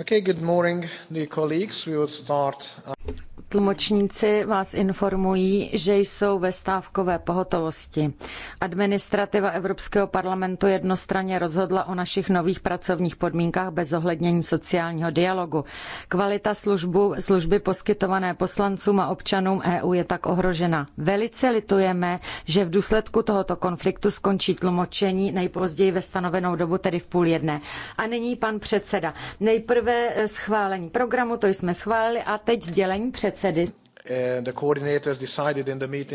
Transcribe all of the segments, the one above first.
Okay, good morning, dear colleagues. We will start. Uh, Tlumočníci vás informují, že jsou ve stávkové pohotovosti. Administrativa Evropského parlamentu jednostranně rozhodla o našich nových pracovních podmínkách bez ohlednění sociálního dialogu. Kvalita službu, služby poskytované poslancům a občanům EU je tak ohrožena. Velice litujeme, že v důsledku tohoto konfliktu skončí tlumočení nejpozději ve stanovenou dobu, tedy v půl jedné. A nyní pan předseda. Nejprve schválení programu, to jsme schválili, a teď sdělení předseda předsedy.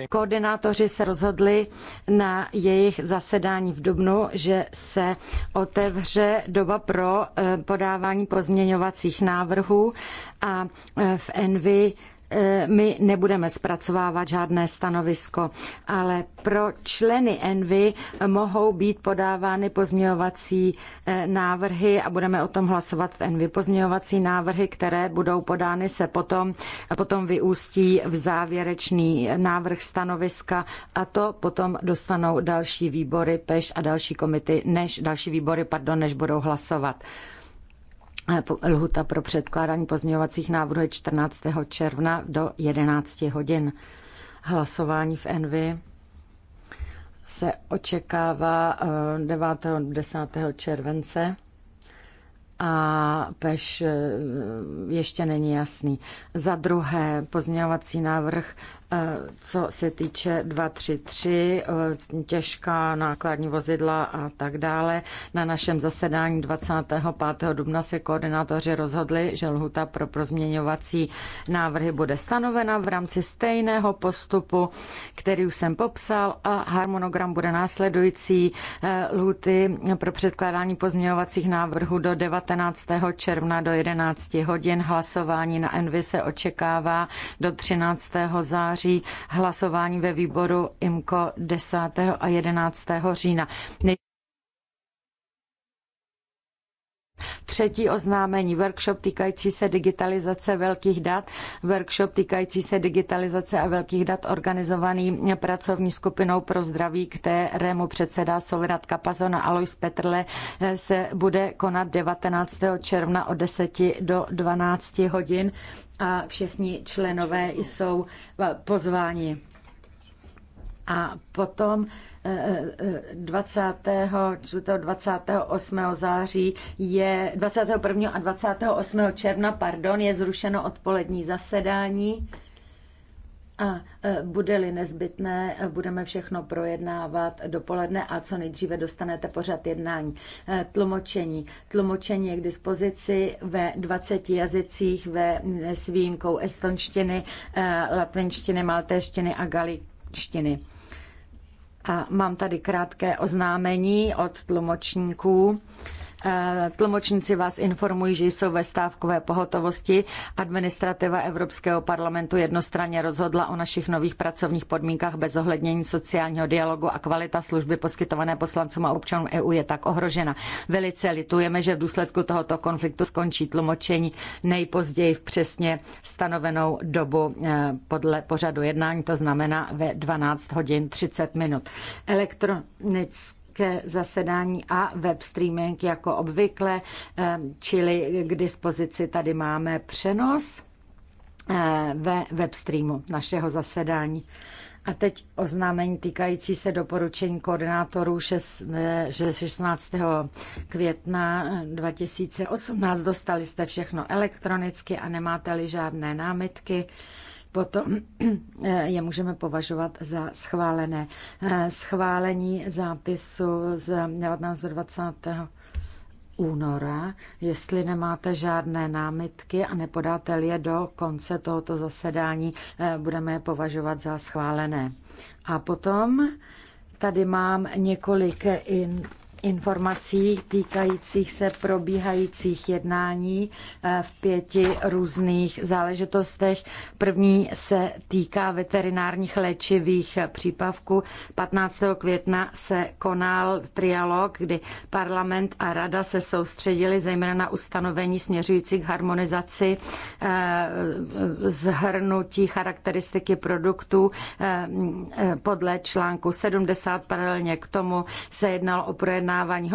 Koordinátoři se rozhodli na jejich zasedání v Dubnu, že se otevře doba pro eh, podávání pozměňovacích návrhů a eh, v Envy E, my nebudeme zpracovávat žádné stanovisko, ale pro členy Envy mohou být podávány pozměňovací e, návrhy a budeme o tom hlasovat v Envy. Pozměňovací návrhy, které budou podány, se potom, potom vyústí v závěrečný návrh stanoviska a to potom dostanou další výbory PEŠ a další komity, než další výbory, pardon, než budou hlasovat. Lhuta pro předkládání pozměňovacích návrhů je 14. června do 11 hodin. Hlasování v Envy se očekává 9. Eh, 10. července a peš eh, ještě není jasný. Za druhé pozměňovací návrh Eh, co se týče 233, eh, těžká nákladní vozidla a tak dále. Na našem zasedání 25. dubna se koordinátoři rozhodli, že lhuta pro prozměňovací návrhy bude stanovena v rámci stejného postupu, který už jsem popsal a harmonogram bude následující eh, lhuty pro předkládání pozměňovacích návrhů do 19. června do 11 hodin. Hlasování na Envy se očekává do 13. září září, hlasování ve výboru IMKO 10. a 11. října. Třetí oznámení, workshop týkající se digitalizace velkých dat, workshop týkající se digitalizace a velkých dat organizovaný pracovní skupinou pro zdraví, kterému předsedá Soledad Kapazon a Alois Petrle, se bude konat 19. června od 10 do 12 hodin a všichni členové jsou pozváni. A potom 20. 28. září je 21. a 28. června, pardon, je zrušeno odpolední zasedání. A e, bude-li nezbytné, budeme všechno projednávat dopoledne a co nejdříve dostanete pořad jednání. E, tlumočení. Tlumočení je k dispozici ve 20 jazycích ve, s výjimkou estonštiny, e, latvinštiny, maltéštiny a galičtiny. A mám tady krátké oznámení od tlumočníků. Eh, tlumočníci vás informují, že jsou ve stávkové pohotovosti. Administrativa Evropského parlamentu jednostranně rozhodla o našich nových pracovních podmínkách bez ohlednění sociálního dialogu a kvalita služby poskytované poslancům a občanům EU je tak ohrožena. Velice litujeme, že v důsledku tohoto konfliktu skončí tlumočení nejpozději v přesně stanovenou dobu eh, podle pořadu jednání, to znamená ve 12 hodin 30 minut. Elektronické ke zasedání a web streaming jako obvykle, eh, čili k dispozici tady máme přenos eh, ve webstreamu našeho zasedání. A teď oznámení týkající se doporučení koordinátorů 16. Eh, května 2018. Dostali jste všechno elektronicky a nemáte-li žádné námitky, potom eh, je můžeme považovat za schválené. Eh, schválení zápisu z 19. 20 února, jestli nemáte žádné námitky a nepodáte je do konce tohoto zasedání, eh, budeme je považovat za schválené. A potom tady mám několik in informací týkajících se probíhajících jednání eh, v pěti různých záležitostech. První se týká veterinárních léčivých přípravků. 15. května se konal trialog, kdy parlament a rada se soustředili zejména na ustanovení směřující k harmonizaci eh, zhrnutí charakteristiky produktů eh, podle článku 70. Paralelně k tomu se jednal o projednání uznávání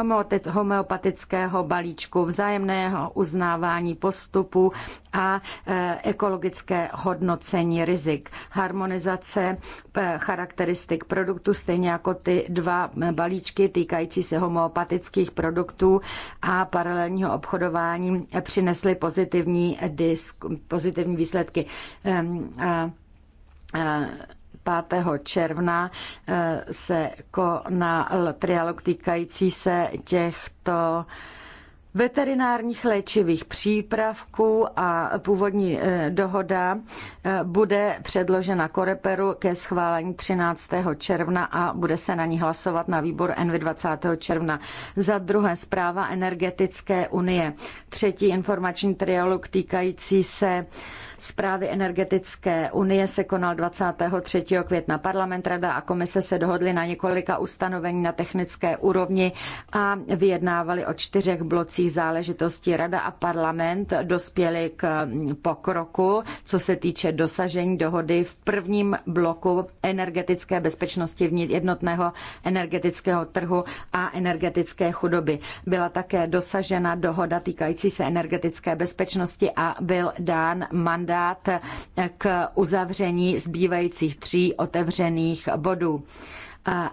homeopatického balíčku, vzájemného uznávání postupu a e, ekologické hodnocení rizik. Harmonizace e, charakteristik produktu stejně jako ty dva e, balíčky týkající se homeopatických produktů a paralelního obchodování přinesly pozitivní, disk, pozitivní výsledky. 5. června eh, se konal trialog týkající se těchto veterinárních léčivých přípravků a původní eh, dohoda eh, bude předložena Koreperu ke schválení 13. června a bude se na ní hlasovat na výbor NV 20. června. Za druhé zpráva energetické unie. Třetí informační trialog týkající se zprávy energetické unie se konal 23. května. Parlament, rada a komise se dohodly na několika ustanovení na technické úrovni a vyjednávali o čtyřech blocích záležitostí. Rada a parlament dospěli k pokroku, co se týče dosažení dohody v prvním bloku energetické bezpečnosti jednotného energetického trhu a energetické chudoby. Byla také dosažena dohoda týkající se energetické bezpečnosti a byl dán mandát mandát k uzavření zbývajících tří otevřených bodů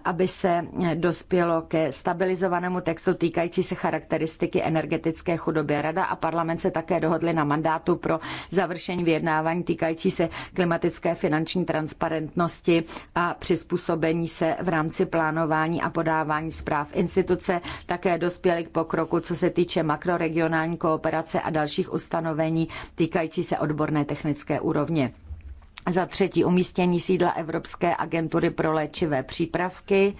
aby se eh, dospělo ke stabilizovanému textu týkající se charakteristiky energetické chudoby. Rada a parlament se také dohodli na mandátu pro završení vyjednávání týkající se klimatické finanční transparentnosti a přizpůsobení se v rámci plánování a podávání zpráv instituce. Také dospěly k pokroku, co se týče makroregionální kooperace a dalších ustanovení týkající se odborné technické úrovně. Za třetí umístění sídla Evropské agentury pro léčivé přípravky.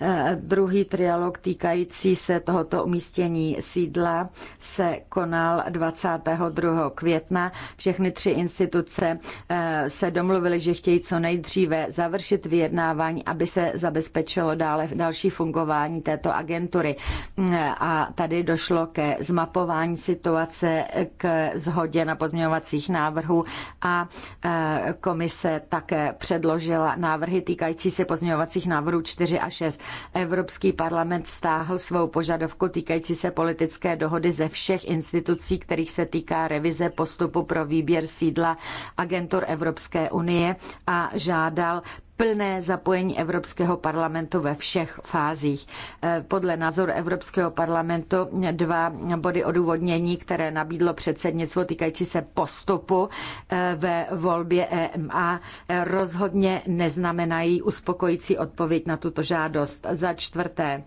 Eh, druhý trialog týkající se tohoto umístění sídla se konal 22. května. Všechny tři instituce eh, se domluvily, že chtějí co nejdříve završit vyjednávání, aby se zabezpečilo dále další fungování této agentury. Mm, a tady došlo ke zmapování situace, k zhodě na pozměňovacích návrhů a eh, komise také předložila návrhy týkající se pozměňovacích návrhů 4 a 6. Evropský parlament stáhl svou požadovku týkající se politické dohody ze všech institucí, kterých se týká revize postupu pro výběr sídla agentur Evropské unie a žádal plné zapojení Evropského parlamentu ve všech fázích. Eh, podle názoru Evropského parlamentu dva body odůvodnění, které nabídlo předsednictvo týkající se postupu eh, ve volbě EMA, eh, rozhodně neznamenají uspokojící odpověď na tuto žádost. Za čtvrté,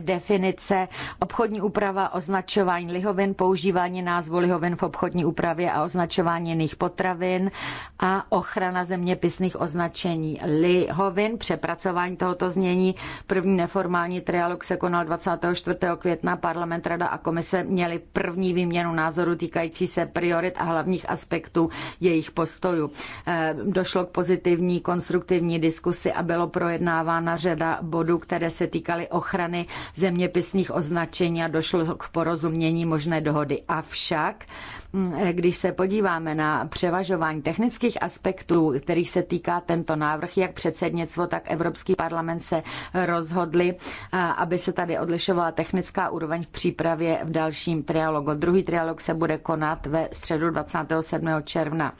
definice, obchodní úprava, označování lihovin, používání názvu lihovin v obchodní úpravě a označování jiných potravin a ochrana zeměpisných označení lihovin, přepracování tohoto znění. První neformální trialog se konal 24. května. Parlament, Rada a komise měli první výměnu názoru týkající se priorit a hlavních aspektů jejich postojů. Eh, došlo k pozitivní, konstruktivní diskusi a bylo projednávána řada bodů, které se týkaly ochrany zeměpisných označení a došlo k porozumění možné dohody. Avšak, mm, když se podíváme na převažování technických aspektů, kterých se týká tento návrh, jak předsednictvo, tak Evropský parlament se rozhodli, aby se tady odlišovala technická úroveň v přípravě v dalším trialogu. Druhý trialog se bude konat ve středu 27. června.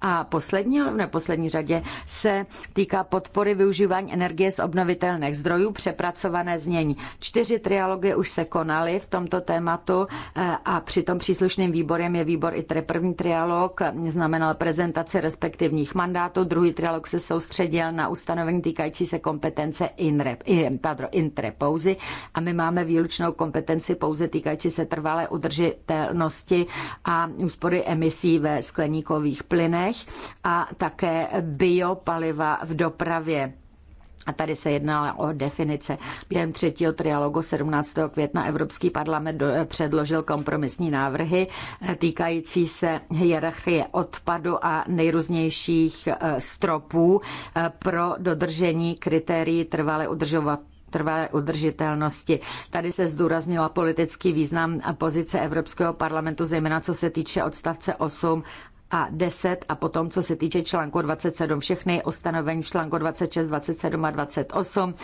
A poslední, ale v neposlední řadě, se týká podpory využívání energie z obnovitelných zdrojů, přepracované znění. Čtyři trialogy už se konaly v tomto tématu eh, a přitom příslušným výborem je výbor i tre První trialog znamenal prezentaci respektivních mandátů, druhý trialog se soustředil na ustanovení týkající se kompetence intrepouzy a my máme výlučnou kompetenci pouze týkající se trvalé udržitelnosti a úspory emisí ve skleníkových plynech regionech a také biopaliva v dopravě. A tady se jedná o definice. Během třetího trialogu 17. května Evropský parlament předložil kompromisní návrhy týkající se hierarchie odpadu a nejrůznějších e, stropů e, pro dodržení kritérií trvale udržovat trvalé udržitelnosti. Tady se zdůraznila politický význam a pozice Evropského parlamentu, zejména co se týče odstavce 8 a 10 a potom, co se týče článku 27, všechny ustanovení článku 26, 27 a 28,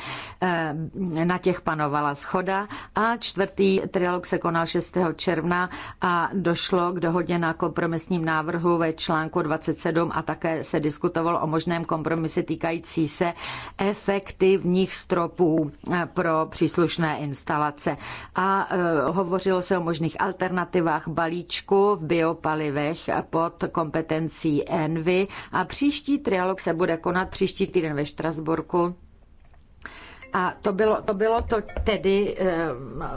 eh, na těch panovala schoda a čtvrtý trialog se konal 6. června a došlo k dohodě na kompromisním návrhu ve článku 27 a také se diskutovalo o možném kompromisu týkající se efektivních stropů eh, pro příslušné instalace. A eh, hovořilo se o možných alternativách balíčku v biopalivech pod kompetencí ENVY a příští trialog se bude konat příští týden ve Štrasburku. A to bylo, to bylo to tedy eh,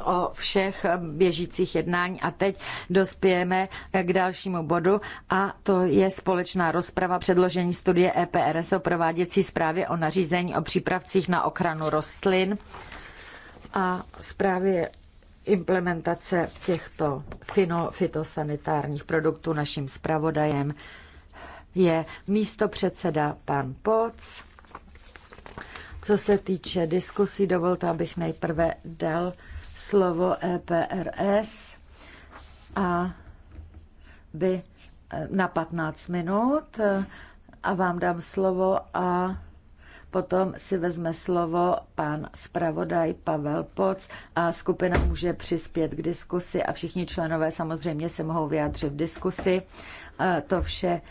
o všech běžících jednání a teď dospějeme k dalšímu bodu a to je společná rozprava předložení studie EPRS o prováděcí zprávě o nařízení o přípravcích na ochranu rostlin a zprávě implementace těchto fitosanitárních produktů naším zpravodajem je místo předseda pan Poc. Co se týče diskusí, dovolte, abych nejprve dal slovo EPRS a by eh, na 15 minut eh, a vám dám slovo a Potom si vezme slovo pan zpravodaj Pavel Poc a skupina může přispět k diskusi a všichni členové samozřejmě se mohou vyjádřit v diskusi. To vše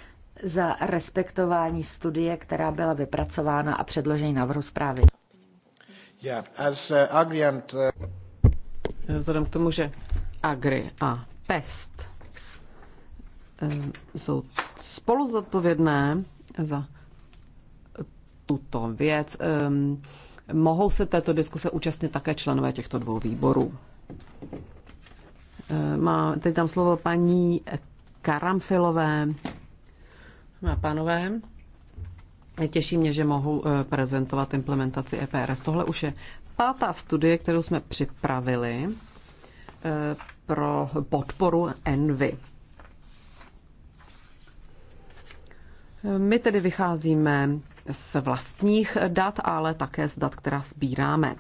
za respektování studie, která byla vypracována a předložení návrhu zprávy. Yeah, as, uh, agreement, uh... Vzhledem k tomu, že Agri a Pest eh, jsou spolu zodpovědné za tuto věc. Mohou se této diskuse účastnit také členové těchto dvou výborů. Má teď tam slovo paní Karamfilové. má pánové, těší mě, že mohu eh, prezentovat implementaci EPRS. Tohle už je pátá studie, kterou jsme připravili eh, pro podporu Envy. My tedy vycházíme z vlastních dat, ale také z dat, která sbíráme.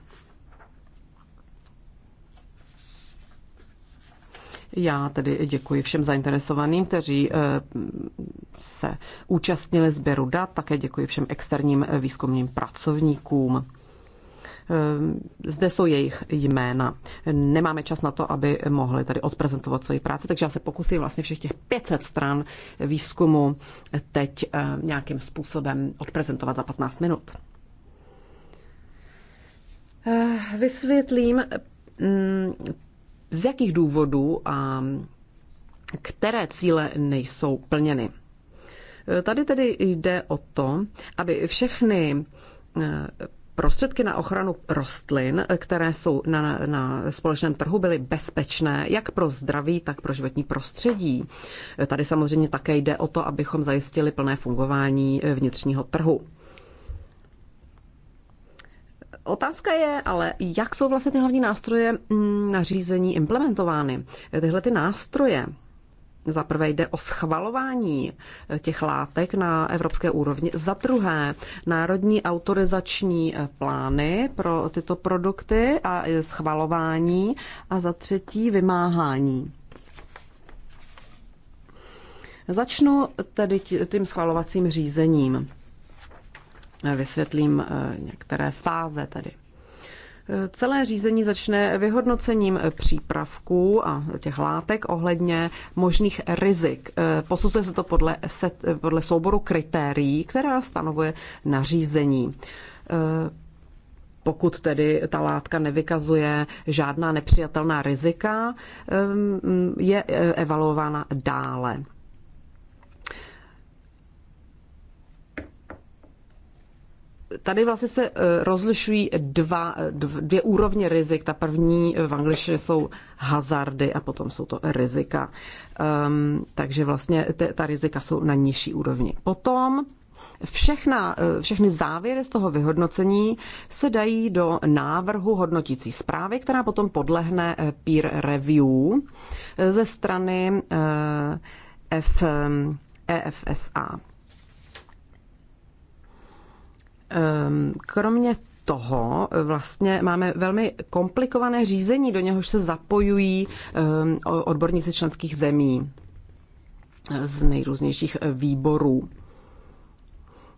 Já tedy děkuji všem zainteresovaným, kteří eh, se účastnili sběru dat, také děkuji všem externím výzkumným pracovníkům. Ehm, zde jsou jejich jména. Nemáme čas na to, aby mohli tady odprezentovat svoji práci, takže já se pokusím vlastně všech těch 500 stran výzkumu teď ehm, nějakým způsobem odprezentovat za 15 minut. Eh, vysvětlím, mm, z jakých důvodů a které cíle nejsou plněny. Eh, tady tedy jde o to, aby všechny eh, prostředky na ochranu rostlin, které jsou na, na společném trhu, byly bezpečné jak pro zdraví, tak pro životní prostředí. Tady samozřejmě také jde o to, abychom zajistili plné fungování eh, vnitřního trhu. Otázka je ale, jak jsou vlastně ty hlavní nástroje mm, nařízení implementovány. Tyhle ty nástroje za prvé jde o schvalování těch látek na evropské úrovni. Za druhé národní autorizační plány pro tyto produkty a schvalování. A za třetí vymáhání. Začnu tedy tím schvalovacím řízením. Vysvětlím eh, některé fáze tady. Celé řízení začne vyhodnocením přípravků a těch látek ohledně možných rizik. Eh, posuzuje se to podle, set, eh, podle souboru kritérií, která stanovuje nařízení. Eh, pokud tedy ta látka nevykazuje žádná nepřijatelná rizika, je evaluována dále. tady vlastně se eh, rozlišují dva, dvě úrovně rizik. Ta první eh, v angličtině jsou hazardy a potom jsou to rizika. Um, takže vlastně t- ta rizika jsou na nižší úrovni. Potom Všechna, eh, všechny závěry z toho vyhodnocení se dají do návrhu hodnotící zprávy, která potom podlehne peer review ze strany F, EFSA. Ehm, e Ehm, kromě toho eh, vlastně máme velmi komplikované řízení, do něhož se zapojují ehm, odborníci členských zemí eh, z nejrůznějších eh, výborů.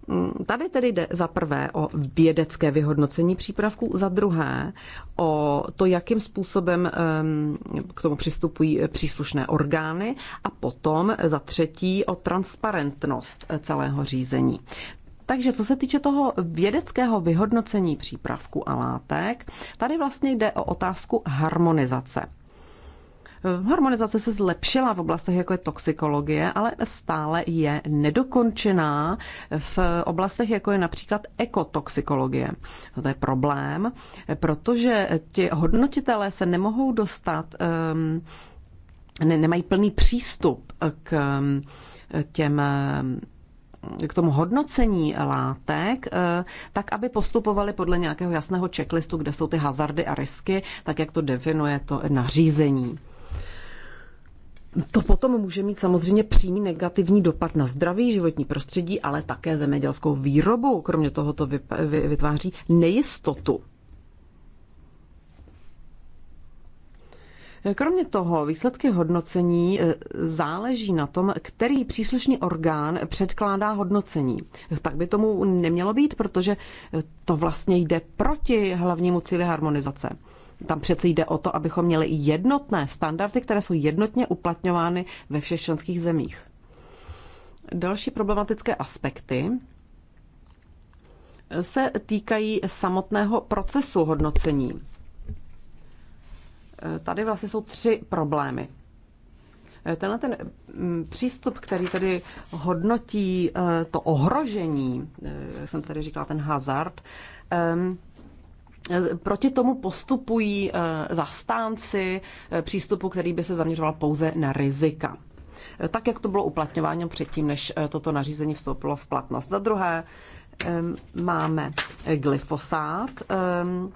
Mm, tady tedy jde za prvé o vědecké vyhodnocení přípravků, za druhé o to, jakým způsobem ehm, k tomu přistupují příslušné orgány a potom za třetí o transparentnost celého řízení. Takže co se týče toho vědeckého vyhodnocení přípravku a látek, tady vlastně jde o otázku harmonizace. Harmonizace se zlepšila v oblastech, jako je toxikologie, ale stále je nedokončená v oblastech, jako je například ekotoxikologie. To je problém, protože ti hodnotitelé se nemohou dostat, ehm, nemají plný přístup k ehm, těm ehm, k tomu hodnocení látek, eh, tak aby postupovali podle nějakého jasného checklistu, kde jsou ty hazardy a risky, tak jak to definuje to nařízení. To potom může mít samozřejmě přímý negativní dopad na zdraví, životní prostředí, ale také zemědělskou výrobu. Kromě toho to vytváří nejistotu. Kromě toho výsledky hodnocení e, záleží na tom, který příslušný orgán předkládá hodnocení. Tak by tomu nemělo být, protože e, to vlastně jde proti hlavnímu cíli harmonizace. Tam přece jde o to, abychom měli jednotné standardy, které jsou jednotně uplatňovány ve všech členských zemích. Další problematické aspekty e, se týkají samotného procesu hodnocení. Eh, tady vlastně jsou tři problémy. Eh, tenhle ten mm, přístup, který tedy hodnotí eh, to ohrožení, jak jsem tady říkala, ten hazard, ehm, Proti tomu postupují zastánci přístupu, který by se zaměřoval pouze na rizika. Tak, jak to bylo uplatňováno předtím, než toto nařízení vstoupilo v platnost. Za druhé, ehm, máme glyfosát, ehm,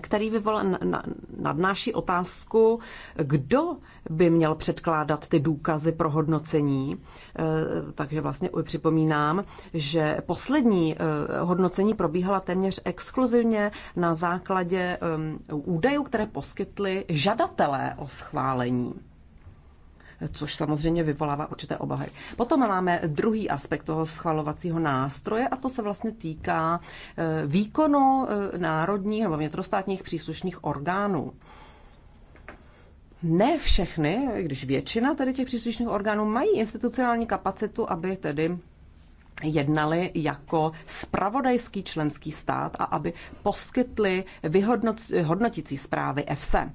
který vyvolá, na, nadnáší otázku, kdo by měl předkládat ty důkazy pro hodnocení. E, takže vlastně připomínám, že poslední e, hodnocení probíhala téměř exkluzivně na základě údajů, které poskytli žadatelé o schválení což samozřejmě vyvolává určité obavy. Potom máme druhý aspekt toho schvalovacího nástroje a to se vlastně týká eh, výkonu eh, národních nebo vnitrostátních příslušných orgánů. Ne všechny, když většina tedy těch příslušných orgánů mají institucionální kapacitu, aby tedy jednali jako spravodajský členský stát a aby poskytli vyhodnotící zprávy EFSE.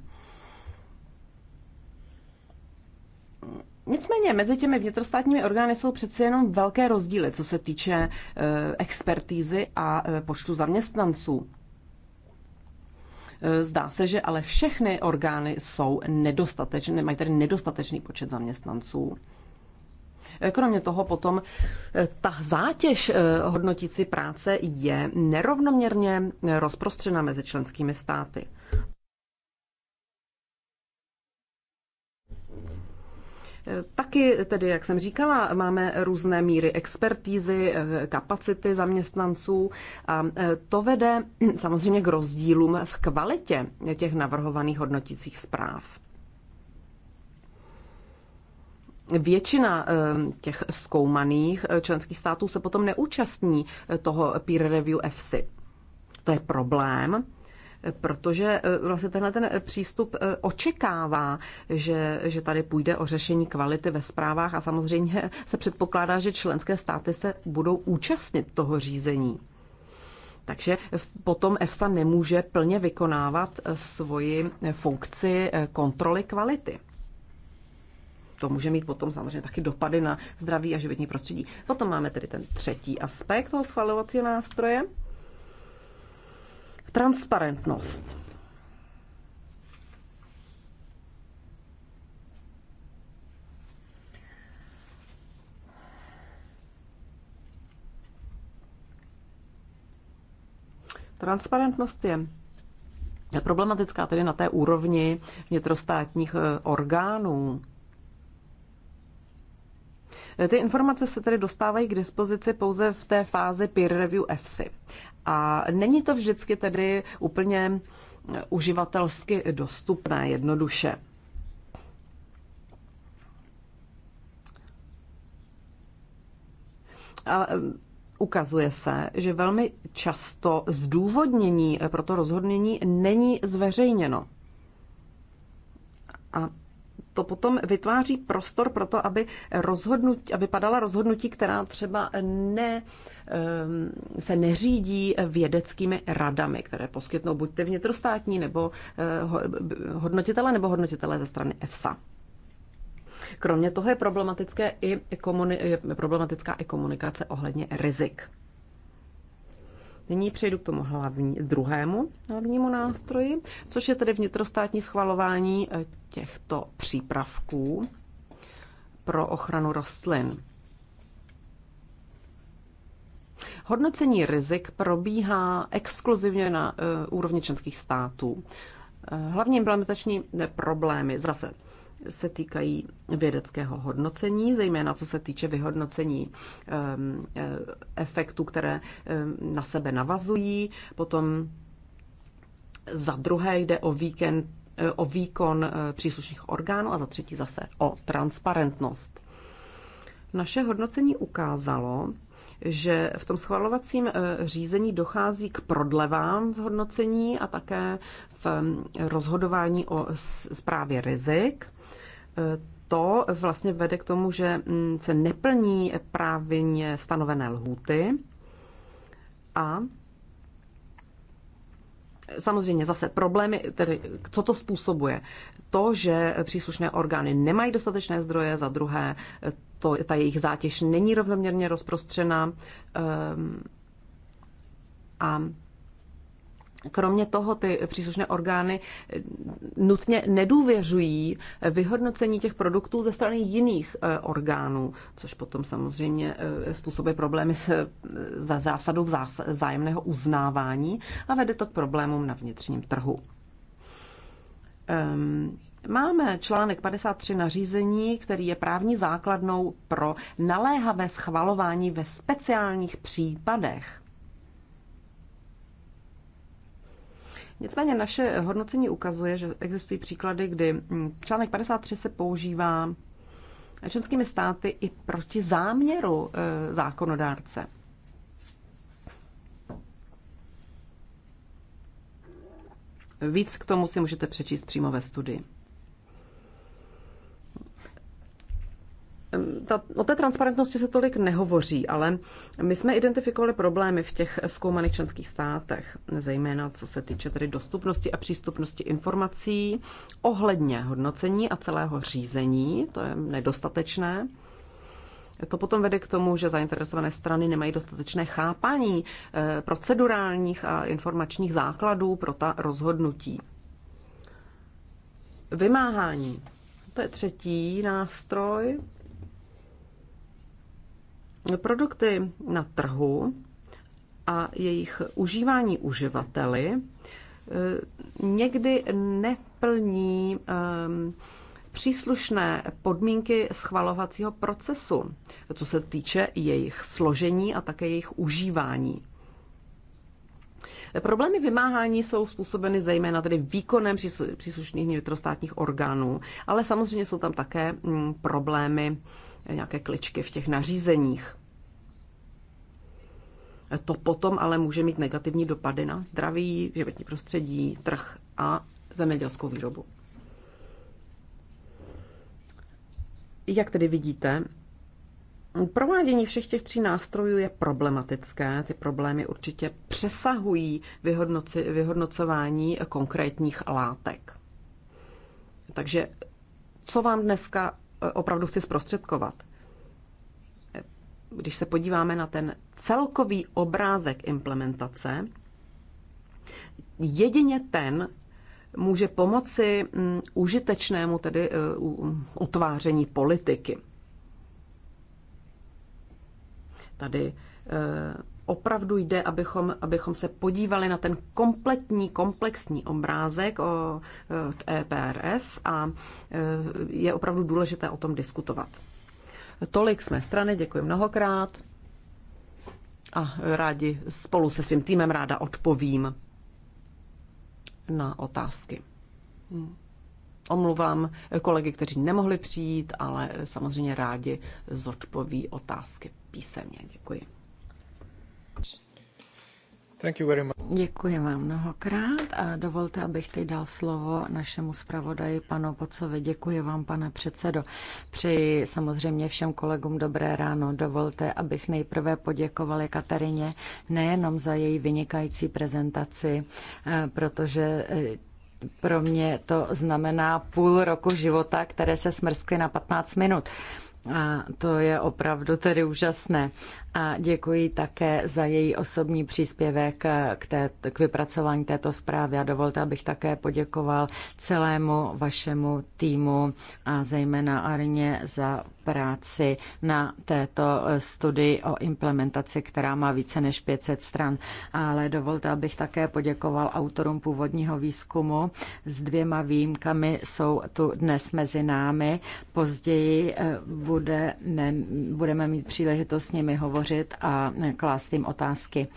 Nicméně mezi těmi vnitrostátními orgány jsou přeci jenom velké rozdíly, co se týče eh, expertízy a eh, počtu zaměstnanců. Eh, zdá se, že ale všechny orgány jsou nedostatečné, mají tedy nedostatečný počet zaměstnanců. Kromě toho potom ta zátěž hodnotící práce je nerovnoměrně rozprostřena mezi členskými státy. Taky tedy, jak jsem říkala, máme různé míry expertízy, eh, kapacity zaměstnanců a eh, to vede samozřejmě k rozdílům v kvalitě těch navrhovaných hodnotících zpráv. Většina eh, těch zkoumaných členských států se potom neúčastní toho peer review EFSI. To je problém, protože e, vlastně tenhle ten e, přístup e, očekává, že, že tady půjde o řešení kvality ve zprávách a samozřejmě se předpokládá, že členské státy se budou účastnit toho řízení. Takže potom EFSA nemůže plně vykonávat svoji funkci kontroly kvality. To může mít potom samozřejmě taky dopady na zdraví a životní prostředí. Potom máme tedy ten třetí aspekt toho schvalovacího nástroje. Transparentnost. Transparentnost je problematická tedy na té úrovni vnitrostátních eh, orgánů. Ty informace se tedy dostávají k dispozici pouze v té fázi peer review EFSI a není to vždycky tedy úplně uživatelsky dostupné jednoduše. A ukazuje se, že velmi často zdůvodnění pro to rozhodnění není zveřejněno. A to potom vytváří prostor pro to, aby, rozhodnutí, aby padala rozhodnutí, která třeba ne, ehm, se neřídí vědeckými radami, které poskytnou buď ty vnitrostátní nebo eh, hodnotitele nebo hodnotitele ze strany EFSA. Kromě toho je, problematické i je problematická i komunikace ohledně rizik. Nyní přejdu k tomu hlavní, druhému hlavnímu nástroji, což je tedy vnitrostátní schvalování eh, těchto přípravků pro ochranu rostlin. Hodnocení rizik probíhá exkluzivně na eh, úrovni členských států. Eh, hlavní implementační problémy zase se týkají vědeckého hodnocení, zejména co se týče vyhodnocení ehm, eh, efektů, které ehm, na sebe navazují. Potom za druhé jde o víkend eh, o výkon eh, příslušných orgánů a za třetí zase o transparentnost. Naše hodnocení ukázalo, že v tom schvalovacím řízení dochází k prodlevám v hodnocení a také v ehm, rozhodování o zprávě rizik to vlastně vede k tomu, že mm, se neplní právě stanovené lhůty a Samozřejmě zase problémy, tedy co to způsobuje? To, že příslušné orgány nemají dostatečné zdroje, za druhé, to, ta jejich zátěž není rovnoměrně rozprostřena um, a Kromě toho ty příslušné orgány eh, nutně nedůvěřují vyhodnocení těch produktů ze strany jiných eh, orgánů, což potom samozřejmě eh, způsobuje problémy s, za zásadou vzájemného uznávání a vede to k problémům na vnitřním trhu. Um, Máme článek 53 nařízení, který je právní základnou pro naléhavé schvalování ve speciálních případech. Nicméně naše hodnocení ukazuje, že existují příklady, kdy mm, článek 53 se používá členskými státy i proti záměru e, zákonodárce. Víc k tomu si můžete přečíst přímo ve studii. ta, o té transparentnosti se tolik nehovoří, ale my jsme identifikovali problémy v těch zkoumaných členských státech, zejména co se týče tedy dostupnosti a přístupnosti informací ohledně hodnocení a celého řízení, to je nedostatečné. To potom vede k tomu, že zainteresované strany nemají dostatečné chápání eh, procedurálních a informačních základů pro ta rozhodnutí. Vymáhání. To je třetí nástroj produkty na trhu a jejich užívání uživateli eh, někdy neplní ehm, příslušné podmínky schvalovacího procesu, co se týče jejich složení a také jejich užívání. Problémy vymáhání jsou způsobeny zejména tedy výkonem příslušných vnitrostátních orgánů, ale samozřejmě jsou tam také mm, problémy nějaké kličky v těch nařízeních. To potom ale může mít negativní dopady na zdraví, životní prostředí, trh a zemědělskou výrobu. Jak tedy vidíte, Provádění všech těch tří nástrojů je problematické. Ty problémy určitě přesahují vyhodnoci, vyhodnocování konkrétních látek. Takže co vám dneska opravdu chci zprostředkovat. Když se podíváme na ten celkový obrázek implementace, jedině ten může pomoci mm, užitečnému tedy e, utváření politiky. Tady e, opravdu jde, abychom, abychom se podívali na ten kompletní, komplexní obrázek o EPRS e a e, je opravdu důležité o tom diskutovat. Tolik jsme strany, děkuji mnohokrát a rádi spolu se svým týmem ráda odpovím na otázky. Omluvám kolegy, kteří nemohli přijít, ale samozřejmě rádi zodpoví otázky písemně. Děkuji. Děkuji vám mnohokrát a dovolte, abych teď dal slovo našemu zpravodaji panu Pocovi. Děkuji vám, pane předsedo. Přeji samozřejmě všem kolegům dobré ráno. Dovolte, abych nejprve poděkovali Katarině nejenom za její vynikající prezentaci, eh, protože eh, pro mě to znamená půl roku života, které se smrskly na 15 minut. A to je opravdu tedy úžasné. A děkuji také za její osobní příspěvek k, té, k vypracování této zprávy. A dovolte, abych také poděkoval celému vašemu týmu a zejména Arně za práci na této eh, studii o implementaci, která má více než 500 stran. Ale dovolte, abych také poděkoval autorům původního výzkumu. S dvěma výjimkami jsou tu dnes mezi námi. Později eh, budeme, budeme mít příležitost s nimi hovořit a eh, klást jim otázky.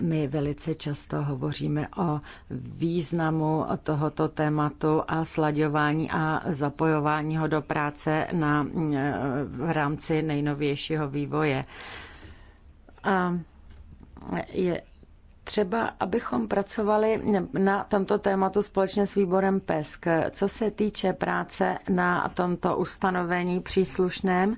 My velice často hovoříme o významu tohoto tématu a sladěvání a zapojování ho do práce na, eh, v rámci nejnovějšího vývoje. A je třeba, abychom pracovali na tomto tématu společně s výborem PESK. Co se týče práce na tomto ustanovení příslušném,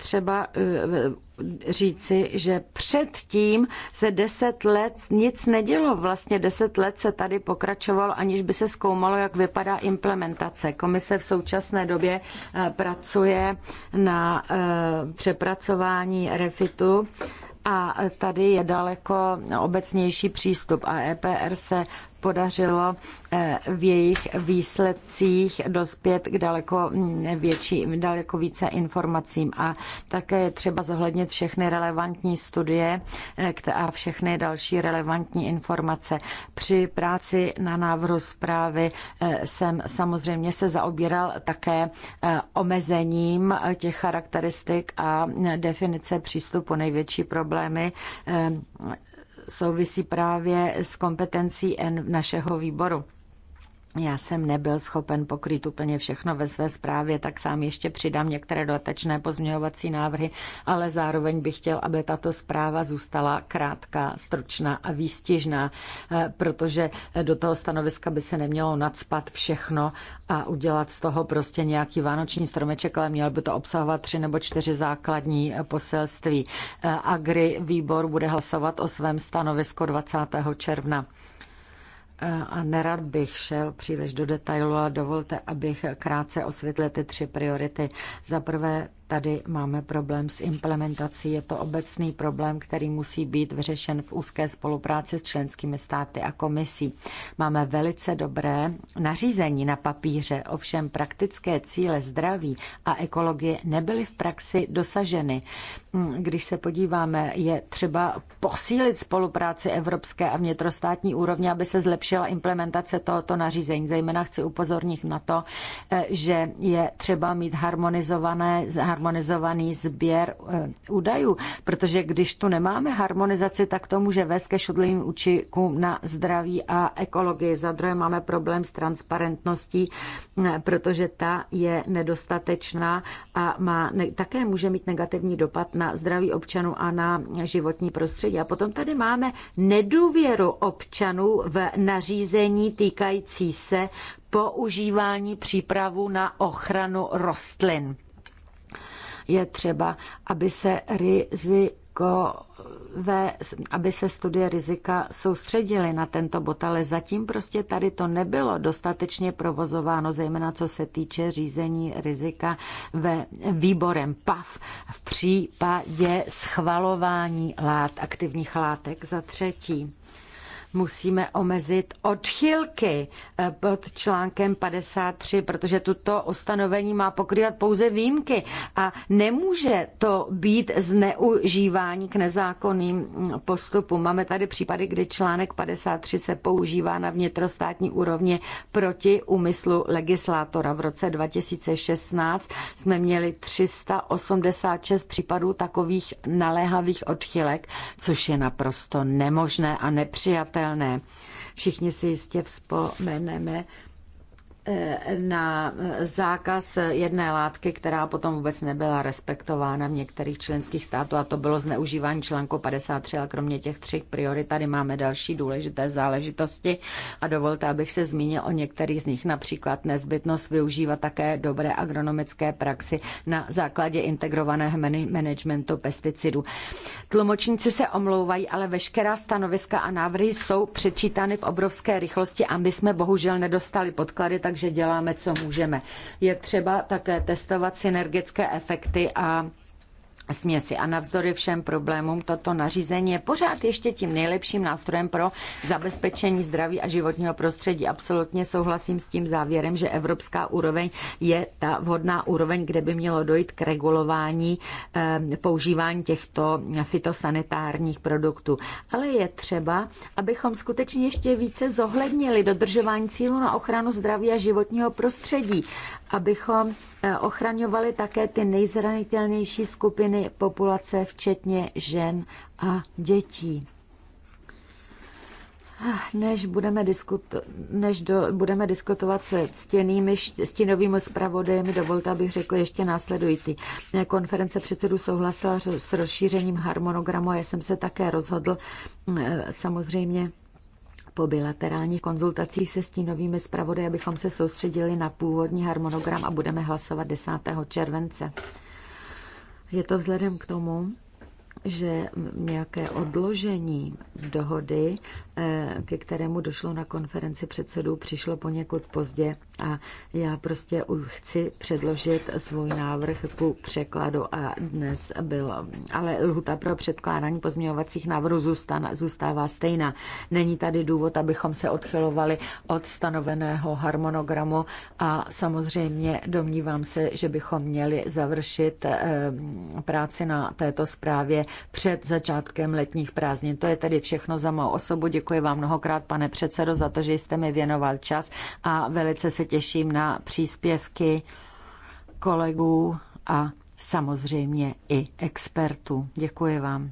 třeba eh, říci, že předtím se deset let nic nedělo. Vlastně deset let se tady pokračovalo, aniž by se zkoumalo, jak vypadá implementace. Komise v současné době eh, pracuje na eh, přepracování refitu a tady je daleko obecnější přístup a EPR se podařilo eh, v jejich výsledcích dospět k daleko, větší, daleko více informacím. A také je třeba zohlednit všechny relevantní studie eh, a všechny další relevantní informace. Při práci na návrhu zprávy eh, jsem samozřejmě se zaobíral také omezením těch charakteristik a definice přístupu největší problémy souvisí právě s kompetencí N našeho výboru já jsem nebyl schopen pokrýt úplně všechno ve své zprávě, tak sám ještě přidám některé dodatečné pozměňovací návrhy, ale zároveň bych chtěl, aby tato zpráva zůstala krátká, stručná a výstižná, eh, protože do toho stanoviska by se nemělo nadspat všechno a udělat z toho prostě nějaký vánoční stromeček, ale měl by to obsahovat tři nebo čtyři základní eh, poselství. Eh, Agri výbor bude hlasovat o svém stanovisku 20. června a nerad bych šel příliš do detailu a dovolte, abych krátce osvětlil ty tři priority. Za prvé Tady máme problém s implementací. Je to obecný problém, který musí být vyřešen v úzké spolupráci s členskými státy a komisí. Máme velice dobré nařízení na papíře, ovšem praktické cíle zdraví a ekologie nebyly v praxi dosaženy. Když se podíváme, je třeba posílit spolupráci evropské a vnitrostátní úrovně, aby se zlepšila implementace tohoto nařízení. Zejména chci upozornit na to, že je třeba mít harmonizované harmonizovaný sběr eh, údajů, protože když tu nemáme harmonizaci, tak to může vést ke škodlivým účinkům na zdraví a ekologii. Za druhé máme problém s transparentností, eh, protože ta je nedostatečná a má, ne, také může mít negativní dopad na zdraví občanů a na životní prostředí. A potom tady máme nedůvěru občanů v nařízení týkající se používání přípravu na ochranu rostlin je třeba, aby se rizy ve, aby se studie rizika soustředily na tento bod, ale zatím prostě tady to nebylo dostatečně provozováno, zejména co se týče řízení rizika ve výborem PAV v případě schvalování lát, aktivních látek za třetí musíme omezit odchylky eh, pod článkem 53, protože tuto ustanovení má pokrývat pouze výjimky a nemůže to být zneužívání k nezákonným mm, postupům. Máme tady případy, kdy článek 53 se používá na vnitrostátní úrovni proti úmyslu legislátora. V roce 2016 jsme měli 386 případů takových naléhavých odchylek, což je naprosto nemožné a nepřijatelné přijatelné. Všichni si jistě vzpomeneme Eh, na zákaz jedné látky, která potom vůbec nebyla respektována v některých členských států a to bylo zneužívání článku 53 a kromě těch třech priorit tady máme další důležité záležitosti a dovolte, abych se zmínil o některých z nich, například nezbytnost využívat také dobré agronomické praxi na základě integrovaného managementu pesticidů. Tlumočníci se omlouvají, ale veškerá stanoviska a návrhy jsou přečítány v obrovské rychlosti a my jsme bohužel nedostali podklady, tak takže děláme, co můžeme. Je třeba také testovat synergické efekty a směsi. A navzdory všem problémům toto nařízení je pořád ještě tím nejlepším nástrojem pro zabezpečení zdraví a životního prostředí. Absolutně souhlasím s tím závěrem, že evropská úroveň je ta vhodná úroveň, kde by mělo dojít k regulování ehm, používání těchto fitosanitárních produktů. Ale je třeba, abychom skutečně ještě více zohlednili dodržování cílu na ochranu zdraví a životního prostředí, abychom eh, ochraňovali také ty nejzranitelnější skupiny skupiny populace, včetně žen a dětí. Než budeme, diskuto- než do, budeme diskutovat se stěnými, stínovými zpravodajemi, dovolte, abych řekl ještě následující. Konference předsedů souhlasila s rozšířením harmonogramu a já jsem se také rozhodl mm, samozřejmě po bilaterálních konzultacích se stínovými zpravody, abychom se soustředili na původní harmonogram a budeme hlasovat 10. července. Je to vzhledem k tomu, že nějaké odložení dohody, eh, ke kterému došlo na konferenci předsedů, přišlo poněkud pozdě a já prostě chci předložit svůj návrh ku překladu a dnes byl, ale lhuta pro předkládání pozměňovacích návrhů zůstává stejná. Není tady důvod, abychom se odchylovali od stanoveného harmonogramu a samozřejmě domnívám se, že bychom měli završit eh, práci na této zprávě před začátkem letních prázdnin. To je tedy všechno za mou osobu. Děkuji vám mnohokrát, pane předsedo, za to, že jste mi věnoval čas a velice se těším na příspěvky kolegů a samozřejmě i expertů. Děkuji vám.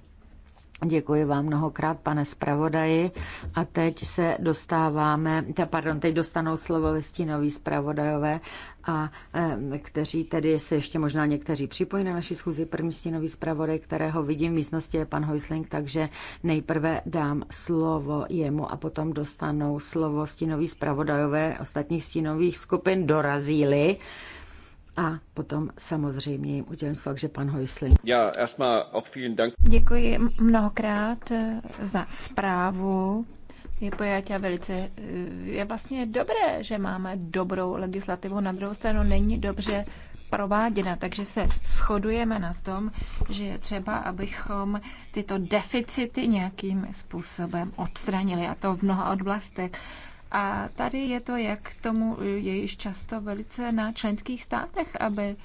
Děkuji vám mnohokrát, pane zpravodaji. A teď se dostáváme, te, pardon, teď dostanou slovo vestínoví zpravodajové, a eh, kteří tedy se ještě možná někteří připojí na naši schůzi. První stínový zpravodaj, kterého vidím v místnosti, je pan Hojsling, takže nejprve dám slovo jemu a potom dostanou slovo stínový zpravodajové ostatních stínových skupin dorazíli a potom samozřejmě jim udělím slovo, že pan Hojsling. Já erstmal auch eh, vielen Dank. Děkuji mnohokrát eh, za zprávu. Je pojatá velice, eh, je vlastně dobré, že máme dobrou legislativu, na druhou stranu není dobře prováděna, takže se shodujeme na tom, že je třeba, abychom tyto deficity nějakým způsobem odstranili a to v mnoha oblastech. A tady je to, jak tomu je již často velice na členských státech, aby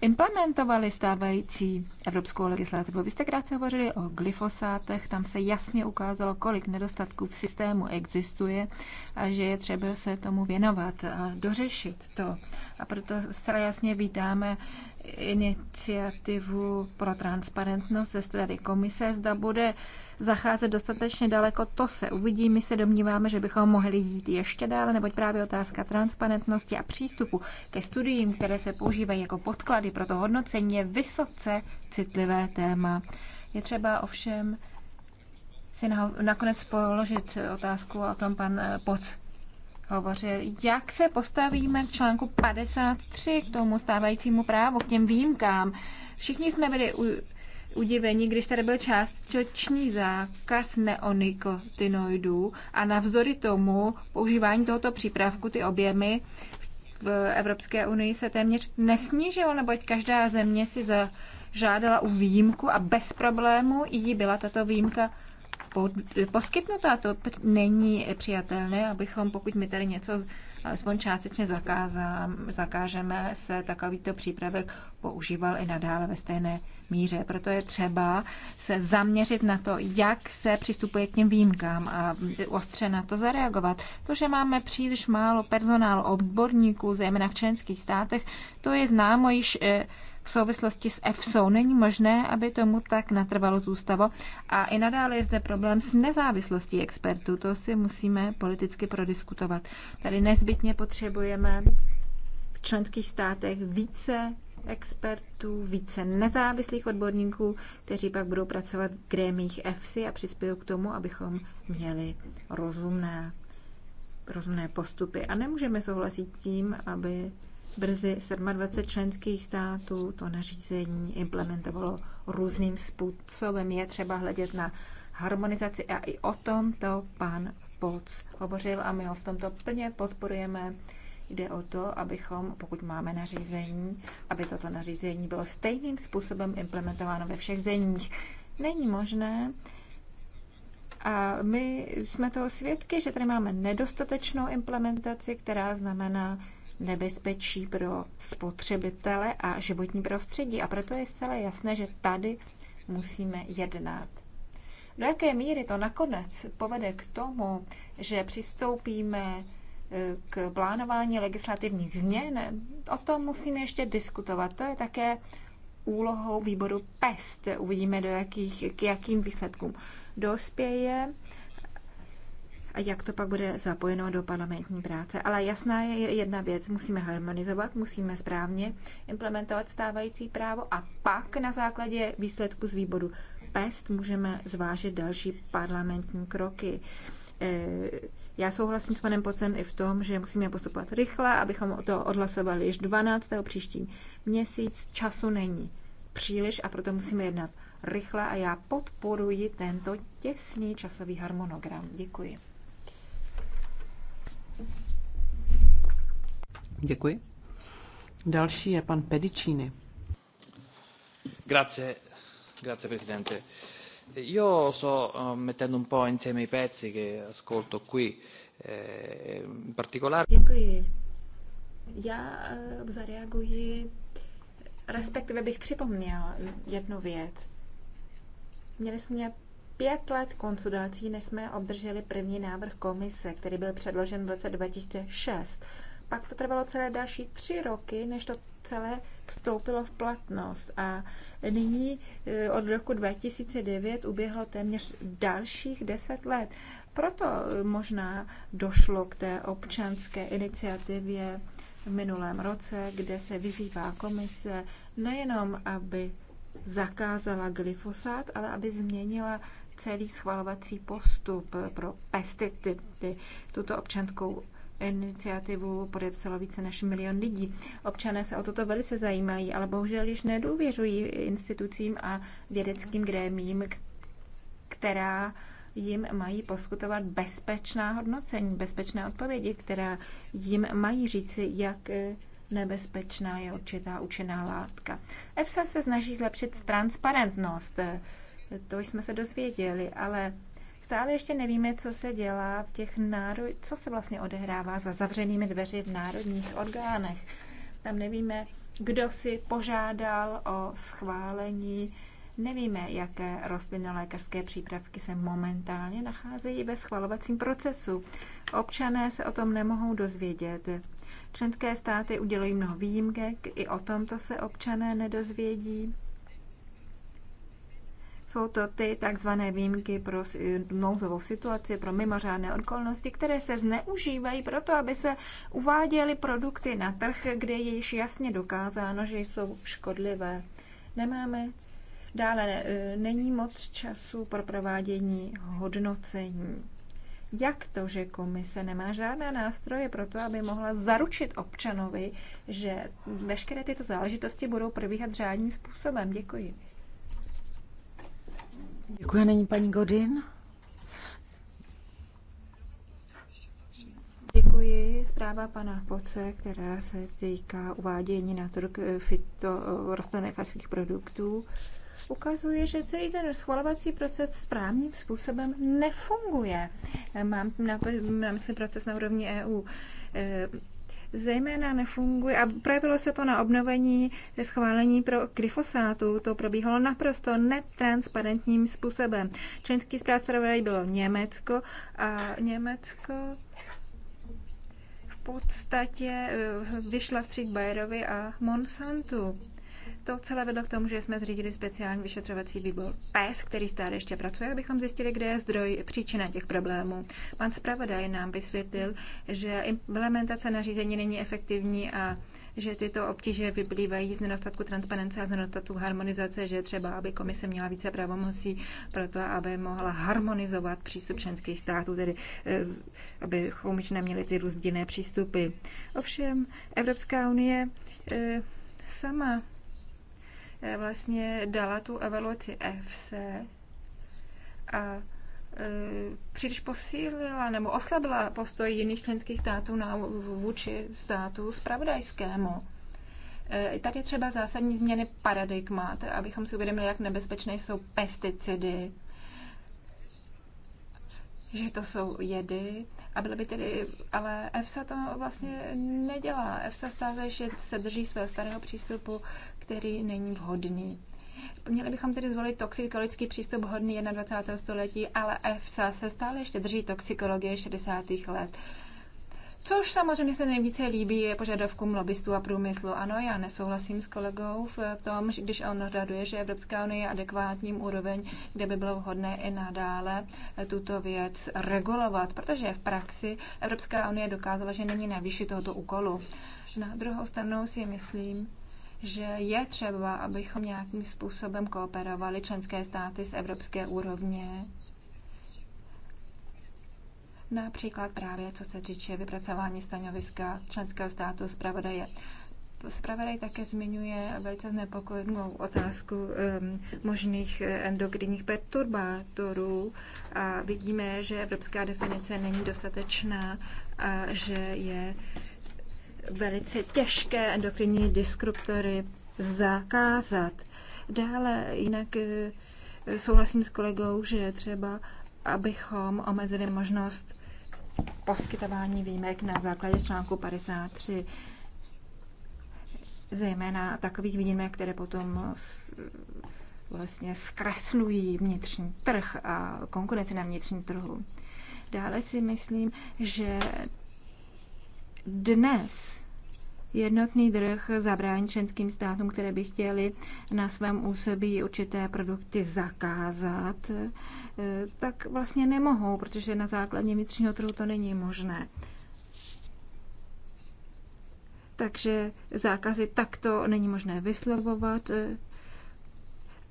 implementovali stávající evropskou legislativu. Vy jste krátce hovořili o glyfosátech, tam se jasně ukázalo, kolik nedostatků v systému existuje a že je třeba se tomu věnovat a dořešit to. A proto zcela jasně vítáme iniciativu pro transparentnost ze strany komise, zda bude zacházet dostatečně daleko, to se uvidí. My se domníváme, že bychom mohli jít ještě dále, neboť právě otázka transparentnosti a přístupu ke studiím, které se používají jako podklady pro to hodnocení, je vysoce citlivé téma. Je třeba ovšem si nakonec položit otázku, o tom pan eh, Poc hovořil, jak se postavíme k článku 53, k tomu stávajícímu právu, k těm výjimkám. Všichni jsme byli u, udivení, když tady byl částečný zákaz neonikotinoidů a navzory tomu používání tohoto přípravku ty objemy v Evropské unii se téměř nesnížilo, neboť každá země si zažádala u výjimku a bez problému jí byla tato výjimka poskytnutá. To není přijatelné, abychom, pokud my tady něco alespoň částečně zakázám, zakážeme se takovýto přípravek používal i nadále ve stejné míře. Proto je třeba se zaměřit na to, jak se přistupuje k těm výjimkám a ostře na to zareagovat. To, že máme příliš málo personálu odborníků, zejména v členských státech, to je známo již eh, v souvislosti s EFSO. Není možné, aby tomu tak natrvalo zůstalo a i nadále je zde problém s nezávislostí expertů. To si musíme politicky prodiskutovat. Tady nezbytně potřebujeme v členských státech více expertů, více nezávislých odborníků, kteří pak budou pracovat v grémích EFSI a přispějí k tomu, abychom měli rozumné, rozumné postupy. A nemůžeme souhlasit s tím, aby brzy 27 členských států to nařízení implementovalo různým způsobem. Je třeba hledět na harmonizaci a i o tom to pan Poc hovořil a my ho v tomto plně podporujeme. Jde o to, abychom, pokud máme nařízení, aby toto nařízení bylo stejným způsobem implementováno ve všech zemích. Není možné, a my jsme toho svědky, že tady máme nedostatečnou implementaci, která znamená nebezpečí pro spotřebitele a životní prostředí. A proto je zcela jasné, že tady musíme jednat. Do jaké míry to nakonec povede k tomu, že přistoupíme e, k plánování legislativních změn, o tom musíme ještě diskutovat. To je také úlohou výboru PEST. Uvidíme, do jakých, k jakým výsledkům dospěje a jak to pak bude zapojeno do parlamentní práce. Ale jasná je jedna věc, musíme harmonizovat, musíme správně implementovat stávající právo a pak na základě výsledku z výboru PEST můžeme zvážit další parlamentní kroky. E, já souhlasím s panem Pocem i v tom, že musíme postupovat rychle, abychom to odhlasovali již 12. příští měsíc. Času není příliš a proto musíme jednat rychle a já podporuji tento těsný časový harmonogram. Děkuji. Děkuji. Další je pan Pedicini. Grazie, grazie presidente. Io sto uh, mettendo un po' insieme i pezzi che ascolto qui, eh, in particolare... Děkuji. Já uh, eh, zareaguji, respektive bych připomněl jednu věc. Měli jsme pět let konsultací, než jsme obdrželi první návrh komise, který byl předložen v roce 2006 pak to trvalo celé další tři roky, než to celé vstoupilo v platnost. A nyní e, od roku 2009 uběhlo téměř dalších deset let. Proto možná došlo k té občanské iniciativě v minulém roce, kde se vyzývá komise nejenom, aby zakázala glyfosát, ale aby změnila celý schvalovací postup pro pesticidy. Tuto občanskou iniciativu podepsalo více než milion lidí. Občané se o toto velice zajímají, ale bohužel již nedůvěřují institucím a vědeckým grémím, která jim mají poskutovat bezpečná hodnocení, bezpečné odpovědi, která jim mají říci, jak eh, nebezpečná je určitá učená látka. EFSA se snaží zlepšit transparentnost, to jsme se dozvěděli, ale Stále ještě nevíme, co se dělá v těch náro... co se vlastně odehrává za zavřenými dveři v národních orgánech. Tam nevíme, kdo si požádal o schválení, nevíme, jaké lékařské přípravky se momentálně nacházejí ve schvalovacím procesu. Občané se o tom nemohou dozvědět. Členské státy udělují mnoho výjimek, i o tomto se občané nedozvědí. Jsou to ty takzvané výjimky pro nouzovou situaci, pro mimořádné okolnosti, které se zneužívají proto, aby se uváděly produkty na trh, kde je již jasně dokázáno, že jsou škodlivé. Nemáme dále, e, není moc času pro provádění hodnocení. Jak to, že komise nemá žádné nástroje pro to, aby mohla zaručit občanovi, že veškeré tyto záležitosti budou probíhat řádným způsobem? Děkuji. Děkuji, není paní Godin. Děkuji. Zpráva pana Poce, která se týká uvádění na trh eh, fitorostlinných eh, produktů, ukazuje, že celý ten schvalovací proces správným způsobem nefunguje. Mám na, na mysli proces na úrovni EU eh, zejména nefunguje a projevilo se to na obnovení eh, schválení pro glyfosátu. To probíhalo naprosto netransparentním způsobem. Členský zpráv bylo Německo a Německo v podstatě eh, vyšla vstříc Bayerovi a Monsantu to celé vedlo k tomu, že jsme zřídili speciální vyšetřovací výbor PES, který stále ještě pracuje, abychom zjistili, kde je zdroj příčina těch problémů. Pan zpravodaj nám vysvětlil, že implementace nařízení není efektivní a že tyto obtíže vyplývají z nedostatku transparence a z nedostatku harmonizace, že třeba, aby komise měla více pravomocí pro to, aby mohla harmonizovat přístup členských států, tedy eh, abychom už neměli ty rozdílné přístupy. Ovšem, Evropská unie eh, sama Eh, vlastně dala tu evaluaci FC a eh, příliš posílila nebo oslabila postoj jiných členských států na, vůči státu spravodajskému. Eh, tady je třeba zásadní změny paradigmat, abychom si uvědomili, jak nebezpečné jsou pesticidy, že to jsou jedy. A byly by tedy, ale EFSA to vlastně nedělá. EFSA stále ještě se drží svého starého přístupu, který není vhodný. Měli bychom tedy zvolit toxikologický přístup hodný 21. století, ale EFSA se stále ještě drží toxikologie 60. let. Což samozřejmě se nejvíce líbí je požadavkům lobbystů a průmyslu. Ano, já nesouhlasím s kolegou v tom, že když on raduje, že Evropská unie je adekvátním úroveň, kde by bylo vhodné i nadále tuto věc regulovat, protože v praxi Evropská unie dokázala, že není na výši tohoto úkolu. Na druhou stranu si myslím, že je třeba, abychom nějakým způsobem kooperovali členské státy z evropské úrovně, například právě co se týče vypracování stanoviska členského státu zpravodaje. Spravedaj také zmiňuje velice znepokojenou otázku um, možných eh, endokrinních perturbátorů a vidíme, že evropská definice není dostatečná a že je uh, velice těžké endokrinní disruptory zakázat. Dále jinak eh, souhlasím s kolegou, že je třeba, abychom omezili možnost poskytování výjimek na základě článku 53, zejména takových výjimek, které potom vlastně zkreslují vnitřní trh a konkurenci na vnitřním trhu. Dále si myslím, že dnes jednotný trh zabrání členským státům, které by chtěly na svém úsobí určité produkty zakázat, eh, tak vlastně nemohou, protože na základě vnitřního trhu to není možné. Takže zákazy takto není možné vyslovovat, eh,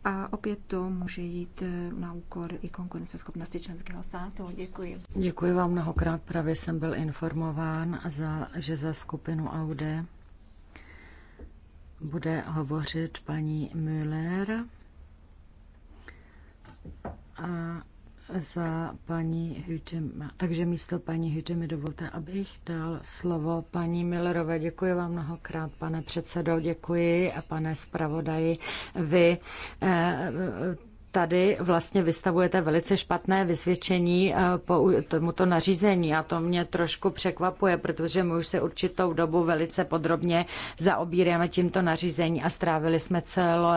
a opět to může jít eh, na úkor i konkurenceschopnosti členského státu. Děkuji. Děkuji vám mnohokrát. Právě jsem byl informován, za, že za skupinu AUDE bude hovořit paní Müller. A za paní Hütem. Takže místo paní Hütemy dovolte, abych dal slovo paní Millerové. Děkuji vám mnohokrát, pane předsedo, děkuji a pane zpravodaji. Vy eh, tady vlastně vystavujete velice špatné vysvědčení eh, po tomuto nařízení a to mě trošku překvapuje, protože my už se určitou dobu velice podrobně zaobíráme tímto nařízení a strávili jsme celo,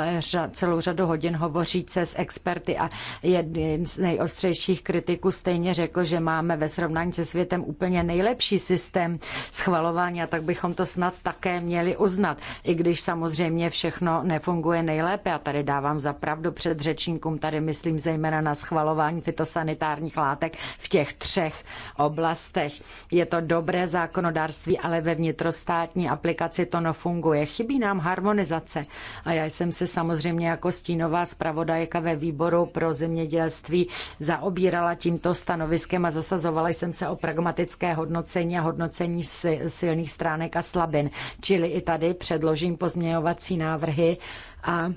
celou řadu hodin hovoříce s experty a jeden z nejostřejších kritiků stejně řekl, že máme ve srovnání se světem úplně nejlepší systém schvalování a tak bychom to snad také měli uznat, i když samozřejmě všechno nefunguje nejlépe a tady dávám za pravdu předřečníkům účastníkům, tady myslím zejména na schvalování fitosanitárních látek v těch třech oblastech. Je to dobré zákonodárství, ale ve vnitrostátní aplikaci to nefunguje. Chybí nám harmonizace a já jsem se samozřejmě jako stínová zpravodajka ve výboru pro zemědělství zaobírala tímto stanoviskem a zasazovala jsem se o pragmatické hodnocení a hodnocení silných stránek a slabin. Čili i tady předložím pozměňovací návrhy a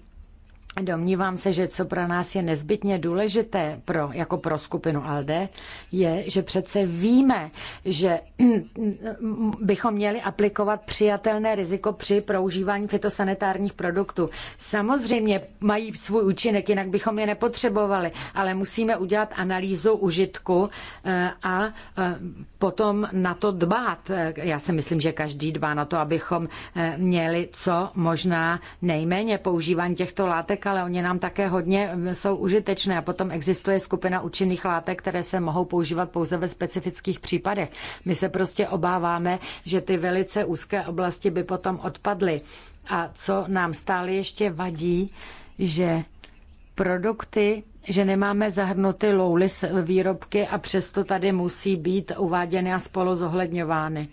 Domnívám se, že co pro nás je nezbytně důležité pro, jako pro skupinu ALDE, je, že přece víme, že bychom měli aplikovat přijatelné riziko při používání fitosanitárních produktů. Samozřejmě mají svůj účinek, jinak bychom je nepotřebovali, ale musíme udělat analýzu užitku eh, a eh, potom na to dbát. Já si myslím, že každý dbá na to, abychom eh, měli co možná nejméně používání těchto látek látek, ale oni nám také hodně eh, jsou užitečné. A potom existuje skupina účinných látek, které se mohou používat pouze ve specifických případech. My se prostě obáváme, že ty velice úzké oblasti by potom odpadly. A co nám stále ještě vadí, že produkty že nemáme zahrnuty louly výrobky a přesto tady musí být uváděny a spolu zohledňovány.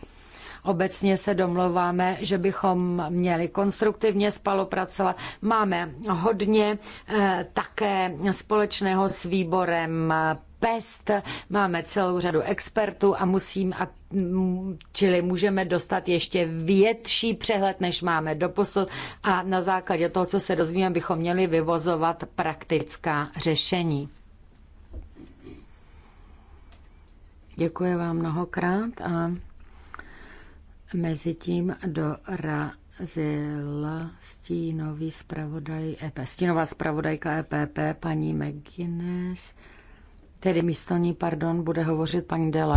Obecně se domlouváme, že bychom měli konstruktivně spolupracovat. Máme hodně eh, také společného s výborem pest, máme celou řadu expertů a musím, a, mm, čili můžeme dostat ještě větší přehled, než máme doposud a na základě toho, co se dozvíme, bychom měli vyvozovat praktická řešení. Děkuji vám mnohokrát a Mezitím dorazila stínový zpravodaj EP, stínová zpravodajka EPP, paní McGuinness, tedy místo ní, pardon, bude hovořit paní Dela.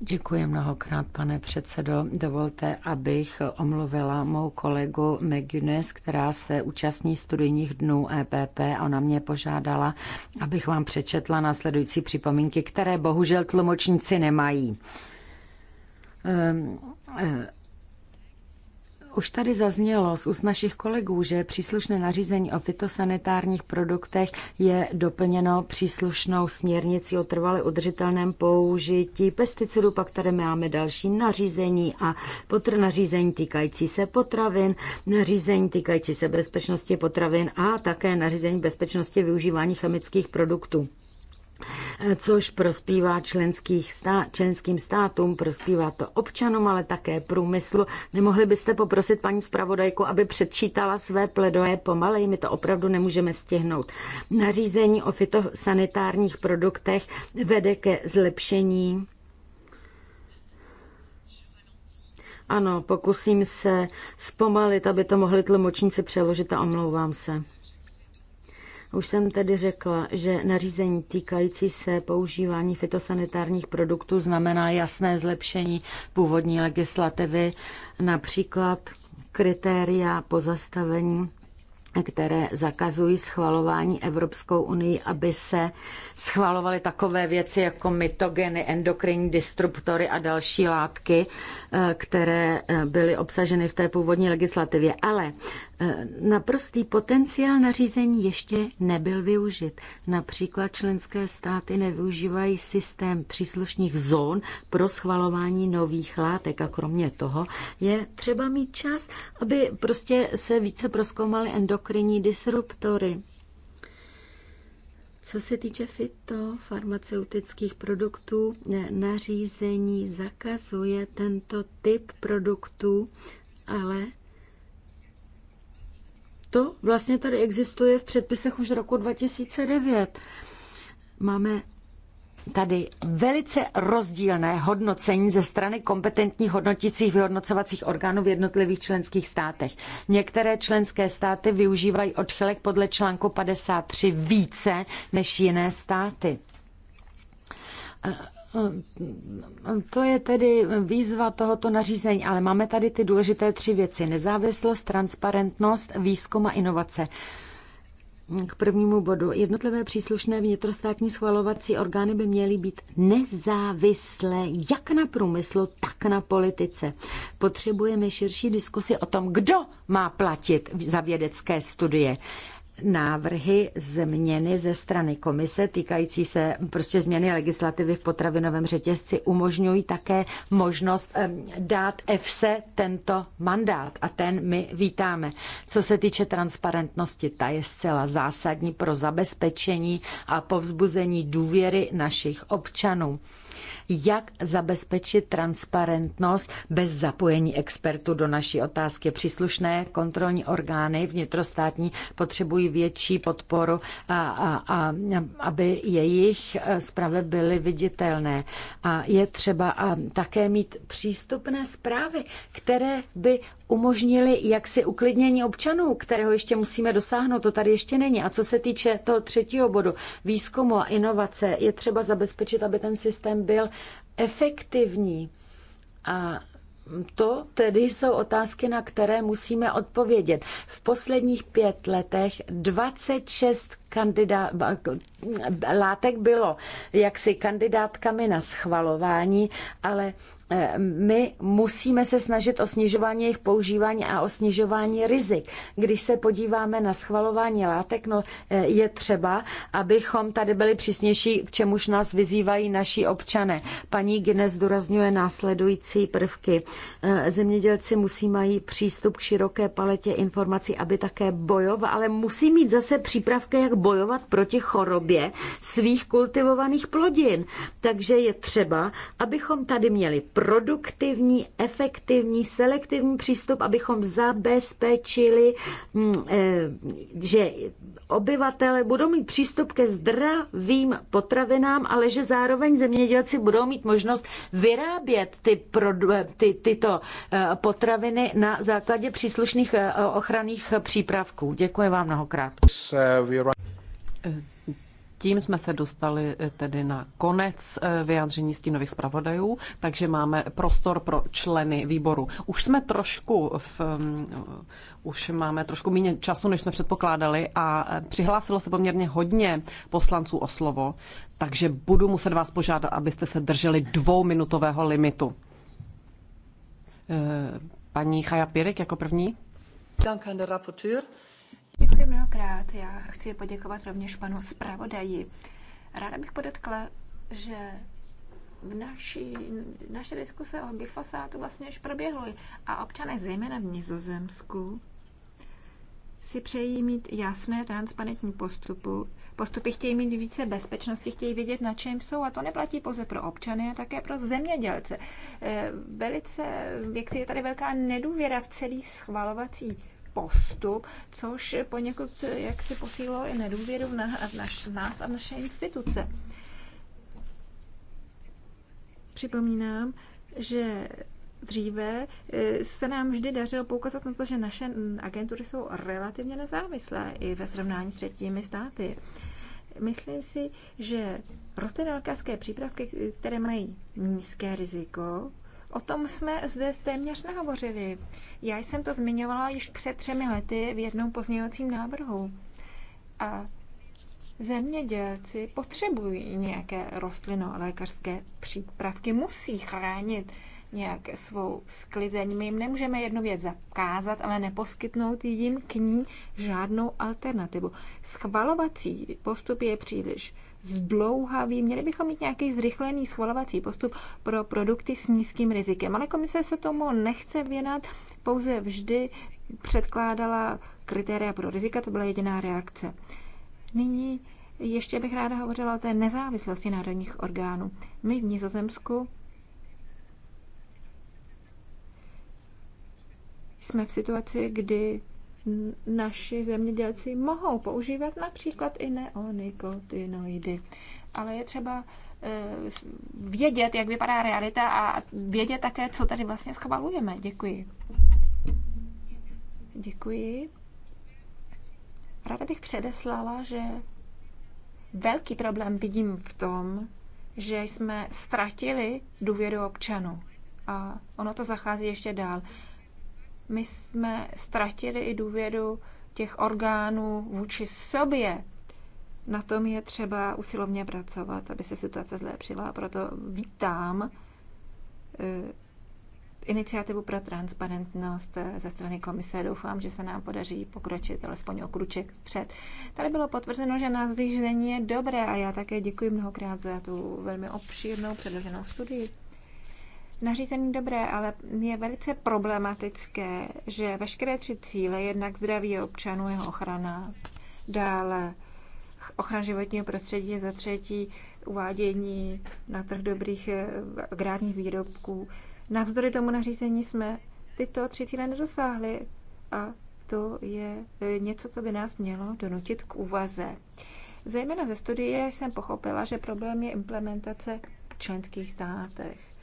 Děkuji mnohokrát, pane předsedo. Dovolte, abych omluvila mou kolegu McGuinness, která se účastní studijních dnů EPP. Ona mě požádala, abych vám přečetla následující připomínky, které bohužel tlumočníci nemají. Ehm, eh, už tady zaznělo z úst našich kolegů, že příslušné nařízení o fitosanitárních produktech je doplněno příslušnou směrnicí o trvale udržitelném použití pesticidů, pak tady máme další nařízení a potr- nařízení týkající se potravin, nařízení týkající se bezpečnosti potravin a také nařízení bezpečnosti využívání chemických produktů což prospívá členských stá, členským státům, prospívá to občanům, ale také průmyslu. Nemohli byste poprosit paní zpravodajku, aby předčítala své pledoje pomalej, my to opravdu nemůžeme stihnout. Nařízení o fitosanitárních produktech vede ke zlepšení ano, pokusím se zpomalit, aby to mohli tlumočníci přeložit a omlouvám se. Už jsem tedy řekla, že nařízení týkající se používání fitosanitárních produktů znamená jasné zlepšení původní legislativy, například kritéria pozastavení které zakazují schvalování Evropskou unii, aby se schvalovaly takové věci jako mitogeny, endokrinní disruptory a další látky, eh, které eh, byly obsaženy v té původní legislativě. Ale eh, naprostý potenciál nařízení ještě nebyl využit. Například členské státy nevyužívají systém příslušných zón pro schvalování nových látek a kromě toho je třeba mít čas, aby prostě se více proskoumaly endokrinní endokrinní disruptory. Co se týče fitofarmaceutických produktů, nařízení zakazuje tento typ produktů, ale to vlastně tady existuje v předpisech už roku 2009. Máme tady velice rozdílné hodnocení ze strany kompetentních hodnotících vyhodnocovacích orgánů v jednotlivých členských státech. Některé členské státy využívají odchylek podle článku 53 více než jiné státy. To je tedy výzva tohoto nařízení, ale máme tady ty důležité tři věci. Nezávislost, transparentnost, výzkum a inovace k prvnímu bodu. Jednotlivé příslušné vnitrostátní schvalovací orgány by měly být nezávislé jak na průmyslu, tak na politice. Potřebujeme širší diskusi o tom, kdo má platit za vědecké studie návrhy změny ze strany komise týkající se prostě změny legislativy v potravinovém řetězci umožňují také možnost dát EFSE tento mandát a ten my vítáme. Co se týče transparentnosti, ta je zcela zásadní pro zabezpečení a povzbuzení důvěry našich občanů jak zabezpečit transparentnost bez zapojení expertů do naší otázky. Příslušné kontrolní orgány vnitrostátní potřebují větší podporu, a, a, a, aby jejich eh, zprávy byly viditelné. A je třeba a také mít přístupné zprávy, které by umožnili jaksi uklidnění občanů, kterého ještě musíme dosáhnout, to tady ještě není. A co se týče toho třetího bodu, výzkumu a inovace, je třeba zabezpečit, aby ten systém byl efektivní. A to tedy jsou otázky, na které musíme odpovědět. V posledních pět letech 26 kandidá, látek bylo jaksi kandidátkami na schvalování, ale eh, my musíme se snažit o snižování jejich používání a o snižování rizik. Když se podíváme na schvalování látek, no, eh, je třeba, abychom tady byli přísnější, k čemuž nás vyzývají naši občané. Paní Gines zdůrazňuje následující prvky. Eh, zemědělci musí mají přístup k široké paletě informací, aby také bojovali, ale musí mít zase přípravky, jak bojovat proti chorobě svých kultivovaných plodin. Takže je třeba, abychom tady měli produktivní, efektivní, selektivní přístup, abychom zabezpečili, mm, eh, že obyvatele budou mít přístup ke zdravým potravinám, ale že zároveň zemědělci budou mít možnost vyrábět ty produ- ty, tyto eh, potraviny na základě příslušných eh, ochranných přípravků. Děkuji vám mnohokrát tím jsme se dostali eh, tedy na konec eh, vyjádření stínových zpravodajů, takže máme prostor pro členy výboru. Už jsme trošku v, mm, už máme trošku méně času, než jsme předpokládali a eh, přihlásilo se poměrně hodně poslanců o slovo, takže budu muset vás požádat, abyste se drželi dvouminutového limitu. Paní Chaja Pirek jako první. Děkuji, aan rapporteur. Děkuji mnohokrát. Já chci poděkovat rovněž panu zpravodaji. Ráda bych podotkla, že v naší, naše diskuse o glyfosátu vlastně už proběhly a občané zejména v Nizozemsku si přejí mít jasné, transparentní postupu. Postupy chtějí mít více bezpečnosti, chtějí vědět, na čem jsou a to neplatí pouze pro občany, ale také pro zemědělce. Eh, velice, jak si je tady velká nedůvěra v celý schvalovací postup, což poněkud jak si posílilo i nedůvěru v, na, v naš, nás a v naše instituce. Připomínám, že dříve eh, se nám vždy dařilo poukazat na to, že naše agentury jsou relativně nezávislé i ve srovnání s třetími státy. Myslím si, že lékařské přípravky, které mají nízké riziko, O tom jsme zde téměř nehovořili. Já jsem to zmiňovala již před třemi lety v jednom pozměňovacím návrhu. A zemědělci potřebují nějaké rostlinolékařské přípravky, musí chránit nějak svou sklizeň. My jim nemůžeme jednu věc zakázat, ale neposkytnout jim k ní žádnou alternativu. Schvalovací postup je příliš zdlouhavý. Měli bychom mít nějaký zrychlený schvalovací postup pro produkty s nízkým rizikem, ale komise se tomu nechce věnat, pouze vždy předkládala kritéria pro rizika, to byla jediná reakce. Nyní ještě bych ráda hovořila o té nezávislosti národních orgánů. My v Nizozemsku jsme v situaci, kdy naši zemědělci mohou používat například i neonikotinoidy. Ale je třeba eh, vědět, jak vypadá realita a vědět také, co tady vlastně schvalujeme. Děkuji. Děkuji. Ráda bych předeslala, že velký problém vidím v tom, že jsme ztratili důvěru občanů. A ono to zachází ještě dál my jsme ztratili i důvěru těch orgánů vůči sobě. Na tom je třeba usilovně pracovat, aby se situace zlepšila. Proto vítám eh, iniciativu pro transparentnost eh, ze strany komise. Doufám, že se nám podaří pokročit alespoň o kruček před. Tady bylo potvrzeno, že nás zjištění je dobré a já také děkuji mnohokrát za tu velmi obšírnou předloženou studii nařízení dobré, ale je velice problematické, že veškeré tři cíle, jednak zdraví občanů, jeho ochrana, dále ochrana životního prostředí, za třetí uvádění na trh dobrých eh, agrárních výrobků. Navzdory tomu nařízení jsme tyto tři cíle nedosáhli a to je eh, něco, co by nás mělo donutit k úvaze. Zejména ze studie jsem pochopila, že problém je implementace v členských státech.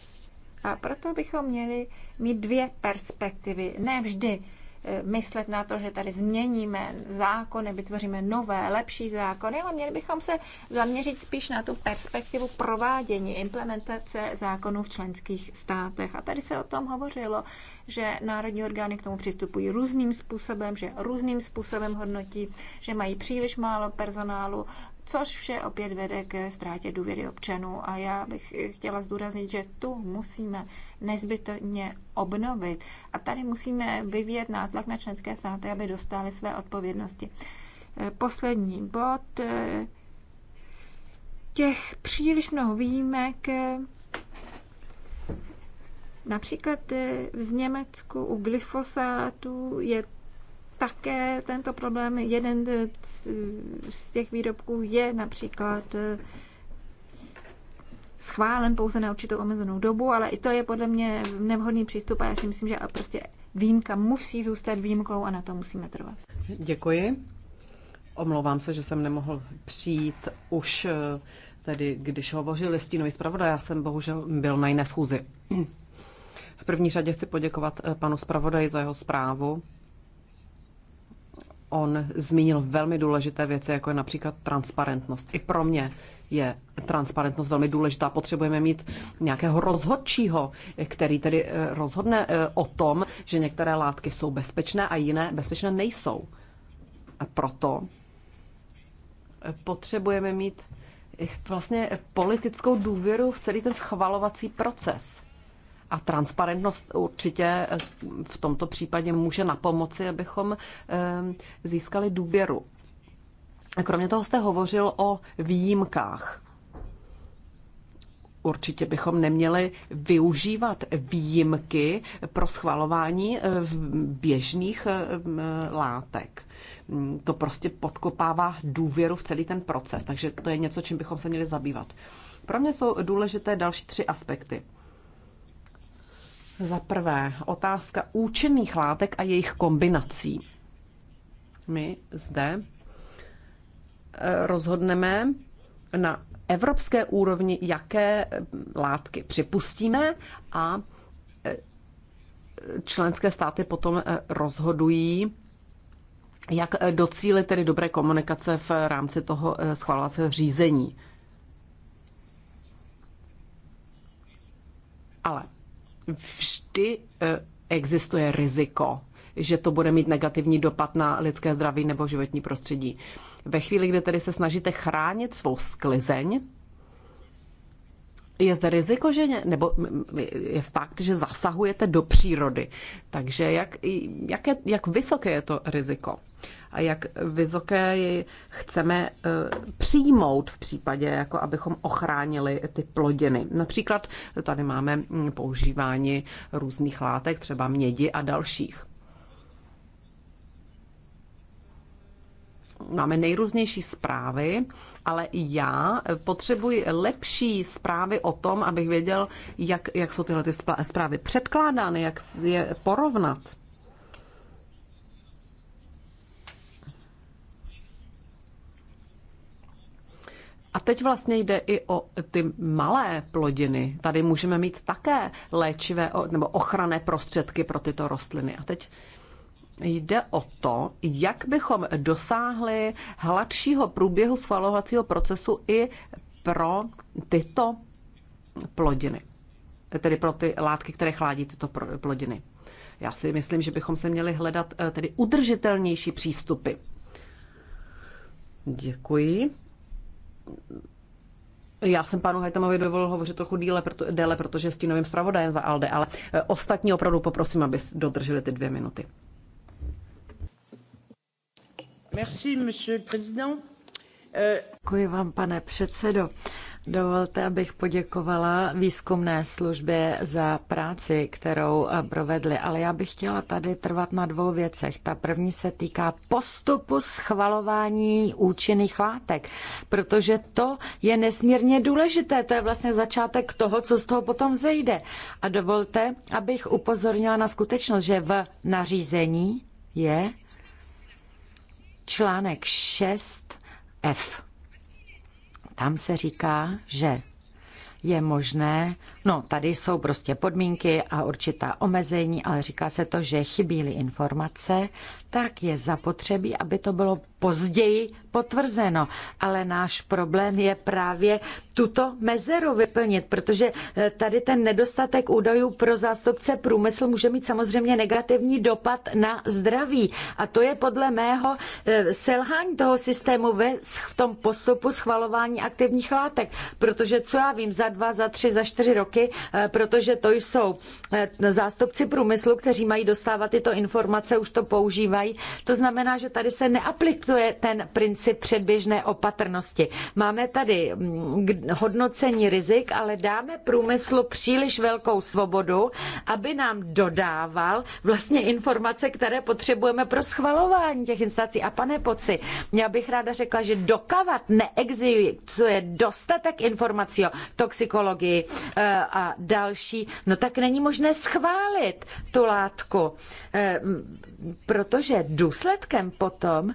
A proto bychom měli mít dvě perspektivy. Ne vždy eh, myslet na to, že tady změníme zákony, vytvoříme nové, lepší zákony, ale měli bychom se zaměřit spíš na tu perspektivu provádění, implementace zákonů v členských státech. A tady se o tom hovořilo, že národní orgány k tomu přistupují různým způsobem, že různým způsobem hodnotí, že mají příliš málo personálu, což vše opět vede ke ztrátě důvěry občanů. A já bych chtěla zdůraznit, že tu musíme nezbytně obnovit. A tady musíme vyvíjet nátlak na členské státy, aby dostali své odpovědnosti. Eh, poslední bod. Eh, těch příliš mnoho výjimek eh, Například v Německu u glyfosátu je také tento problém. Jeden z těch výrobků je například eh, schválen pouze na určitou omezenou dobu, ale i to je podle mě nevhodný přístup a já si myslím, že prostě výjimka musí zůstat výjimkou a na to musíme trvat. Děkuji. Omlouvám se, že jsem nemohl přijít už eh, tedy, když hovořil listinový zpravodaj, já jsem bohužel byl na jiné schůzi. V první řadě chci poděkovat eh, panu zpravodaji za jeho zprávu on zmínil velmi důležité věci, jako je například transparentnost. I pro mě je transparentnost velmi důležitá. Potřebujeme mít nějakého rozhodčího, který tedy eh, rozhodne eh, o tom, že některé látky jsou bezpečné a jiné bezpečné nejsou. A proto eh, potřebujeme mít vlastně politickou důvěru v celý ten schvalovací proces. A transparentnost určitě eh, v tomto případě může na pomoci, abychom eh, získali důvěru. Kromě toho jste hovořil o výjimkách. Určitě bychom neměli využívat výjimky pro schvalování eh, běžných látek. To prostě podkopává důvěru v celý ten proces, takže to je něco, čím bychom se měli zabývat. Pro mě jsou důležité další tři aspekty. Za prvé, otázka účinných látek a jejich kombinací. My zde eh, rozhodneme na evropské úrovni, jaké eh, látky připustíme a eh, členské státy potom rozhodují, jak docílit tedy dobré komunikace v rámci toho schvalovacího řízení. Ale vždy eh, existuje riziko, že to bude mít negativní dopad na lidské zdraví nebo životní prostředí. Ve chvíli, kdy tedy se snažíte chránit svou sklizeň, je zde riziko, že ne, nebo je fakt, že zasahujete do přírody. Takže jak, je, jak vysoké je to riziko? a jak vysoké ji chceme eh, přijmout v případě, jako abychom ochránili ty plodiny. Například tady máme mm, používání různých látek, třeba mědi a dalších. máme nejrůznější zprávy, ale já potřebuji lepší zprávy o tom, abych věděl, jak, jak jsou tyhle ty zprávy předkládány, jak je porovnat. A teď vlastně jde i o ty malé plodiny. Tady můžeme mít také léčivé nebo ochranné prostředky pro tyto rostliny. A teď jde o to, jak bychom dosáhli hladšího průběhu svalovacího procesu i pro tyto plodiny. Tedy pro ty látky, které chládí tyto plodiny. Já si myslím, že bychom se měli hledat eh, tedy udržitelnější přístupy. Děkuji já jsem panu Hajtamovi dovolil hovořit trochu díle, proto, déle, protože s tím novým zpravodajem za ALDE, ale eh, ostatní opravdu poprosím, aby dodrželi ty dvě minuty. Merci, monsieur le président. Děkuji vám, pane předsedo. Dovolte, abych poděkovala výzkumné službě za práci, kterou eh, provedli, ale já bych chtěla tady trvat na dvou věcech. Ta první se týká postupu schvalování účinných látek, protože to je nesmírně důležité. To je vlastně začátek toho, co z toho potom vzejde. A dovolte, abych upozornila na skutečnost, že v nařízení je článek 6f tam se říká, že je možné, no tady jsou prostě podmínky a určitá omezení, ale říká se to, že chybí informace, tak je zapotřebí, aby to bylo později potvrzeno. Ale náš problém je právě tuto mezeru vyplnit, protože eh, tady ten nedostatek údajů pro zástupce průmyslu může mít samozřejmě negativní dopad na zdraví. A to je podle mého eh, selhání toho systému v tom postupu schvalování aktivních látek. Protože co já vím, za dva, za tři, za čtyři roky, eh, protože to jsou zástupci průmyslu, kteří mají dostávat tyto informace, už to používají nedělají. To znamená, že tady se neaplikuje ten princip předběžné opatrnosti. Máme tady mm, hodnocení rizik, ale dáme průmyslu příliš velkou svobodu, aby nám dodával vlastně informace, které potřebujeme pro schvalování těch instancí. A pane Poci, já bych ráda řekla, že dokavat neexistuje dostatek informací o toxikologii eh, a další, no tak není možné schválit tu látku, eh, protože že důsledkem potom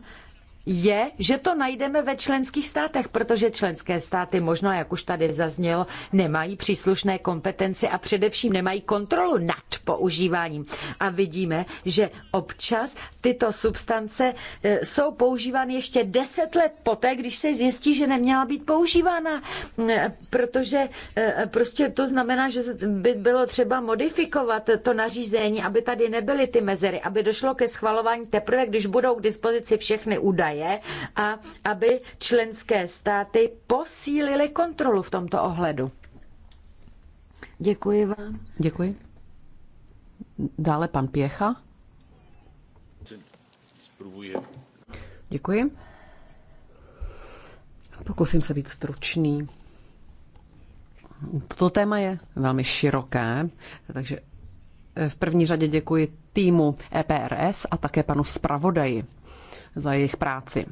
je, že to najdeme ve členských státech, protože členské státy možná, jak už tady zaznělo, nemají příslušné kompetence a především nemají kontrolu nad používáním. A vidíme, že občas tyto substance e, jsou používány ještě deset let poté, když se zjistí, že neměla být používána, e, protože e, prostě to znamená, že by bylo třeba modifikovat to nařízení, aby tady nebyly ty mezery, aby došlo ke schvalování teprve, když budou k dispozici všechny údaje je a aby členské státy posílily kontrolu v tomto ohledu. Děkuji vám. Děkuji. Dále pan Pěcha. Děkuji. Pokusím se být stručný. Toto téma je velmi široké, takže v první řadě děkuji týmu EPRS a také panu zpravodaji za jejich práci.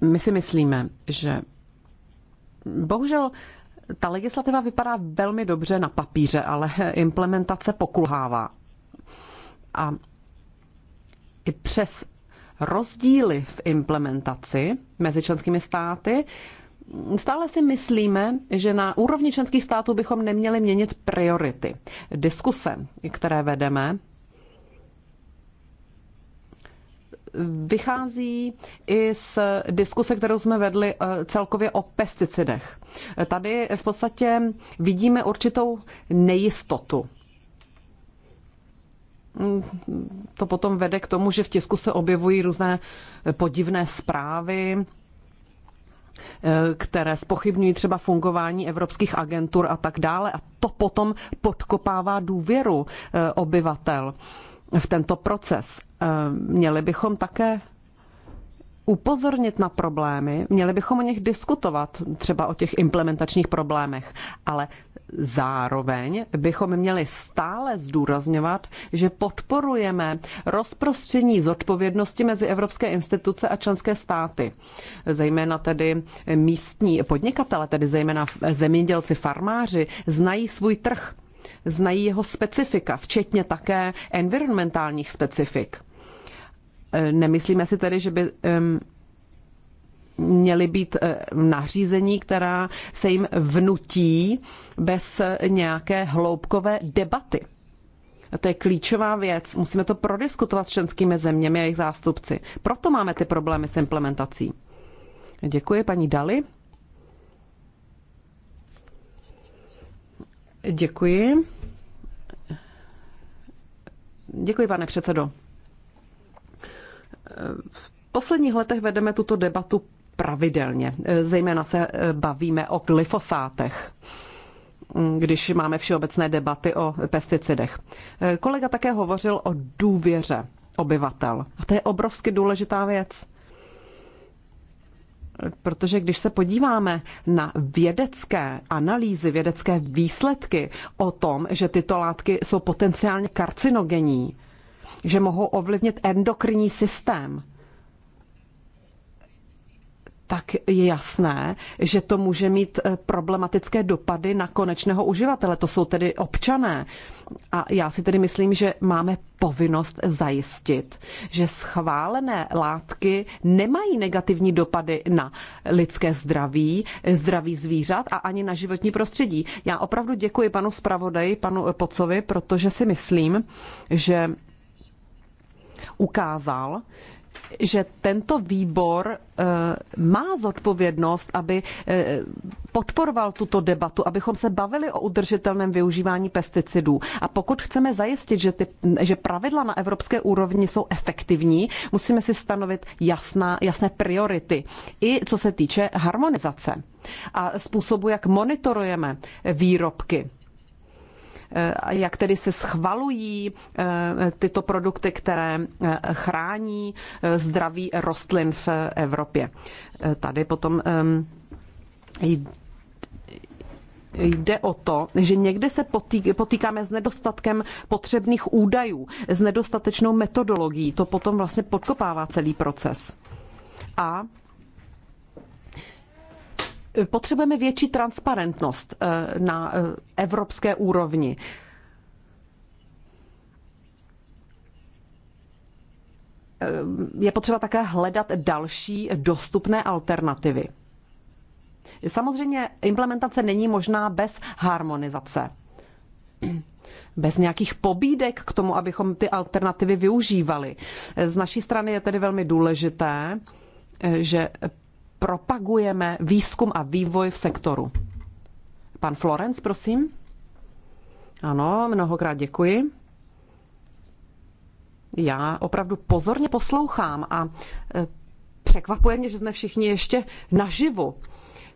My si myslíme, že bohužel ta legislativa vypadá velmi dobře na papíře, ale implementace pokulhává. A i přes rozdíly v implementaci mezi členskými státy Stále si myslíme, že na úrovni členských států bychom neměli měnit priority. Diskuse, které vedeme vychází i z diskuse, kterou jsme vedli eh, celkově o pesticidech. Tady v podstatě vidíme určitou nejistotu. Mm, to potom vede k tomu, že v tisku se objevují různé eh, podivné zprávy, eh, které spochybňují třeba fungování evropských agentur a tak dále. A to potom podkopává důvěru obyvatel v tento proces. Eh, měli bychom také upozornit na problémy, měli bychom o nich diskutovat, třeba o těch implementačních problémech, ale zároveň bychom měli stále zdůrazňovat, že podporujeme rozprostření zodpovědnosti mezi evropské instituce a členské státy, zejména tedy místní podnikatele, tedy zejména zemědělci, farmáři, znají svůj trh znají jeho specifika, včetně také environmentálních specifik. E, nemyslíme si tedy, že by měly být e, nařízení, která se jim vnutí bez nějaké hloubkové debaty. To je klíčová věc. Musíme to prodiskutovat s členskými zeměmi a jejich zástupci. Proto máme ty problémy s implementací. Děkuji paní Dali. Děkuji. Děkuji, pane předsedo. V posledních letech vedeme tuto debatu pravidelně. Zejména se bavíme o glyfosátech když máme všeobecné debaty o pesticidech. Kolega také hovořil o důvěře obyvatel. A to je obrovsky důležitá věc. Protože když se podíváme na vědecké analýzy, vědecké výsledky o tom, že tyto látky jsou potenciálně karcinogenní, že mohou ovlivnit endokrinní systém, tak je jasné, že to může mít eh, problematické dopady na konečného uživatele. To jsou tedy občané. A já si tedy myslím, že máme povinnost zajistit, že schválené látky nemají negativní dopady na lidské zdraví, zdraví zvířat a ani na životní prostředí. Já opravdu děkuji panu zpravodaji, panu eh, Pocovi, protože si myslím, že ukázal, že tento výbor eh, má zodpovědnost, aby eh, podporoval tuto debatu, abychom se bavili o udržitelném využívání pesticidů. A pokud chceme zajistit, že, ty, že pravidla na evropské úrovni jsou efektivní, musíme si stanovit jasná, jasné priority, i co se týče harmonizace a způsobu, jak monitorujeme výrobky. Eh, jak tedy se schvalují eh, tyto produkty, které eh, chrání zdraví rostlin v Evropě. Tady potom ehm, jde o to, že někde se potýkáme s nedostatkem potřebných údajů, s nedostatečnou metodologií. To potom vlastně podkopává celý proces. A Potřebujeme větší transparentnost eh, na eh, evropské úrovni. Eh, je potřeba také hledat další dostupné alternativy. Samozřejmě implementace není možná bez harmonizace. Bez nějakých pobídek k tomu, abychom ty alternativy využívali. Z naší strany je tedy velmi důležité, že propagujeme výzkum a vývoj v sektoru. Pan Florence, prosím. Ano, mnohokrát děkuji. Já opravdu pozorně poslouchám a e, překvapuje mě, že jsme všichni ještě naživu.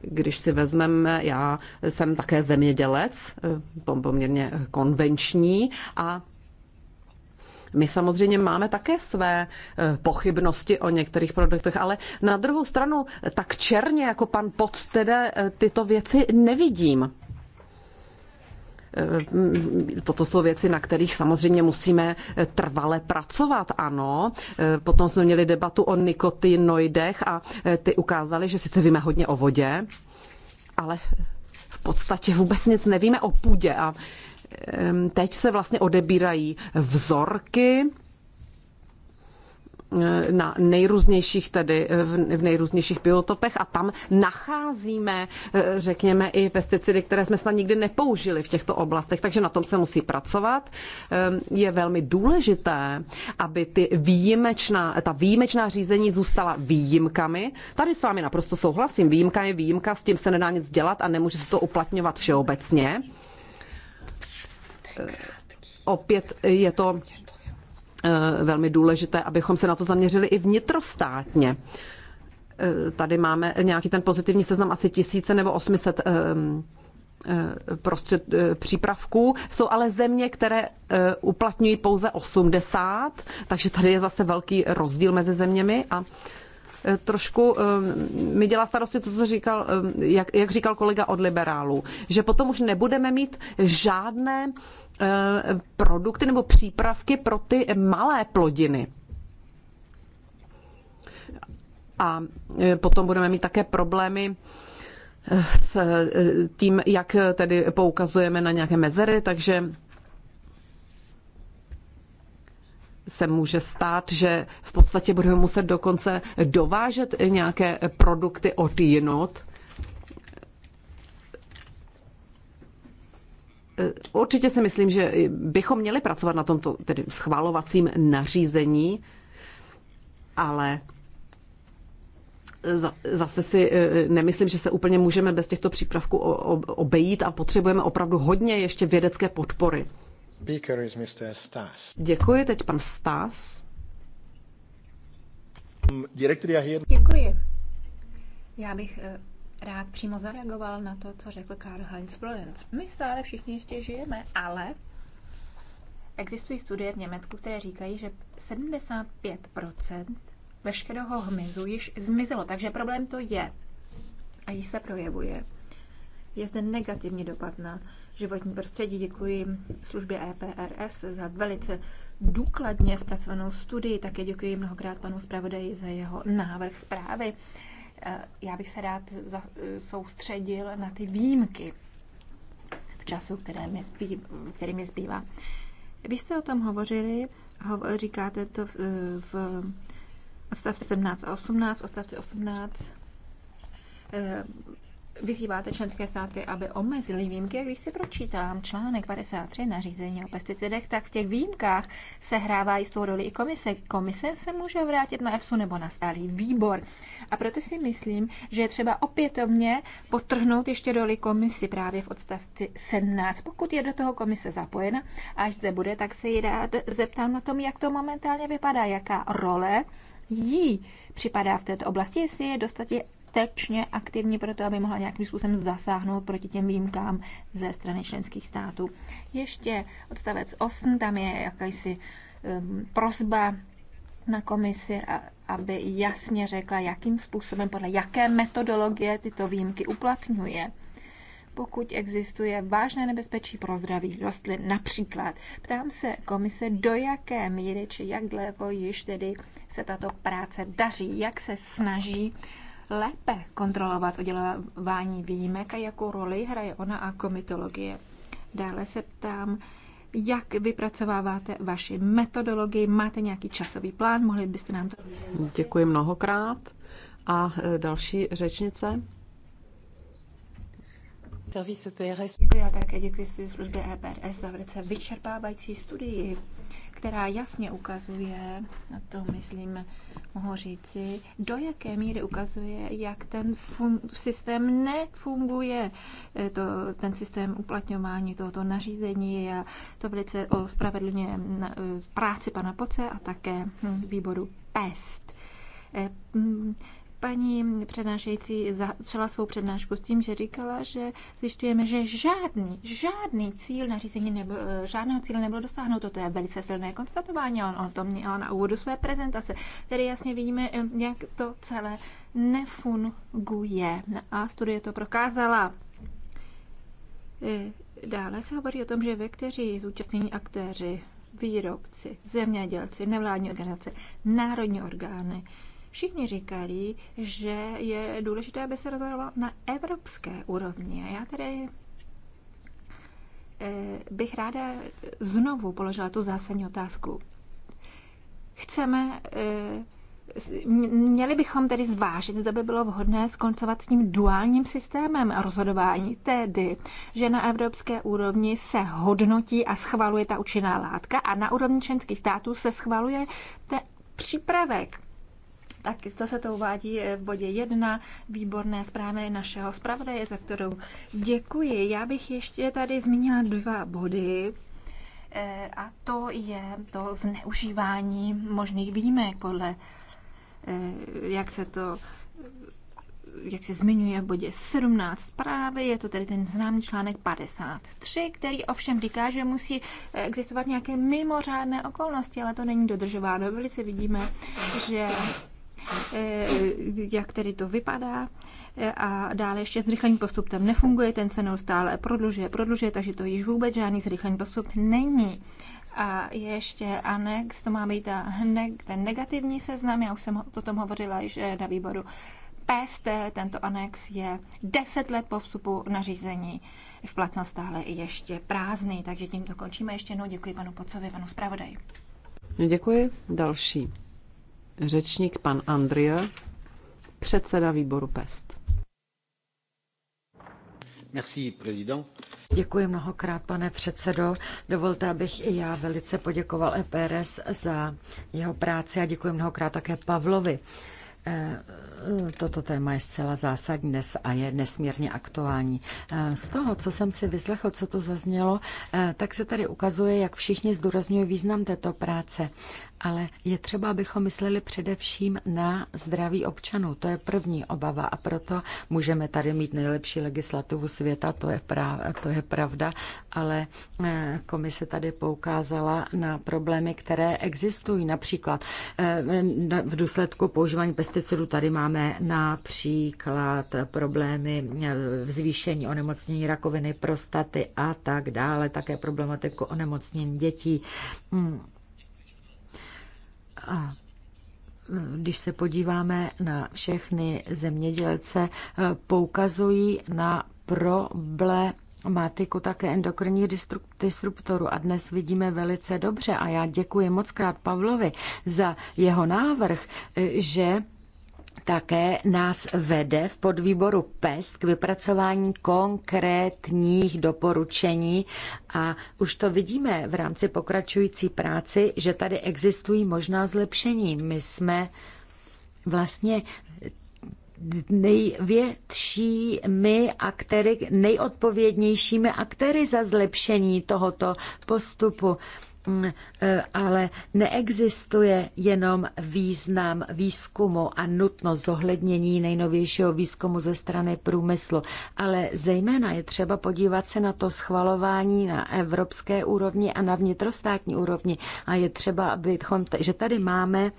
Když si vezmeme, já jsem také zemědělec, e, poměrně konvenční a my samozřejmě máme také své eh, pochybnosti o některých produktech, ale na druhou stranu eh, tak černě jako pan Poc teda eh, tyto věci nevidím. Toto jsou věci, na kterých samozřejmě musíme trvale pracovat, ano. Potom jsme měli debatu o nikotinoidech a ty ukázali, že sice víme hodně o vodě, ale v podstatě vůbec nic nevíme o půdě a teď se vlastně odebírají vzorky eh, na nejrůznějších tedy, eh, v nejrůznějších biotopech a tam nacházíme, eh, řekněme, i pesticidy, které jsme snad nikdy nepoužili v těchto oblastech, takže na tom se musí pracovat. Je velmi důležité, aby ty výjimečná, ta výjimečná řízení zůstala výjimkami. Tady s vámi naprosto souhlasím, výjimka je výjimka, s tím se nedá nic dělat a nemůže se to uplatňovat všeobecně opět je to eh, velmi důležité, abychom se na to zaměřili i vnitrostátně. Eh, tady máme nějaký ten pozitivní seznam asi tisíce nebo 800 eh, prostřed, přípravků. Jsou ale země, které uplatňují pouze 80, takže tady je zase velký rozdíl mezi zeměmi a trošku mi dělá starosti to, co říkal, jak, jak říkal kolega od liberálů, že potom už nebudeme mít žádné Eh, produkty nebo přípravky pro ty malé plodiny. A eh, potom budeme mít také problémy eh, s tím, jak tedy poukazujeme na nějaké mezery, takže se může stát, že v podstatě budeme muset dokonce dovážet nějaké produkty od jinot. Eh, určitě si myslím, že bychom měli pracovat na tomto tedy schvalovacím nařízení, ale zase si eh, nemyslím, že se úplně můžeme bez těchto přípravků obejít a potřebujeme opravdu hodně ještě vědecké podpory. Děkuji, teď pan Stas. Děkuji. Já bych eh, rád přímo zareagoval na to, co řekl Karl Heinz Florenz. My stále všichni ještě žijeme, ale existují studie v Německu, které říkají, že 75 veškerého hmyzu již zmizelo, takže problém to je a již se projevuje. Je zde negativní dopad na životní prostředí. Děkuji službě EPRS za velice důkladně zpracovanou studii. Také děkuji mnohokrát panu zpravodaji za jeho návrh zprávy. Eh, já bych se rád eh, soustředil na ty výjimky v času, které mi zbývá, který mi zbývá. Vy jste o tom hovořili, hovo, říkáte to v, eh, v odstavci 17 a 18, odstavci 18 vyzýváte členské státy, aby omezily výjimky. A když si pročítám článek 53 nařízení o pesticidech, tak v těch výjimkách se hrává jistou roli i komise. Komise se může vrátit na EFSU nebo na stálý výbor. A proto si myslím, že je třeba opětovně potrhnout ještě roli komisi právě v odstavci 17. Pokud je do toho komise zapojena, až zde bude, tak se ji rád zeptám na tom, jak to momentálně vypadá, jaká role jí připadá v této oblasti, jestli je dostatě dostatečně aktivní pro to, aby mohla nějakým způsobem zasáhnout proti těm výjimkám ze strany členských států. Ještě odstavec 8, tam je jakýsi um, prozba na komisi, aby jasně řekla, jakým způsobem, podle jaké metodologie tyto výjimky uplatňuje pokud existuje vážné nebezpečí pro zdraví rostlin. Například ptám se komise, do jaké míry či jak dlouho již tedy se tato práce daří, jak se snaží lépe kontrolovat udělování výjimek a jakou roli hraje ona a komitologie. Dále se ptám, jak vypracováváte vaši metodologii, máte nějaký časový plán, mohli byste nám to... Děkuji mnohokrát. A e, další řečnice? E PRS. Děkuji, já také děkuji službě EPRS za velice vyčerpávající studii která jasně ukazuje, a to myslím, mohu říci, do jaké míry ukazuje, jak ten systém nefunguje, e, to, ten systém uplatňování tohoto nařízení a to velice ospravedlňuje e, práci pana Poce a také hm, výboru PEST. E, paní přednášející začala svou přednášku s tím, že říkala, že zjišťujeme, že žádný, žádný cíl nařízení nebo, eh, žádného cíle nebylo dosáhnuto. To je velice silné konstatování, ale on to měla na úvodu své prezentace. Tady jasně vidíme, eh, jak to celé nefunguje. A studie to prokázala. Eh, dále se hovoří o tom, že kteří zúčastnění aktéři výrobci, zemědělci, nevládní organizace, národní orgány, Všichni říkají, že je důležité, aby se rozhodovalo na evropské úrovni. A já tady eh, bych ráda znovu položila tu zásadní otázku. Chceme eh, Měli bychom tedy zvážit, zda by bylo vhodné skoncovat s tím duálním systémem rozhodování, tedy, že na evropské úrovni se hodnotí a schvaluje ta účinná látka a na úrovni členských států se schvaluje ten přípravek. Tak to se to uvádí v bodě 1 výborné zprávy našeho zpravodaje, za kterou děkuji. Já bych ještě tady zmínila dva body. Eh, a to je to zneužívání možných výjimek podle, eh, jak se to jak se zmiňuje v bodě 17 zprávy, je to tedy ten známý článek 53, který ovšem říká, že musí existovat nějaké mimořádné okolnosti, ale to není dodržováno. Velice vidíme, že Eh, jak tedy to vypadá. Eh, a dále ještě zrychlený postup tam nefunguje, ten se neustále prodlužuje, prodlužuje, takže to již vůbec žádný zrychlený postup není. A ještě anex, to má být ten negativní seznam, já už jsem o tom hovořila již eh, na výboru PST, tento anex je 10 let postupu na nařízení v platnost stále ještě prázdný, takže tím to končíme. Ještě jednou děkuji panu Pocovi, panu zpravodaji. Děkuji. Další řečník pan Andrie, předseda výboru PEST. Merci, prezident. Děkuji mnohokrát, pane předsedo. Dovolte, abych i já velice poděkoval EPRS za jeho práci a děkuji mnohokrát také Pavlovi eh, Toto téma je zcela zásadní dnes a je nesmírně aktuální. Eh, z toho, co jsem si vyslechl, co to zaznělo, eh, tak se tady ukazuje, jak všichni zdůrazňují význam této práce. Ale je třeba, abychom mysleli především na zdraví občanů. To je první obava a proto můžeme tady mít nejlepší legislativu světa, to je, práv, to je pravda, ale eh, komise tady poukázala na problémy, které existují. Například v důsledku používání pesticidů tady máme Máme například problémy v zvýšení onemocnění rakoviny prostaty a tak dále, také problematiku onemocnění dětí. Hmm. A když se podíváme na všechny zemědělce, poukazují na problém Mátiku také endokrinní disruptoru a dnes vidíme velice dobře a já děkuji moc krát Pavlovi za jeho návrh, že také nás vede v podvýboru PEST k vypracování konkrétních doporučení a už to vidíme v rámci pokračující práci, že tady existují možná zlepšení. My jsme vlastně největšími aktéry, nejodpovědnějšími aktéry za zlepšení tohoto postupu. Mm, e, ale neexistuje jenom význam výzkumu a nutnost zohlednění nejnovějšího výzkumu ze strany průmyslu, ale zejména je třeba podívat se na to schvalování na evropské úrovni a na vnitrostátní úrovni. A je třeba, abychom, že tady máme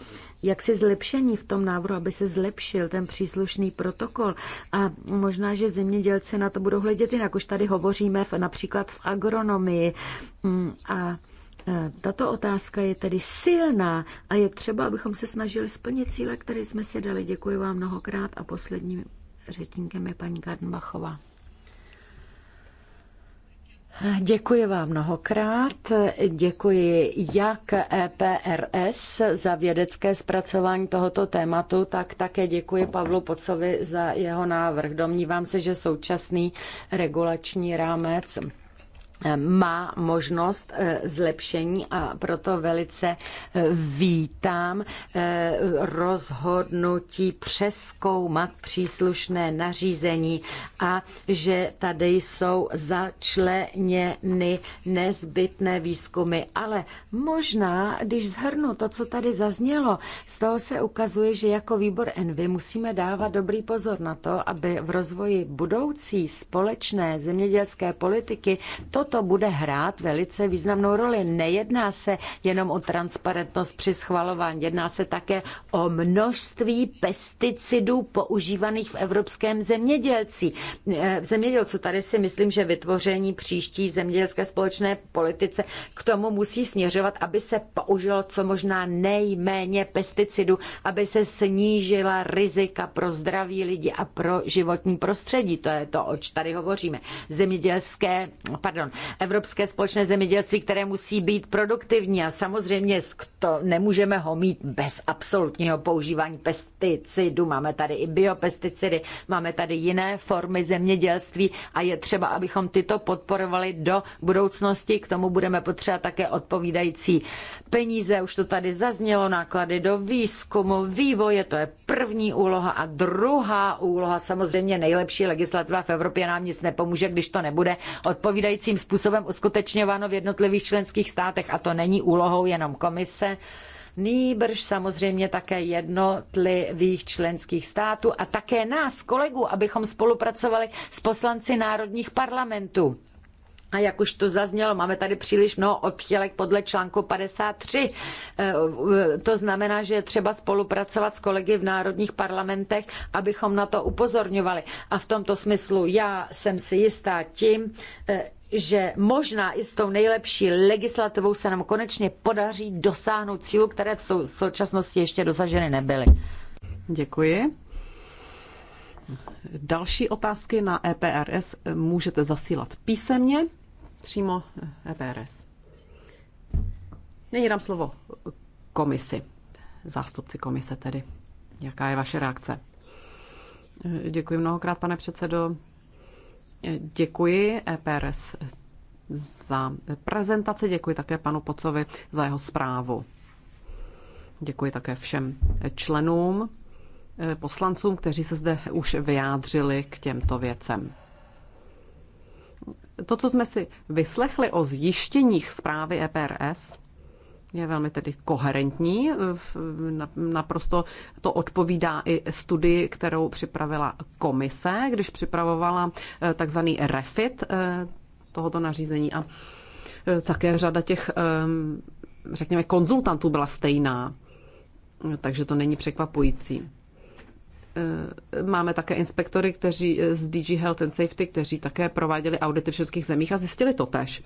jak si zlepšení v tom návrhu, aby se zlepšil ten příslušný protokol. A možná, že zemědělci na to budou hledět jinak. Už tady hovoříme v, například v agronomii mm, a Eh, tato otázka je tedy silná a je třeba, abychom se snažili splnit cíle, které jsme si dali. Děkuji vám mnohokrát a posledním řečníkem je paní Gardenbachová. Děkuji vám mnohokrát. Děkuji jak EPRS za vědecké zpracování tohoto tématu, tak také děkuji Pavlu Pocovi za jeho návrh. Domnívám se, že současný regulační rámec má možnost eh, zlepšení a proto velice eh, vítám eh, rozhodnutí přeskoumat příslušné nařízení a že tady jsou začleněny nezbytné výzkumy. Ale možná, když zhrnu to, co tady zaznělo, z toho se ukazuje, že jako výbor Envy musíme dávat dobrý pozor na to, aby v rozvoji budoucí společné zemědělské politiky to toto bude hrát velice významnou roli. Nejedná se jenom o transparentnost při schvalování, jedná se také o množství pesticidů používaných v evropském zemědělci. Eh, v zemědělcu tady si myslím, že vytvoření příští zemědělské společné politice k tomu musí směřovat, aby se použilo co možná nejméně pesticidů, aby se snížila rizika pro zdraví lidi a pro životní prostředí. To je to, oč tady hovoříme. Zemědělské, pardon, evropské společné zemědělství, které musí být produktivní a samozřejmě to nemůžeme ho mít bez absolutního používání pesticidů. Máme tady i biopesticidy, máme tady jiné formy zemědělství a je třeba, abychom tyto podporovali do budoucnosti. K tomu budeme potřebovat také odpovídající peníze. Už to tady zaznělo, náklady do výzkumu, vývoje, to je první úloha a druhá úloha samozřejmě nejlepší legislativa v Evropě nám nic nepomůže, když to nebude odpovídajícím způsobem uskutečňováno v jednotlivých členských státech a to není úlohou jenom komise, nýbrž samozřejmě také jednotlivých členských států a také nás, kolegů, abychom spolupracovali s poslanci národních parlamentů. A jak už to zaznělo, máme tady příliš mnoho odchylek podle článku 53. Eh, to znamená, že je třeba spolupracovat s kolegy v národních parlamentech, abychom na to upozorňovali. A v tomto smyslu já jsem si jistá tím, eh, že možná i s tou nejlepší legislativou se nám konečně podaří dosáhnout cílů, které v současnosti ještě dosaženy nebyly. Děkuji. Další otázky na EPRS můžete zasílat písemně přímo EPRS. Nyní dám slovo komisi, zástupci komise tedy. Jaká je vaše reakce? Děkuji mnohokrát, pane předsedo. Děkuji EPRS za prezentaci, děkuji také panu Pocovi za jeho zprávu. Děkuji také všem členům, eh, poslancům, kteří se zde už vyjádřili k těmto věcem. To, co jsme si vyslechli o zjištěních zprávy EPRS, je velmi tedy koherentní, naprosto to odpovídá i studii, kterou připravila komise, když připravovala eh, takzvaný refit eh, tohoto nařízení a eh, také řada těch, řekněme, konzultantů byla stejná, takže to není překvapující. Eh, máme také inspektory, kteří eh, z DG Health and Safety, kteří také prováděli audity v českých zemích a zjistili to tež.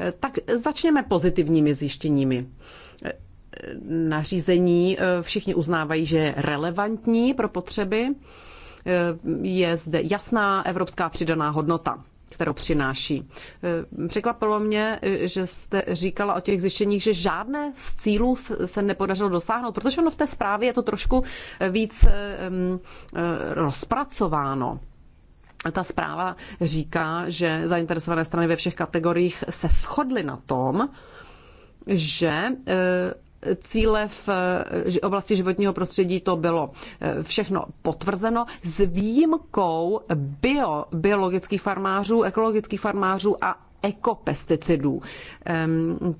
Eh, tak začněme pozitivními zjištěními nařízení všichni uznávají, že je relevantní pro potřeby. Je zde jasná evropská přidaná hodnota kterou přináší. E, překvapilo mě, e, že jste říkala o těch zjištěních, že žádné z cílů se nepodařilo dosáhnout, protože ono v té zprávě je to trošku e, víc rozpracováno. Ta zpráva říká, že zainteresované strany ve všech kategoriích se shodly na tom, že cíle v eh, oblasti životního prostředí to bylo eh, všechno potvrzeno s výjimkou bio, biologických farmářů, ekologických farmářů a ekopesticidů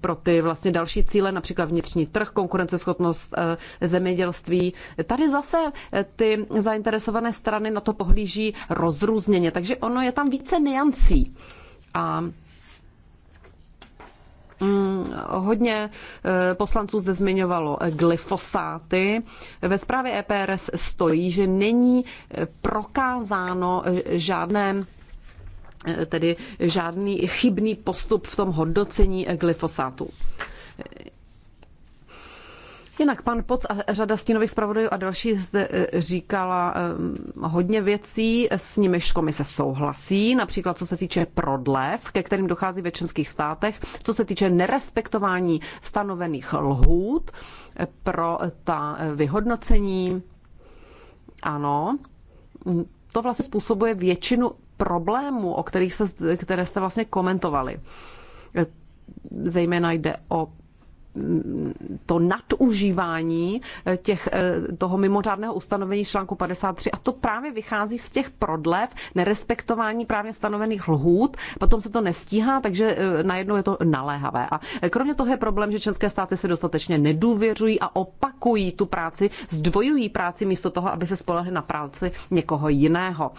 pro ty vlastně další cíle, například vnitřní trh, konkurenceschopnost eh, zemědělství. Tady zase ty zainteresované strany na to pohlíží rozrůzněně, takže ono je tam více niancí. A Mm, hodně eh, poslanců zde zmiňovalo eh, glyfosáty. Ve zprávě EPRS stojí, že není eh, prokázáno žádné tedy žádný chybný postup v tom hodnocení glyfosátu. Jinak pan Poc a řada stínových zpravodajů a další zde e, říkala e, hodně věcí, s nimiž komise souhlasí, například co se týče prodlev, ke kterým dochází ve členských státech, co se týče nerespektování stanovených lhůt e, pro ta vyhodnocení. Ano, to vlastně způsobuje většinu problémů, o kterých se, které jste vlastně komentovali. Zejména jde o to nadužívání eh, těch, eh, toho mimořádného ustanovení článku 53 a to právě vychází z těch prodlev, nerespektování právě stanovených lhůt, potom se to nestíhá, takže eh, najednou je to naléhavé. A kromě toho je problém, že české státy se dostatečně nedůvěřují a opakují tu práci, zdvojují práci místo toho, aby se spolehli na práci někoho jiného.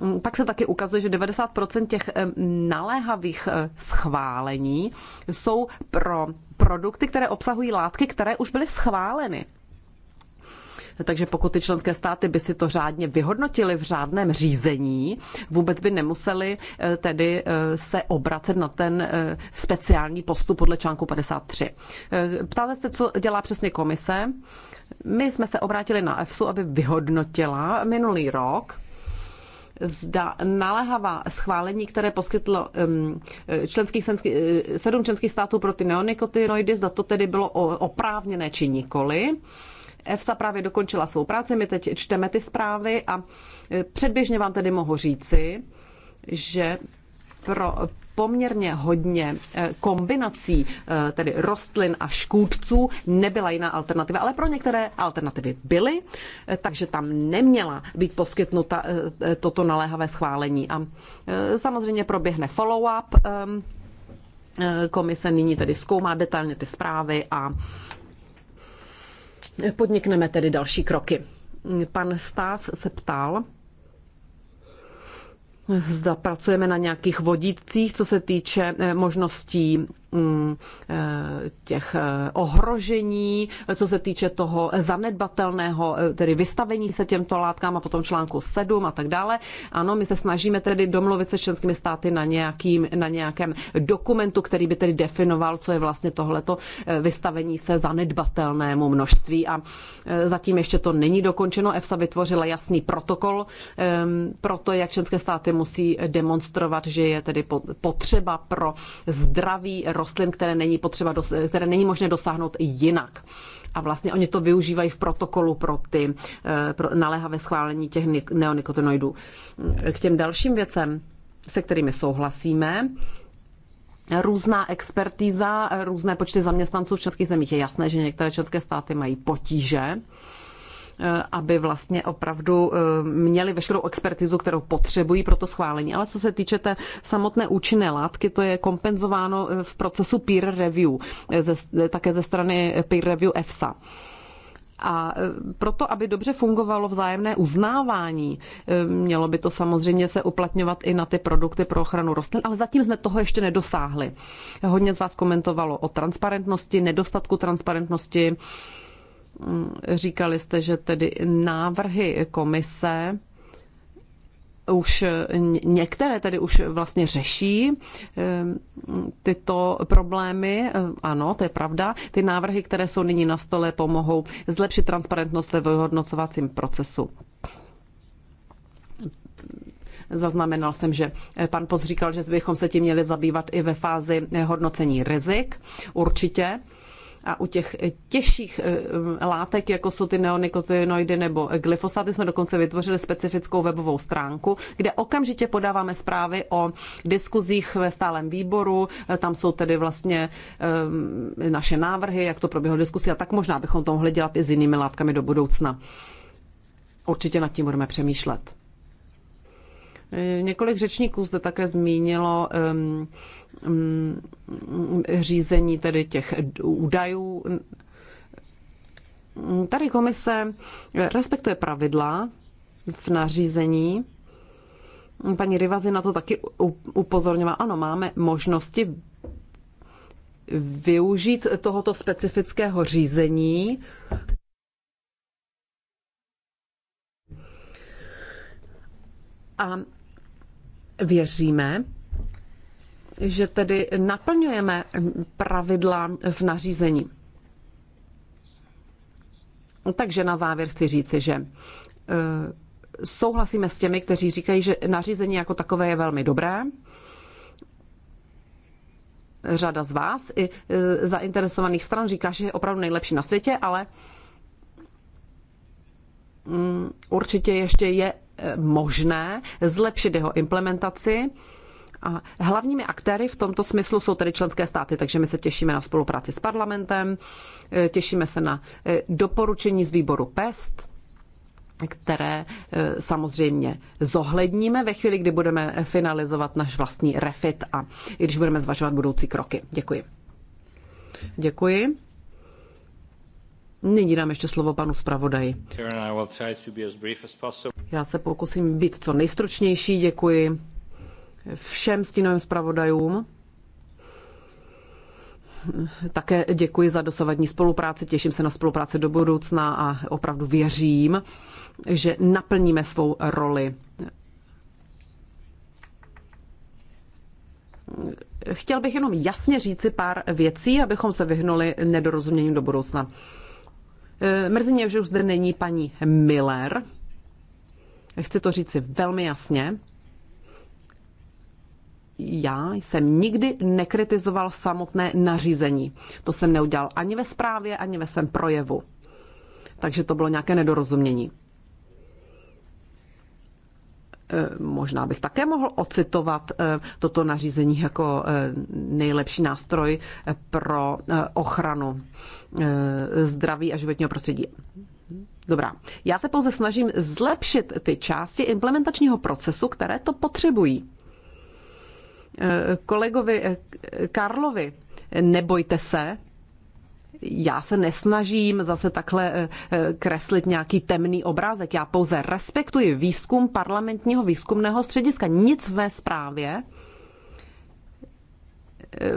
Mm, pak se taky ukazuje, že 90% těch naléhavých eh, schválení jsou pro produkty, které obsahují látky, které už byly schváleny. Takže pokud ty členské státy by si to řádně vyhodnotili v řádném řízení, vůbec by nemuseli eh, tedy eh, se obracet na ten speciální postup podle článku 53. Ptáte se, co dělá přesně komise? My jsme se obrátili na EFSU, aby vyhodnotila minulý rok zda naléhavá schválení, které poskytlo členských, eh, sedm členských států pro ty neonikotinoidy, zda to tedy bylo oprávněné či nikoli. EFSA právě dokončila svou práci, my teď čteme ty zprávy a eh, předběžně vám tedy mohu říci, že pro poměrně hodně eh, kombinací eh, tedy rostlin a škůdců, nebyla jiná alternativa, ale pro některé alternativy byly, eh, takže tam neměla být poskytnuta toto naléhavé schválení. A samozřejmě proběhne follow-up. Komise nyní tedy zkoumá detailně ty zprávy a podnikneme tedy další kroky. Pan Stás se ptal, Zda pracujeme na nějakých vodítcích, co se týče eh, možností Mm, eh, těch eh, ohrožení, co se týče toho zanedbatelného, eh, tedy vystavení se těmto látkám a potom článku 7 a tak dále. Ano, my se snažíme tedy domluvit se členskými státy na, nějakým, na nějakém dokumentu, který by tedy definoval, co je vlastně tohleto vystavení se zanedbatelnému množství a zatím ještě to není dokončeno. EFSA vytvořila jasný protokol ehm, pro to, jak členské státy musí demonstrovat, že je tedy potřeba pro zdravý rostlin, které není, potřeba, které není možné dosáhnout jinak. A vlastně oni to využívají v protokolu pro ty eh, pro naléhavé schválení těch neonikotinoidů. K těm dalším věcem, se kterými souhlasíme, Různá expertíza, různé počty zaměstnanců v českých zemích. Je jasné, že některé české státy mají potíže Eh, aby vlastně opravdu eh, měli veškerou expertizu, kterou potřebují pro to schválení. Ale co se týče té samotné účinné látky, to je kompenzováno eh, v procesu peer review, také ze strany peer review EFSA. A proto, aby dobře fungovalo vzájemné uznávání, mělo by to samozřejmě se uplatňovat i na ty produkty pro ochranu rostlin, ale zatím jsme toho ještě nedosáhli. Hodně z vás komentovalo o transparentnosti, nedostatku transparentnosti Mm, říkali jste, že tedy návrhy komise už některé tedy už vlastně řeší ehm, tyto problémy. Eh, ano, to je pravda. Ty návrhy, které jsou nyní na stole, pomohou zlepšit transparentnost ve vyhodnocovacím procesu. Zaznamenal jsem, že pan Poc říkal, že bychom se tím měli zabývat i ve fázi hodnocení rizik. Určitě a u těch těžších eh, eh, látek, jako jsou ty neonikotinoidy nebo eh, glyfosáty, jsme dokonce vytvořili specifickou webovou stránku, kde okamžitě podáváme zprávy o diskuzích ve stálem výboru. Tam jsou tedy vlastně naše návrhy, jak to proběhlo diskusí a tak možná bychom to mohli dělat i s jinými látkami do budoucna. Určitě nad tím budeme přemýšlet. Několik řečníků zde také zmínilo um, um, řízení tedy těch údajů. Tady komise respektuje pravidla v nařízení. Paní Rivazi na to taky upozorňovala. Ano, máme možnosti využít tohoto specifického řízení. A věříme, že tedy naplňujeme pravidla v nařízení. Takže na závěr chci říci, že eh, souhlasíme s těmi, kteří říkají, že nařízení jako takové je velmi dobré. Řada z vás i eh, zainteresovaných stran říká, že je opravdu nejlepší na světě, ale mm, určitě ještě je eh, možné zlepšit jeho implementaci a hlavními aktéry v tomto smyslu jsou tedy členské státy, takže my se těšíme na spolupráci s parlamentem, eh, těšíme se na eh, doporučení z výboru PEST, které eh, samozřejmě zohledníme ve chvíli, kdy budeme finalizovat náš vlastní refit a i když budeme zvažovat budoucí kroky. Děkuji. Děkuji. Nyní dám ještě slovo panu zpravodaji. Já se pokusím být co nejstručnější. Děkuji všem stínovým zpravodajům. Také děkuji za dosavadní spolupráci, těším se na spolupráci do budoucna a opravdu věřím, že naplníme svou roli. Chtěl bych jenom jasně říci pár věcí, abychom se vyhnuli nedorozuměním do budoucna. E, mrzí mě, že už zde není paní Miller. Chci to říci velmi jasně já jsem nikdy nekritizoval samotné nařízení. To jsem neudělal ani ve zprávě, ani ve svém projevu. Takže to bylo nějaké nedorozumění. E, možná bych také mohl ocitovat e, toto nařízení jako e, nejlepší nástroj pro ochranu zdraví a životního prostředí. Dobrá. Já se pouze snažím zlepšit ty části implementačního procesu, které to potřebují kolegovi eh, Karlovi, nebojte se, já se nesnažím zase takhle eh, eh, kreslit nějaký temný obrázek. Já pouze respektuji výzkum parlamentního výzkumného střediska. Nic v mé zprávě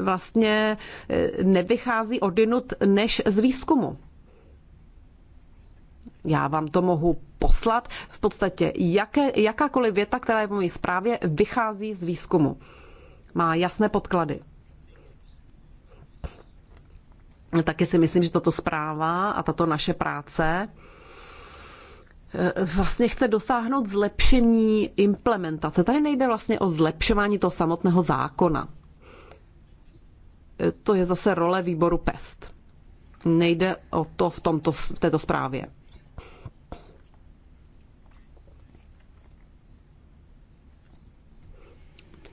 vlastně nevychází odinut než z výzkumu. Já vám to mohu poslat. V podstatě jaké, jakákoliv věta, která je v mojí zprávě, vychází z výzkumu má jasné podklady. Taky si myslím, že tato zpráva a tato naše práce eh, vlastně chce dosáhnout zlepšení implementace. Tady nejde vlastně o zlepšování toho samotného zákona. Eh, to je zase role výboru PEST. Nejde o to v, tomto, v této zprávě.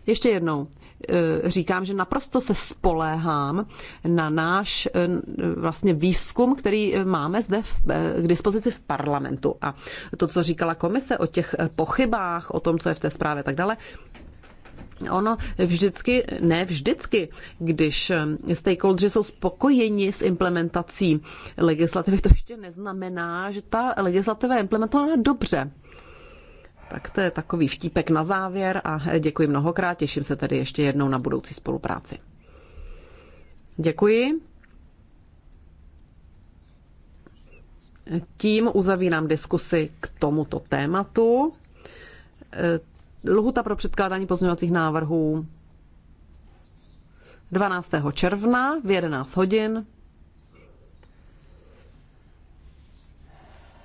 Ještě jednou. Eh, říkám, že naprosto se spoléhám na náš eh, vlastně výzkum, který eh, máme zde v, k dispozici v parlamentu. A to, co říkala komise o těch pochybách, o tom, co je v té zprávě tak dále, Ono vždycky, ne vždycky, když stakeholders jsou spokojeni s implementací legislativy, to ještě neznamená, že ta legislativa je implementována dobře. Tak to je takový vtípek na závěr a děkuji mnohokrát. Těším se tady ještě jednou na budoucí spolupráci. Děkuji. Tím uzavírám diskusi k tomuto tématu. Lhuta pro předkládání pozměňovacích návrhů 12. června v 11 hodin.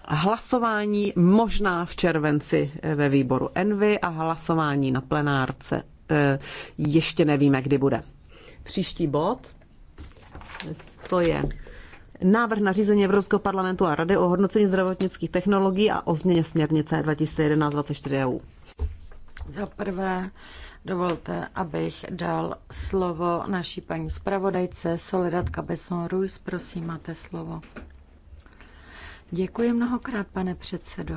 hlasování možná v červenci eh, ve výboru Envy a hlasování na plenárce eh, ještě nevíme, kdy bude. Příští bod, to je návrh na řízení Evropského parlamentu a Rady o hodnocení zdravotnických technologií a o změně směrnice 2011-24 EU. Za prvé dovolte, abych dal slovo naší paní zpravodajce Soledad kabeson Ruiz. Prosím, máte slovo. Děkuji mnohokrát, pane předsedo.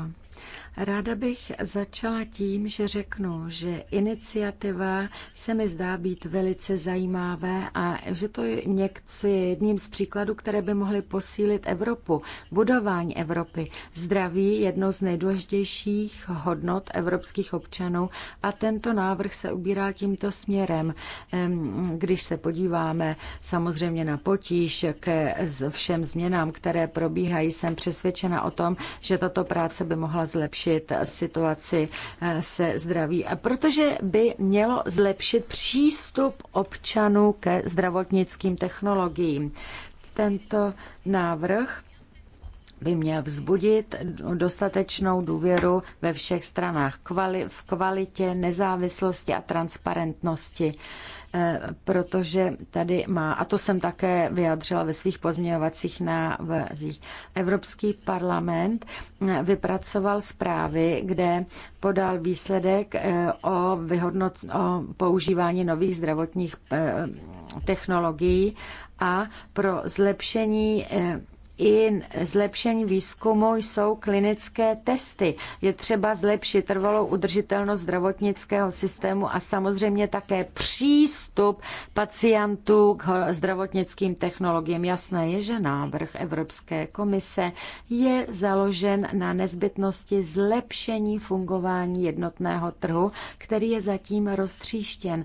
Ráda bych začala tím, že řeknu, že iniciativa se mi zdá být velice zajímavé a že to je něco je jedním z příkladů, které by mohly posílit Evropu. Budování Evropy. Zdraví je jedno z nejdůležitějších hodnot evropských občanů a tento návrh se ubírá tímto směrem. Když se podíváme samozřejmě na potíž ke všem změnám, které probíhají, jsem přesvědčena o tom, že tato práce by mohla zlepšit zlepšit situaci eh, se zdraví, a protože by mělo zlepšit přístup občanů ke zdravotnickým technologiím. Tento návrh by měl vzbudit dostatečnou důvěru ve všech stranách kvali, v kvalitě, nezávislosti a transparentnosti, eh, protože tady má, a to jsem také vyjadřila ve svých pozměňovacích návrzích, Evropský parlament eh, vypracoval zprávy, kde podal výsledek eh, o, vyhodnoc, o používání nových zdravotních technologií a pro zlepšení i zlepšení výzkumu jsou klinické testy. Je třeba zlepšit trvalou udržitelnost zdravotnického systému a samozřejmě také přístup pacientů k zdravotnickým technologiím. Jasné je, že návrh Evropské komise je založen na nezbytnosti zlepšení fungování jednotného trhu, který je zatím roztříštěn.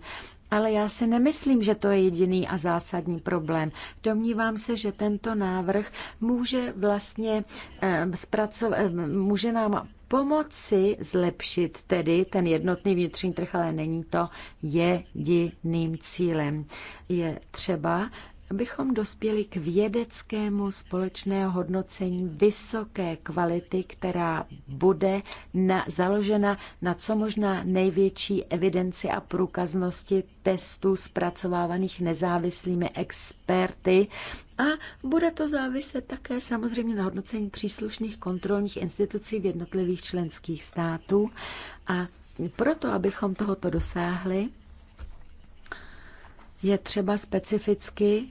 Ale já si nemyslím, že to je jediný a zásadní problém. Domnívám se, že tento návrh může vlastně eh, zpracovat, eh, může nám pomoci zlepšit tedy ten jednotný vnitřní trh, ale není to jediným cílem. Je třeba abychom dospěli k vědeckému společného hodnocení vysoké kvality, která bude na, založena na co možná největší evidenci a průkaznosti testů zpracovávaných nezávislými experty. A bude to záviset také samozřejmě na hodnocení příslušných kontrolních institucí v jednotlivých členských států. A proto, abychom tohoto dosáhli, je třeba specificky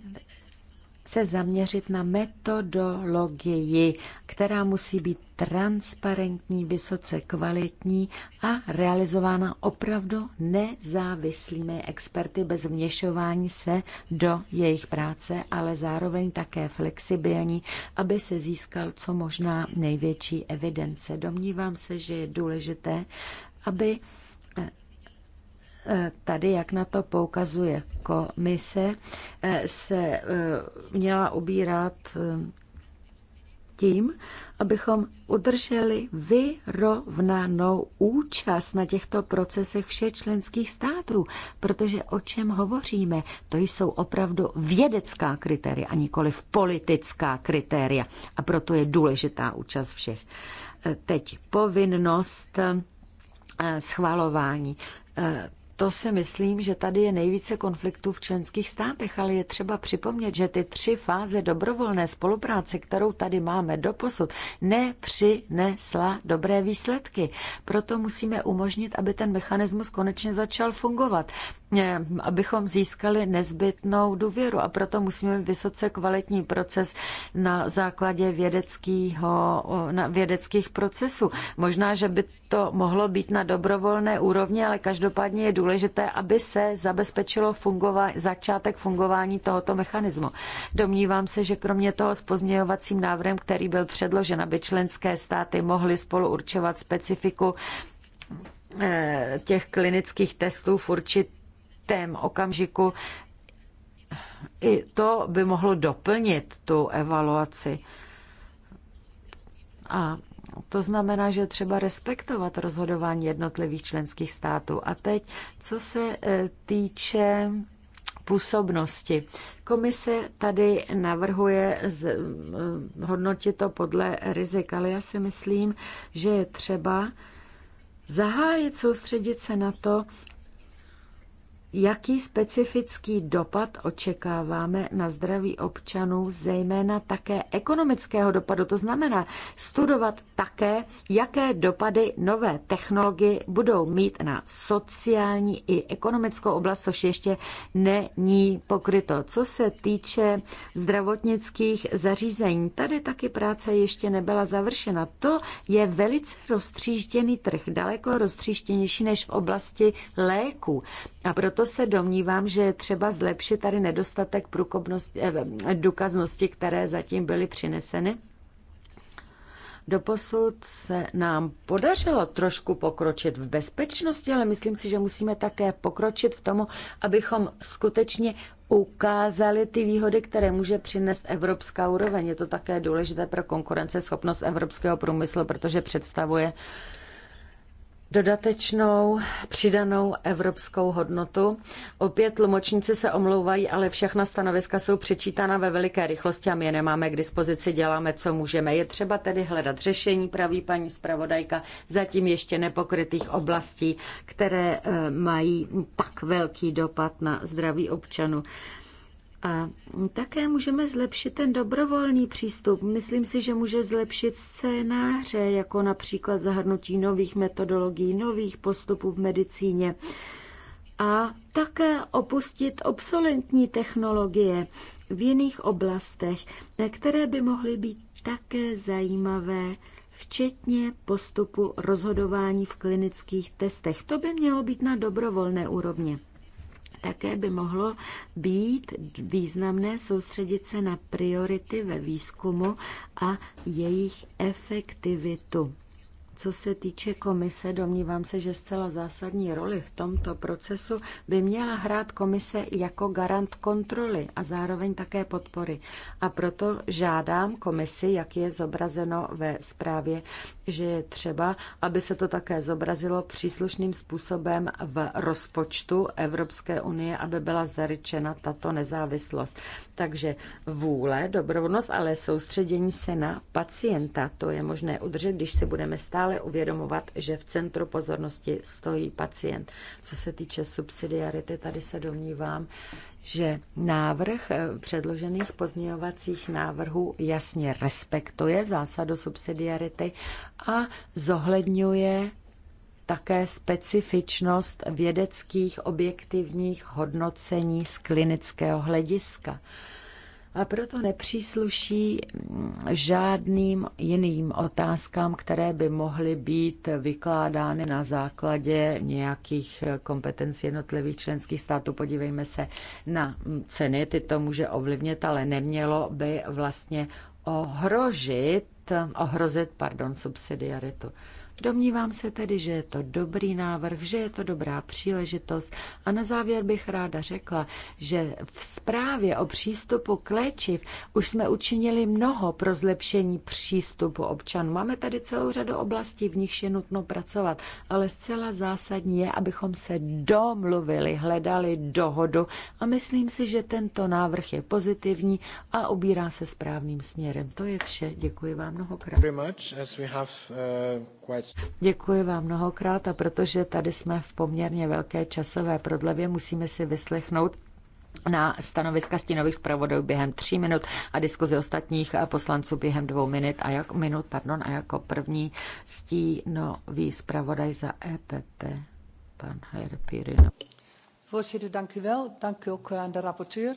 se zaměřit na metodologii, která musí být transparentní, vysoce kvalitní a realizována opravdu nezávislými experty bez vněšování se do jejich práce, ale zároveň také flexibilní, aby se získal co možná největší evidence. Domnívám se, že je důležité, aby Tady, jak na to poukazuje komise, eh, se eh, měla ubírat eh, tím, abychom udrželi vyrovnanou účast na těchto procesech všech členských států, protože o čem hovoříme, to jsou opravdu vědecká kritéria a nikoli politická kritéria a proto je důležitá účast všech. Teď povinnost schvalování to si myslím, že tady je nejvíce konfliktů v členských státech, ale je třeba připomnět, že ty tři fáze dobrovolné spolupráce, kterou tady máme doposud, nepřinesla dobré výsledky. Proto musíme umožnit, aby ten mechanismus konečně začal fungovat, eh, abychom získali nezbytnou důvěru a proto musíme vysoce kvalitní proces na základě vědeckého, na vědeckých procesů. Možná, že by to mohlo být na dobrovolné úrovni, ale každopádně je důležité, aby se zabezpečilo fungova- začátek fungování tohoto mechanismu. Domnívám se, že kromě toho s pozměňovacím návrhem, který byl předložen, aby členské státy mohly spolu určovat specifiku eh, těch klinických testů v určitém okamžiku, i to by mohlo doplnit tu evaluaci. A to znamená, že třeba respektovat rozhodování jednotlivých členských států. A teď, co se e, týče působnosti. Komise tady navrhuje z, hodnotit to podle rizik, ale já si myslím, že je třeba zahájit, soustředit se na to, Jaký specifický dopad očekáváme na zdraví občanů, zejména také ekonomického dopadu? To znamená studovat také, jaké dopady nové technologie budou mít na sociální i ekonomickou oblast, což ještě není pokryto. Co se týče zdravotnických zařízení, tady taky práce ještě nebyla završena. To je velice roztříštěný trh, daleko roztříštěnější než v oblasti léků. A proto se domnívám, že je třeba zlepšit tady nedostatek eh, důkaznosti, které zatím byly přineseny. Doposud se nám podařilo trošku pokročit v bezpečnosti, ale myslím si, že musíme také pokročit v tomu, abychom skutečně ukázali ty výhody, které může přinést evropská úroveň. Je to také důležité pro konkurenceschopnost evropského průmyslu, protože představuje dodatečnou přidanou evropskou hodnotu. Opět tlumočníci se omlouvají, ale všechna stanoviska jsou přečítána ve veliké rychlosti a my je nemáme k dispozici, děláme, co můžeme. Je třeba tedy hledat řešení, praví paní zpravodajka, zatím ještě nepokrytých oblastí, které eh, mají tak velký dopad na zdraví občanů. A také můžeme zlepšit ten dobrovolný přístup. Myslím si, že může zlepšit scénáře, jako například zahrnutí nových metodologií, nových postupů v medicíně. A také opustit obsolentní technologie v jiných oblastech, které by mohly být také zajímavé včetně postupu rozhodování v klinických testech. To by mělo být na dobrovolné úrovni. Také by mohlo být významné soustředit se na priority ve výzkumu a jejich efektivitu. Co se týče komise, domnívám se, že zcela zásadní roli v tomto procesu by měla hrát komise jako garant kontroly a zároveň také podpory. A proto žádám komisi, jak je zobrazeno ve zprávě, že je třeba, aby se to také zobrazilo příslušným způsobem v rozpočtu Evropské unie, aby byla zaryčena tato nezávislost. Takže vůle, dobrovolnost, ale soustředění se na pacienta, to je možné udržet, když se budeme stále stále uvědomovat, že v centru pozornosti stojí pacient. Co se týče subsidiarity, tady se domnívám, že návrh eh, předložených pozměňovacích návrhů jasně respektuje zásadu subsidiarity a zohledňuje také specifičnost vědeckých objektivních hodnocení z klinického hlediska a proto nepřísluší mm, žádným jiným otázkám, které by mohly být vykládány na základě nějakých kompetencí jednotlivých členských států. Podívejme se na mm, ceny, ty to může ovlivnit, ale nemělo by vlastně ohrožit, ohrozit, pardon, subsidiaritu. Domnívám se tedy, že je to dobrý návrh, že je to dobrá příležitost a na závěr bych ráda řekla, že v zprávě o přístupu k léčiv už jsme učinili mnoho pro zlepšení přístupu občanů. Máme tady celou řadu oblastí, v nichž je nutno pracovat, ale zcela zásadní je, abychom se domluvili, hledali dohodu a myslím si, že tento návrh je pozitivní a ubírá se správným směrem. To je vše. Děkuji vám mnohokrát. Uh, Děkuji vám mnohokrát a protože tady jsme v poměrně velké časové prodlevě, musíme si vyslechnout na stanoviska stínových zpravodajů během tří minut a diskuzi ostatních poslanců během dvou minut a, jak, minut, pardon, a jako první stínový zpravodaj za EPP, pan Pirino. Voorzitter, dank u wel. Dank u ook aan de rapporteur.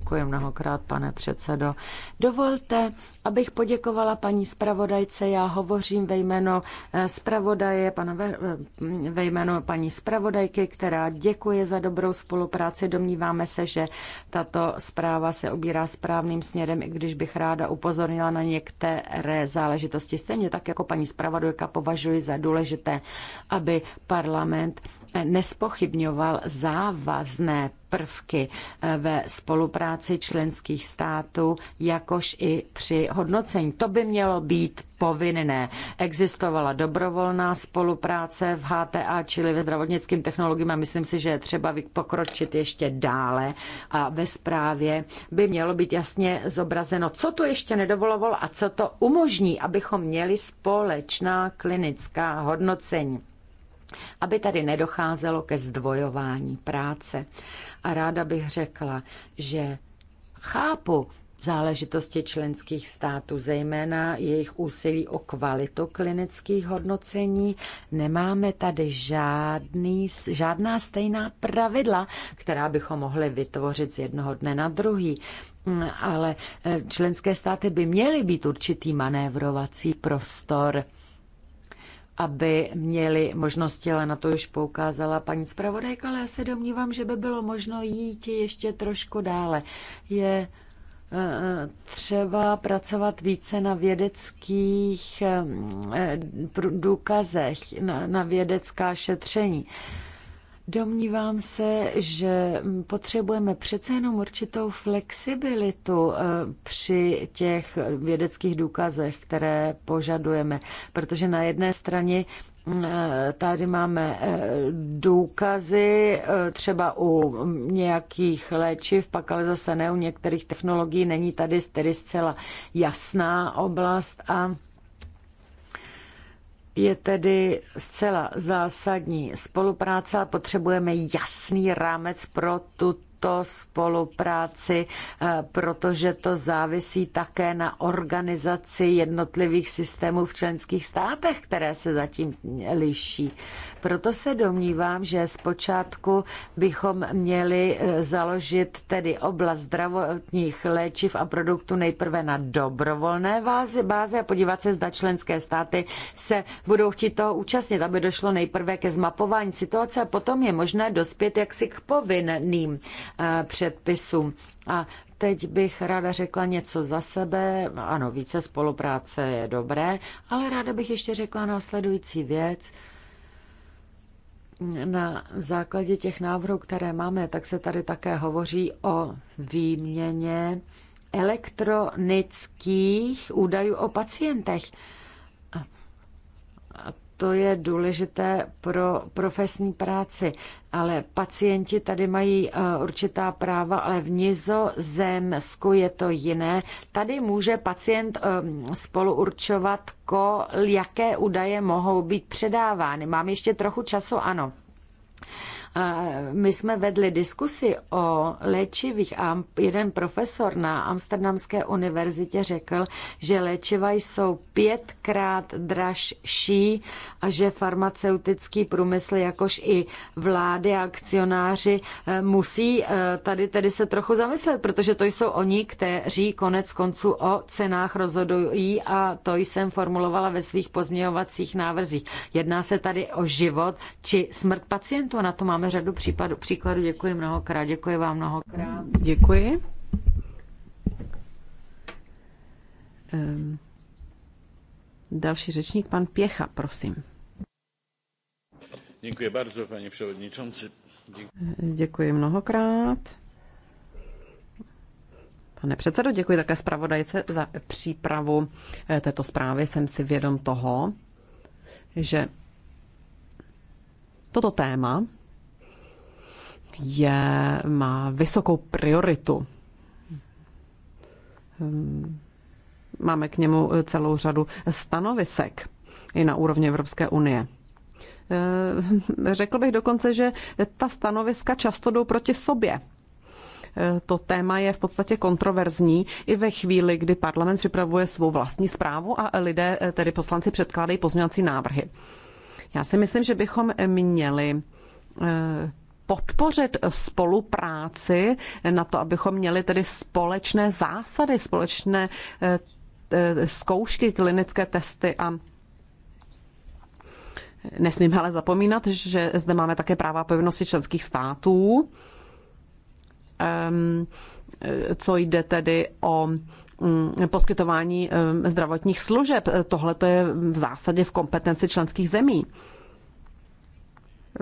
Děkuji mnohokrát, pane předsedo. Dovolte, abych poděkovala paní zpravodajce. Já hovořím ve jménu eh, zpravodaje, pana ve, eh, ve jménu paní zpravodajky, která děkuje za dobrou spolupráci. Domníváme se, že tato zpráva se obírá správným směrem, i když bych ráda upozornila na některé záležitosti. Stejně tak jako paní zpravodajka považuji za důležité, aby parlament nespochybňoval závazné prvky eh, ve spolupráci členských států, jakož i při hodnocení. To by mělo být povinné. Existovala dobrovolná spolupráce v HTA, čili ve zdravotnickým technologiím a myslím si, že je třeba pokročit ještě dále a ve zprávě by mělo být jasně zobrazeno, co to ještě nedovolovalo a co to umožní, abychom měli společná klinická hodnocení aby tady nedocházelo ke zdvojování práce. A ráda bych řekla, že chápu záležitosti členských států, zejména jejich úsilí o kvalitu klinických hodnocení. Nemáme tady žádný, žádná stejná pravidla, která bychom mohli vytvořit z jednoho dne na druhý. Mm, ale eh, členské státy by měly být určitý manévrovací prostor aby měli možnosti, ale na to už poukázala paní zpravodajka, ale já se domnívám, že by bylo možno jít ještě trošku dále. Je eh, třeba pracovat více na vědeckých eh, důkazech, na, na vědecká šetření. Domnívám se, že potřebujeme přece jenom určitou flexibilitu eh, při těch vědeckých důkazech, které požadujeme, protože na jedné straně eh, Tady máme eh, důkazy třeba u nějakých léčiv, pak ale zase ne u některých technologií. Není tady tedy zcela jasná oblast a je tedy zcela zásadní spolupráce a potřebujeme jasný rámec pro tuto tuto spolupráci, eh, protože to závisí také na organizaci jednotlivých systémů v členských státech, které se zatím liší. Proto se domnívám, že zpočátku bychom měli eh, založit tedy oblast zdravotních léčiv a produktů nejprve na dobrovolné báze a podívat se, zda členské státy se budou chtít toho účastnit, aby došlo nejprve ke zmapování situace a potom je možné dospět jaksi k povinným Eh, předpisům. A teď bych ráda řekla něco za sebe. Ano, více spolupráce je dobré, ale ráda bych ještě řekla následující věc. Na základě těch návrhů, které máme, tak se tady také hovoří o výměně elektronických údajů o pacientech to je důležité pro profesní práci, ale pacienti tady mají eh, určitá práva, ale v Nizozemsku je to jiné. Tady může pacient ehm, spolu určovat, ko, jaké údaje mohou být předávány. Mám ještě trochu času, ano. My jsme vedli diskusi o léčivých a jeden profesor na Amsterdamské univerzitě řekl, že léčiva jsou pětkrát dražší a že farmaceutický průmysl, jakož i vlády a akcionáři eh, musí eh, tady tedy se trochu zamyslet, protože to jsou oni, kteří konec konců o cenách rozhodují a to jsem formulovala ve svých pozměňovacích návrzích. Jedná se tady o život či smrt pacientů a na to máme máme řadu případů, příkladů. Děkuji mnohokrát, děkuji vám mnohokrát. Děkuji. Ehm, další řečník, pan Pěcha, prosím. Děkuji bardzo, paní předsedající. děkuji mnohokrát. Pane předsedo, děkuji také zpravodajce za přípravu eh, této zprávy. Jsem si vědom toho, že toto téma je, má vysokou prioritu. Hm, máme k němu eh, celou řadu stanovisek i na úrovni Evropské unie. Eh, řekl bych dokonce, že ta stanoviska často jdou proti sobě. Eh, to téma je v podstatě kontroverzní i ve chvíli, kdy parlament připravuje svou vlastní zprávu a lidé, tedy poslanci, předkládají pozměňovací návrhy. Já si myslím, že bychom měli podpořit spolupráci na to, abychom měli tedy společné zásady, společné eh, eh, zkoušky, klinické testy a Nesmím ale zapomínat, že zde máme také práva a povinnosti členských států, ehm, eh, co jde tedy o mm, poskytování ehm, zdravotních služeb. Tohle to je v zásadě v kompetenci členských zemí.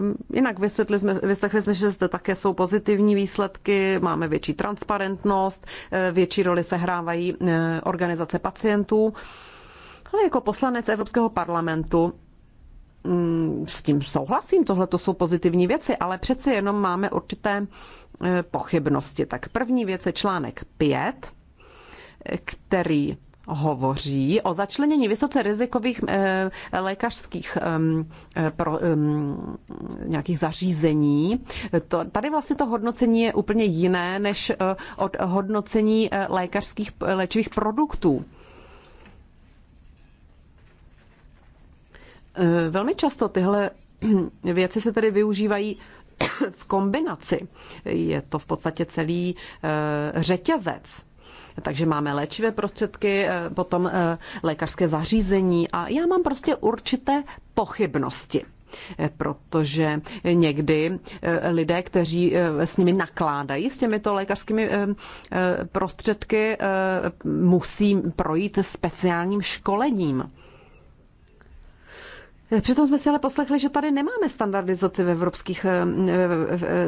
Hm, jinak vyslechli jsme, vyslechli jsme, že zde také jsou pozitivní výsledky, máme větší transparentnost, eh, větší roli sehrávají eh, organizace pacientů. Ale jako poslanec Evropského parlamentu hm, s tím souhlasím, tohle to jsou pozitivní věci, ale přeci jenom máme určité eh, pochybnosti. Tak první věc je článek 5, který hovoří o začlenění vysoce rizikových eh, lékařských ehm, eh, pro, ehm, nějakých zařízení. To, tady vlastně to hodnocení je úplně jiné než eh, od hodnocení eh, lékařských léčivých produktů. velmi často tyhle věci se tedy využívají v kombinaci. Je to v podstatě celý řetězec. Takže máme léčivé prostředky, eh, potom eh, lékařské zařízení a já mám prostě určité pochybnosti eh, protože někdy lidé, kteří s nimi nakládají, s těmito lékařskými prostředky, musí projít speciálním školením. Přitom jsme si ale poslechli, že tady nemáme standardizaci v evropských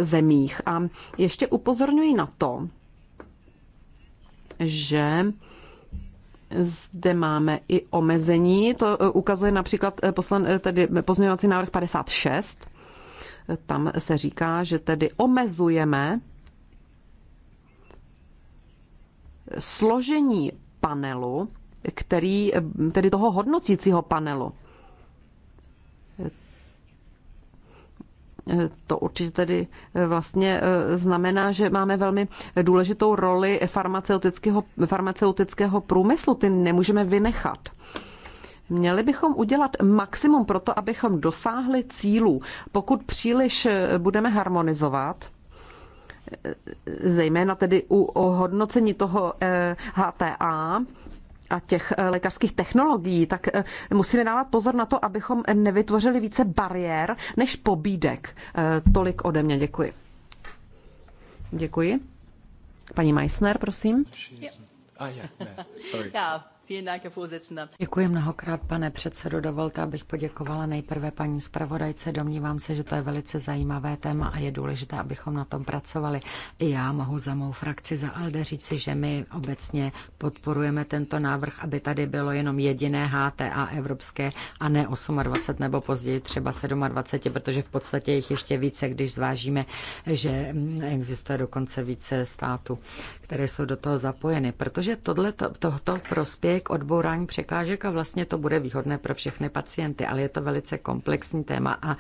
zemích. A ještě upozorňuji na to, že zde máme i omezení. To eh, ukazuje například eh, poslan, eh, tedy pozměňovací návrh 56. Tam se říká, že tedy omezujeme složení panelu, který, tedy toho hodnotícího panelu. To určitě tedy eh, vlastně eh, znamená, že máme velmi důležitou roli farmaceutického, farmaceutického průmyslu. Ty nemůžeme vynechat. Měli bychom udělat maximum pro to, abychom dosáhli cílů. Pokud příliš eh, budeme harmonizovat, zejména tedy u hodnocení toho HTA, a těch eh, lékařských technologií, tak eh, musíme dávat pozor na to, abychom nevytvořili více bariér než pobídek. Eh, tolik ode mě, děkuji. Děkuji. Paní Meissner, prosím. Yeah. Ah, yeah, sorry. Yeah. Děkuji mnohokrát, pane předsedo. Dovolte, abych poděkovala nejprve paní zpravodajce. Domnívám se, že to je velice zajímavé téma a je důležité, abychom na tom pracovali. I já mohu za mou frakci za ALDE říci, že my obecně podporujeme tento návrh, aby tady bylo jenom jediné HTA evropské a ne 28 nebo později třeba 27, protože v podstatě jich ještě více, když zvážíme, že existuje dokonce více států, které jsou do toho zapojeny. Protože tohle to, tohoto prospěje přispěje k odbourání překážek a vlastně to bude výhodné pro všechny pacienty, ale je to velice komplexní téma a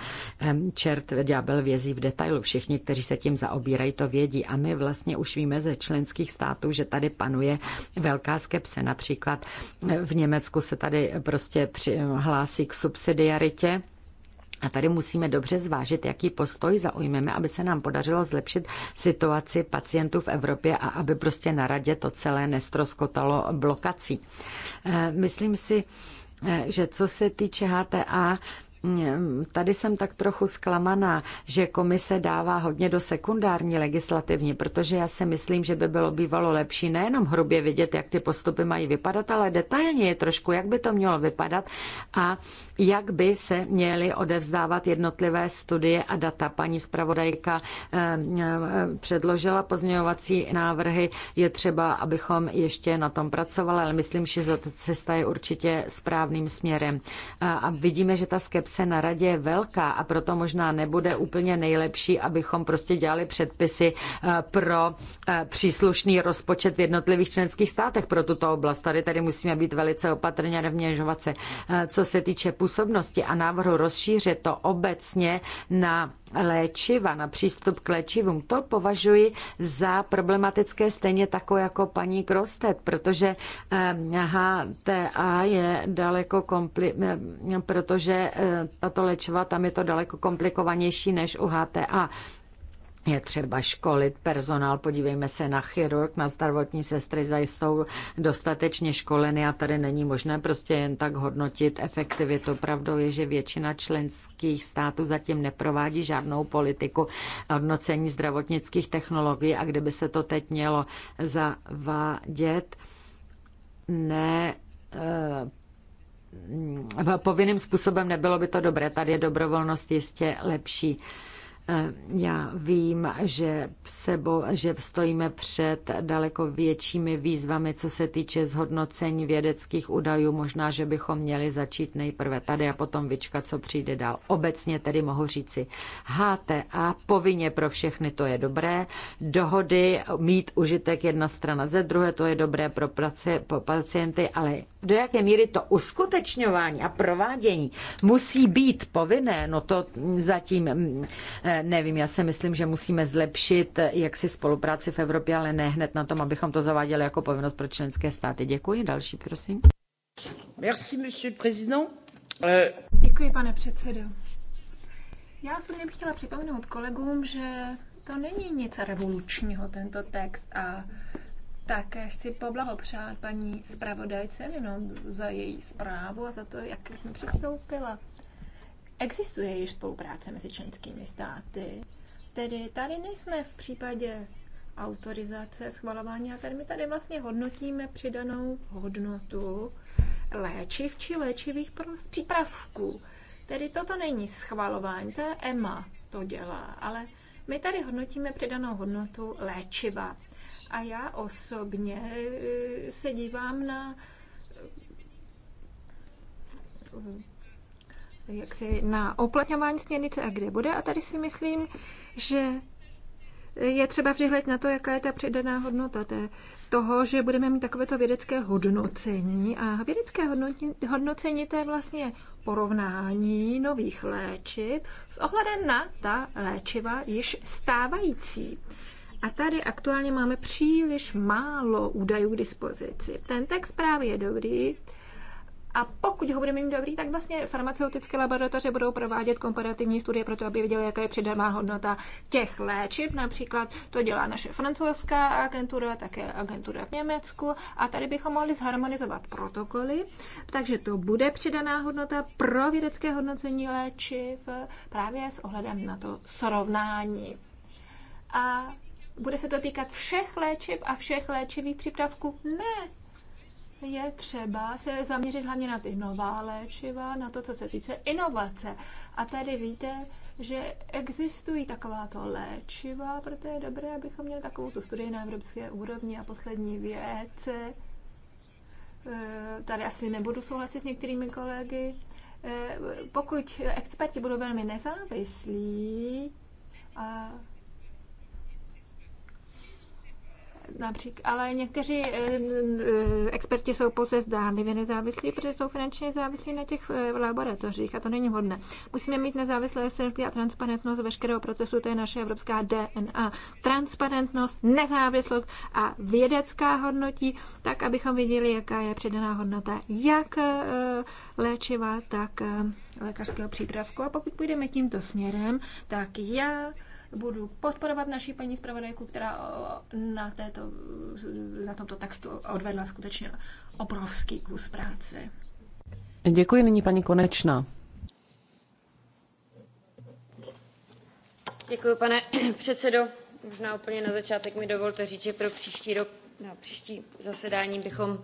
čert ďábel vězí v detailu. Všichni, kteří se tím zaobírají, to vědí a my vlastně už víme ze členských států, že tady panuje velká skepse. Například v Německu se tady prostě přihlásí k subsidiaritě a tady musíme dobře zvážit, jaký postoj zaujmeme, aby se nám podařilo zlepšit situaci pacientů v Evropě a aby prostě na radě to celé nestroskotalo blokací. Eh, myslím si, eh, že co se týče HTA, mm, Tady jsem tak trochu zklamaná, že komise dává hodně do sekundární legislativní, protože já si myslím, že by bylo bývalo lepší nejenom hrubě vidět, jak ty postupy mají vypadat, ale detailně je trošku, jak by to mělo vypadat a jak by se měly odevzdávat jednotlivé studie a data. Paní zpravodajka eh, eh, předložila pozměňovací návrhy. Je třeba, abychom ještě na tom pracovali, ale myslím, že ta cesta je určitě správným směrem. Eh, a vidíme, že ta skepse na radě je velká a proto možná nebude úplně nejlepší, abychom prostě dělali předpisy pro příslušný rozpočet v jednotlivých členských státech pro tuto oblast. Tady tady musíme být velice opatrně a nevměžovat se. Co se týče působnosti a návrhu rozšířit to obecně na léčiva, na přístup k léčivům, to považuji za problematické stejně tako jako paní Krostet, protože HTA eh, je daleko kompli- eh, protože eh, tato léčiva, tam je to daleko komplikovanější než u HTA je třeba školit personál. Podívejme se na chirurg, na zdravotní sestry, zajistou dostatečně školeny a tady není možné prostě jen tak hodnotit efektivitu. Pravdou je, že většina členských států zatím neprovádí žádnou politiku hodnocení zdravotnických technologií a kdyby se to teď mělo zavádět, ne eh, povinným způsobem nebylo by to dobré. Tady je dobrovolnost jistě lepší. Eh, já vím, že, sebo, že stojíme před daleko většími výzvami, co se týče zhodnocení vědeckých údajů. Možná, že bychom měli začít nejprve tady a potom vyčkat, co přijde dál. Obecně tedy mohu říci HTA povinně pro všechny, to je dobré. Dohody mít užitek jedna strana ze druhé, to je dobré pro pacienty, ale do jaké míry to uskutečňování a provádění musí být povinné, no to zatím mm, eh, nevím. Já si myslím, že musíme zlepšit eh, jaksi spolupráci v Evropě, ale ne hned na tom, abychom to zaváděli jako povinnost pro členské státy. Děkuji. Další, prosím. Merci, monsieur président. Eh. Děkuji, pane předsedo. Já jsem jen chtěla připomenout kolegům, že to není nic revolučního, tento text a tak chci poblahopřát paní zpravodajce jenom za její zprávu a za to, jak k ní přistoupila. Existuje již spolupráce mezi členskými státy, tedy tady nejsme v případě autorizace, schvalování a tady my tady vlastně hodnotíme přidanou hodnotu léčiv či léčivých přípravků. Tedy toto není schvalování, to je EMA to dělá, ale my tady hodnotíme přidanou hodnotu léčiva. A já osobně eh, se dívám na eh, jak si na oplatňování směrnice a kde bude. A tady si myslím, že je třeba vždyhlet na to, jaká je ta přidaná hodnota té, toho, že budeme mít takovéto vědecké hodnocení. A vědecké hodnotení, hodnocení to je vlastně porovnání nových léčiv s ohledem na ta léčiva již stávající. A tady aktuálně máme příliš málo údajů k dispozici. Ten text právě je dobrý, a pokud ho budeme mít dobrý, tak vlastně farmaceutické laboratoře budou provádět komparativní studie pro to, aby viděli, jaká je přidaná hodnota těch léčiv. Například to dělá naše francouzská agentura, také agentura v Německu. A tady bychom mohli zharmonizovat protokoly, takže to bude přidaná hodnota pro vědecké hodnocení léčiv právě s ohledem na to srovnání. A bude se to týkat všech léčiv a všech léčivých přípravků? Ne. Je třeba se zaměřit hlavně na ty nová léčiva, na to, co se týče inovace. A tady víte, že existují takováto léčiva, proto je dobré, abychom měli takovou tu studii na evropské úrovni. A poslední věc, eh, tady asi nebudu souhlasit s některými kolegy, eh, pokud experti budou velmi nezávislí, a například, ale někteří eh, eh, experti jsou pouze zdánlivě nezávislí, protože jsou finančně závislí na těch eh, laboratořích a to není hodné. Musíme mít nezávislé synergie a transparentnost veškerého procesu, to je naše evropská DNA. Transparentnost, nezávislost a vědecká hodnotí, tak abychom viděli, jaká je předaná hodnota jak léčiva, tak lékařského přípravku. A pokud půjdeme tímto směrem, tak já budu podporovat naší paní zpravodajku, která na, této, na tomto textu odvedla skutečně obrovský kus práce. Děkuji nyní paní Konečná. Děkuji, pane předsedo. Možná úplně na začátek mi dovolte říct, že pro příští rok, na příští zasedání bychom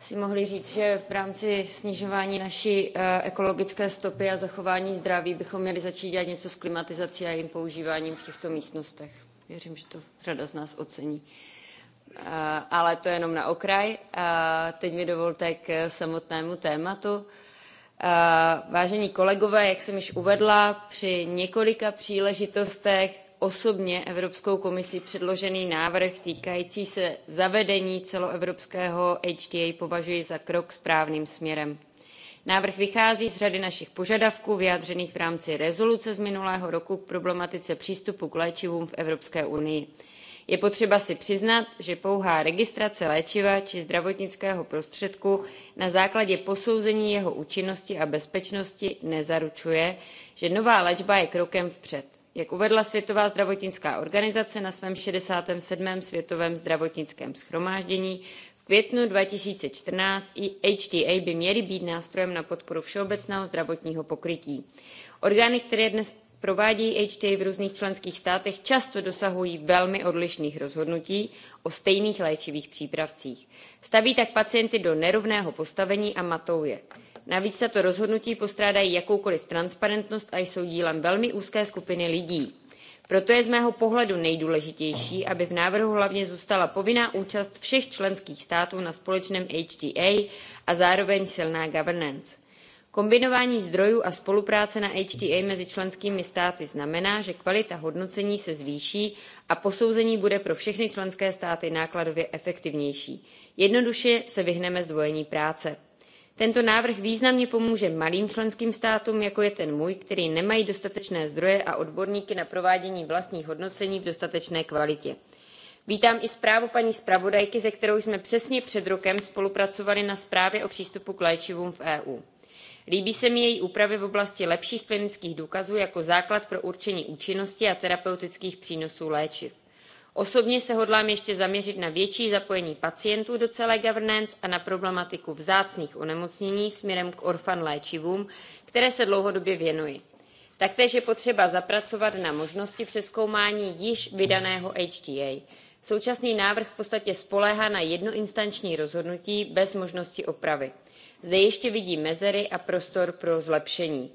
si mohli říct, že v rámci snižování naší eh, ekologické stopy a zachování zdraví bychom měli začít dělat něco s klimatizací a jejím používáním v těchto místnostech. Věřím, že to řada z nás ocení. Eh, ale to je jenom na okraj. Eh, teď mi dovolte k samotnému tématu. Vážení kolegové, jak jsem již uvedla, při několika příležitostech osobně Evropskou komisí předložený návrh týkající se zavedení celoevropského HTA považuji za krok správným směrem. Návrh vychází z řady našich požadavků vyjádřených v rámci rezoluce z minulého roku k problematice přístupu k léčivům v Evropské unii. Je potřeba si přiznat, že pouhá registrace léčiva či zdravotnického prostředku na základě posouzení jeho účinnosti a bezpečnosti nezaručuje, že nová léčba je krokem vpřed jak uvedla Světová zdravotnická organizace na svém 67. světovém zdravotnickém schromáždění, v květnu 2014 fourteen HTA by měly být nástrojem na podporu všeobecného zdravotního pokrytí. Orgány, které dnes provádějí HTA v různých členských státech, často dosahují velmi odlišných rozhodnutí o stejných léčivých přípravcích. Staví tak pacienty do nerovného postavení a matou je. Navíc tato rozhodnutí postrádají jakoukoliv transparentnost a jsou dílem velmi úzké skupiny lidí. Proto je z mého pohledu nejdůležitější, aby v návrhu hlavně zůstala povinná účast všech členských států na společném HTA a zároveň silná governance. Kombinování zdrojů a spolupráce na HTA mezi členskými státy znamená, že kvalita hodnocení se zvýší a posouzení bude pro všechny členské státy nákladově efektivnější. Jednoduše se vyhneme zdvojení práce. Tento návrh významně pomůže malým členským státům, jako je ten můj, který nemají dostatečné zdroje a odborníky na provádění vlastních hodnocení v dostatečné kvalitě. Vítám i zprávu paní zpravodajky, se kterou jsme přesně před rokem spolupracovali na zprávě o přístupu k léčivům v EU. Líbí se mi její úpravy v oblasti lepších klinických důkazů jako základ pro určení účinnosti a terapeutických přínosů léčiv. Osobně se hodlám ještě zaměřit na větší zapojení pacientů do celé governance a na problematiku vzácných onemocnění směrem k orfan léčivům, které se dlouhodobě věnuji. Taktéž je potřeba zapracovat na možnosti přezkoumání již vydaného HTA. Současný návrh v podstatě spoléhá na jednoinstanční rozhodnutí bez možnosti opravy. Zde ještě vidí mezery a prostor pro zlepšení.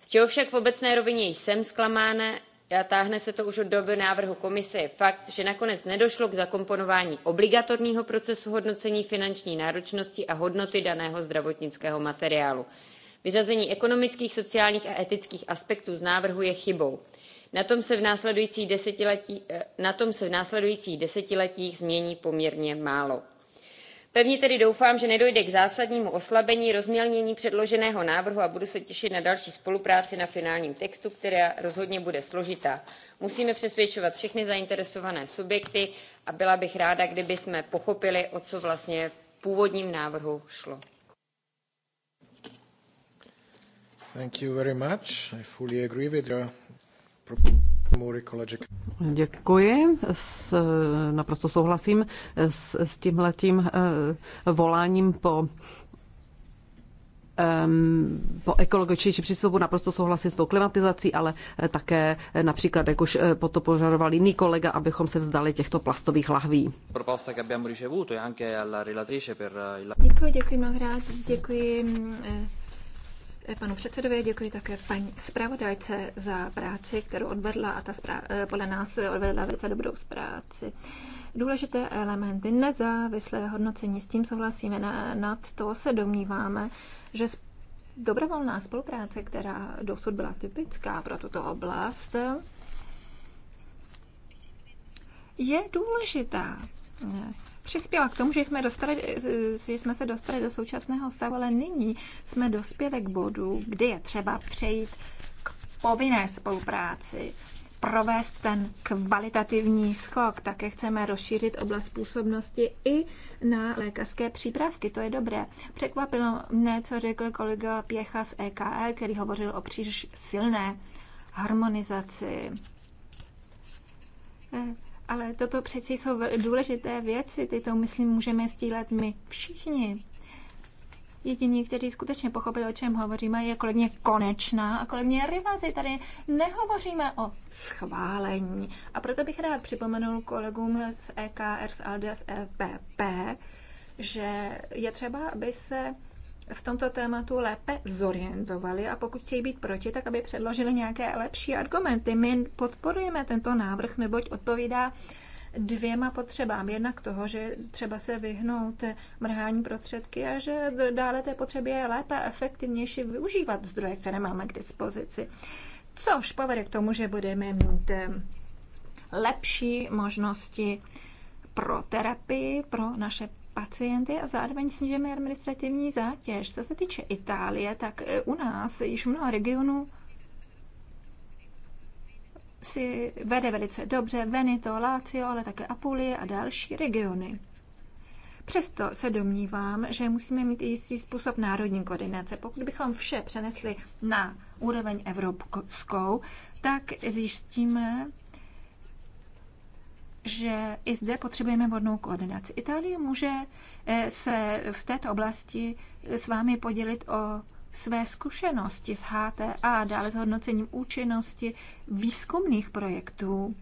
Z čeho však v obecné rovině jsem zklamána, a táhne se to už od doby návrhu komise je fakt že nakonec nedošlo k zakomponování obligatorního procesu hodnocení finanční náročnosti a hodnoty daného zdravotnického materiálu. vyřazení ekonomických sociálních a etických aspektů z návrhu je chybou. na tom se v následujících desetiletích, eh, se v následujících desetiletích změní poměrně málo pevně tedy doufám že nedojde k zásadnímu oslabení rozmělnění předloženého návrhu a budu se těšit na další spolupráci na finálním textu která rozhodně bude složitá. musíme přesvědčovat všechny zainteresované subjekty a byla bych ráda kdybychom pochopili o co vlastně v původním návrhu šlo. Děkuji, s, naprosto souhlasím s, s tímhletím eh, voláním po po ekologičtější přístupu naprosto souhlasím s tou klimatizací, ale eh, také eh, například, jak už po to požadoval jiný kolega, abychom se vzdali těchto plastových lahví. E děkuji, děkuji mnohokrát, děkuji mm, panu předsedovi, děkuji také paní zpravodajce za práci, kterou odvedla a ta eh, podle nás odvedla velice dobrou práci. Důležité elementy nezávislé hodnocení, s tím souhlasíme, na, nad to se domníváme, že dobrovolná spolupráce, která dosud byla typická pro tuto oblast, je důležitá přispěla k tomu, že jsme, dostali, že jsme se dostali do současného stavu, ale nyní jsme dospěli k bodu, kdy je třeba přejít k povinné spolupráci provést ten kvalitativní skok. Také chceme rozšířit oblast působnosti i na lékařské přípravky. To je dobré. Překvapilo mne, co řekl kolega Pěcha z EKL, který hovořil o příliš silné harmonizaci. Ale toto přeci jsou důležité věci, tyto, myslím, můžeme stílet my všichni. Jediní, kteří skutečně pochopili, o čem hovoříme, je kolegně Konečná a kolegně Rivazy. Tady nehovoříme o schválení. A proto bych rád připomenul kolegům z EKR, z ALDE, z FPP, e že je třeba, aby se v tomto tématu lépe zorientovali a pokud chtějí být proti, tak aby předložili nějaké lepší argumenty. My podporujeme tento návrh, neboť odpovídá dvěma potřebám. Jednak toho, že třeba se vyhnout mrhání prostředky a že dále té potřeby je lépe a efektivnější využívat zdroje, které máme k dispozici. Což povede k tomu, že budeme mít eh, lepší možnosti pro terapii pro naše pacienty a zároveň snižujeme administrativní zátěž. Co se týče Itálie, tak e, u nás již mnoho regionů si vede velice dobře Veneto, Lazio, ale také Apulie a další regiony. Přesto se domnívám, že musíme mít jistý způsob národní koordinace. Pokud bychom vše přenesli na úroveň evropskou, tak zjistíme, že i zde potřebujeme vodnou koordinaci. Itálie může eh, se v této oblasti s vámi podělit o své zkušenosti s HTA, dále s hodnocením účinnosti výzkumných projektů,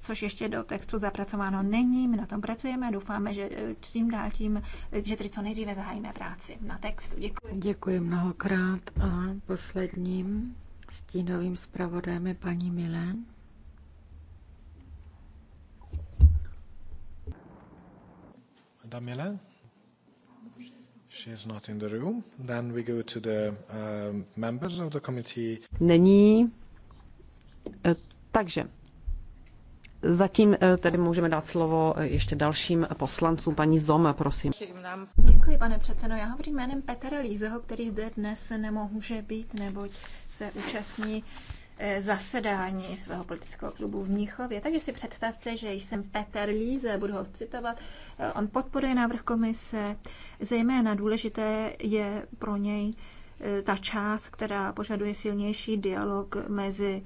což ještě do textu zapracováno není. My na tom pracujeme, doufáme, že eh, čím dál tím, eh, že tedy co nejdříve zahájíme práci na textu. Děkuji. Děkuji mnohokrát a posledním stínovým zpravodajem je paní Milen. Madame She's not in the room. Then we go to the uh, members of the committee. Není. E, takže Zatím e, tedy můžeme dát slovo e, ještě dalším poslancům. Paní Zom, prosím. Děkuji, pane předsedo. Já hovořím jménem Petra Lízeho, který zde dnes nemůže být, neboť se účastní Eh, zasedání svého politického klubu v Mnichově. Takže si představte, že jsem Peter Líze, budu ho citovat. Eh, on podporuje návrh komise, zejména důležité je pro něj eh, ta část, která požaduje silnější dialog mezi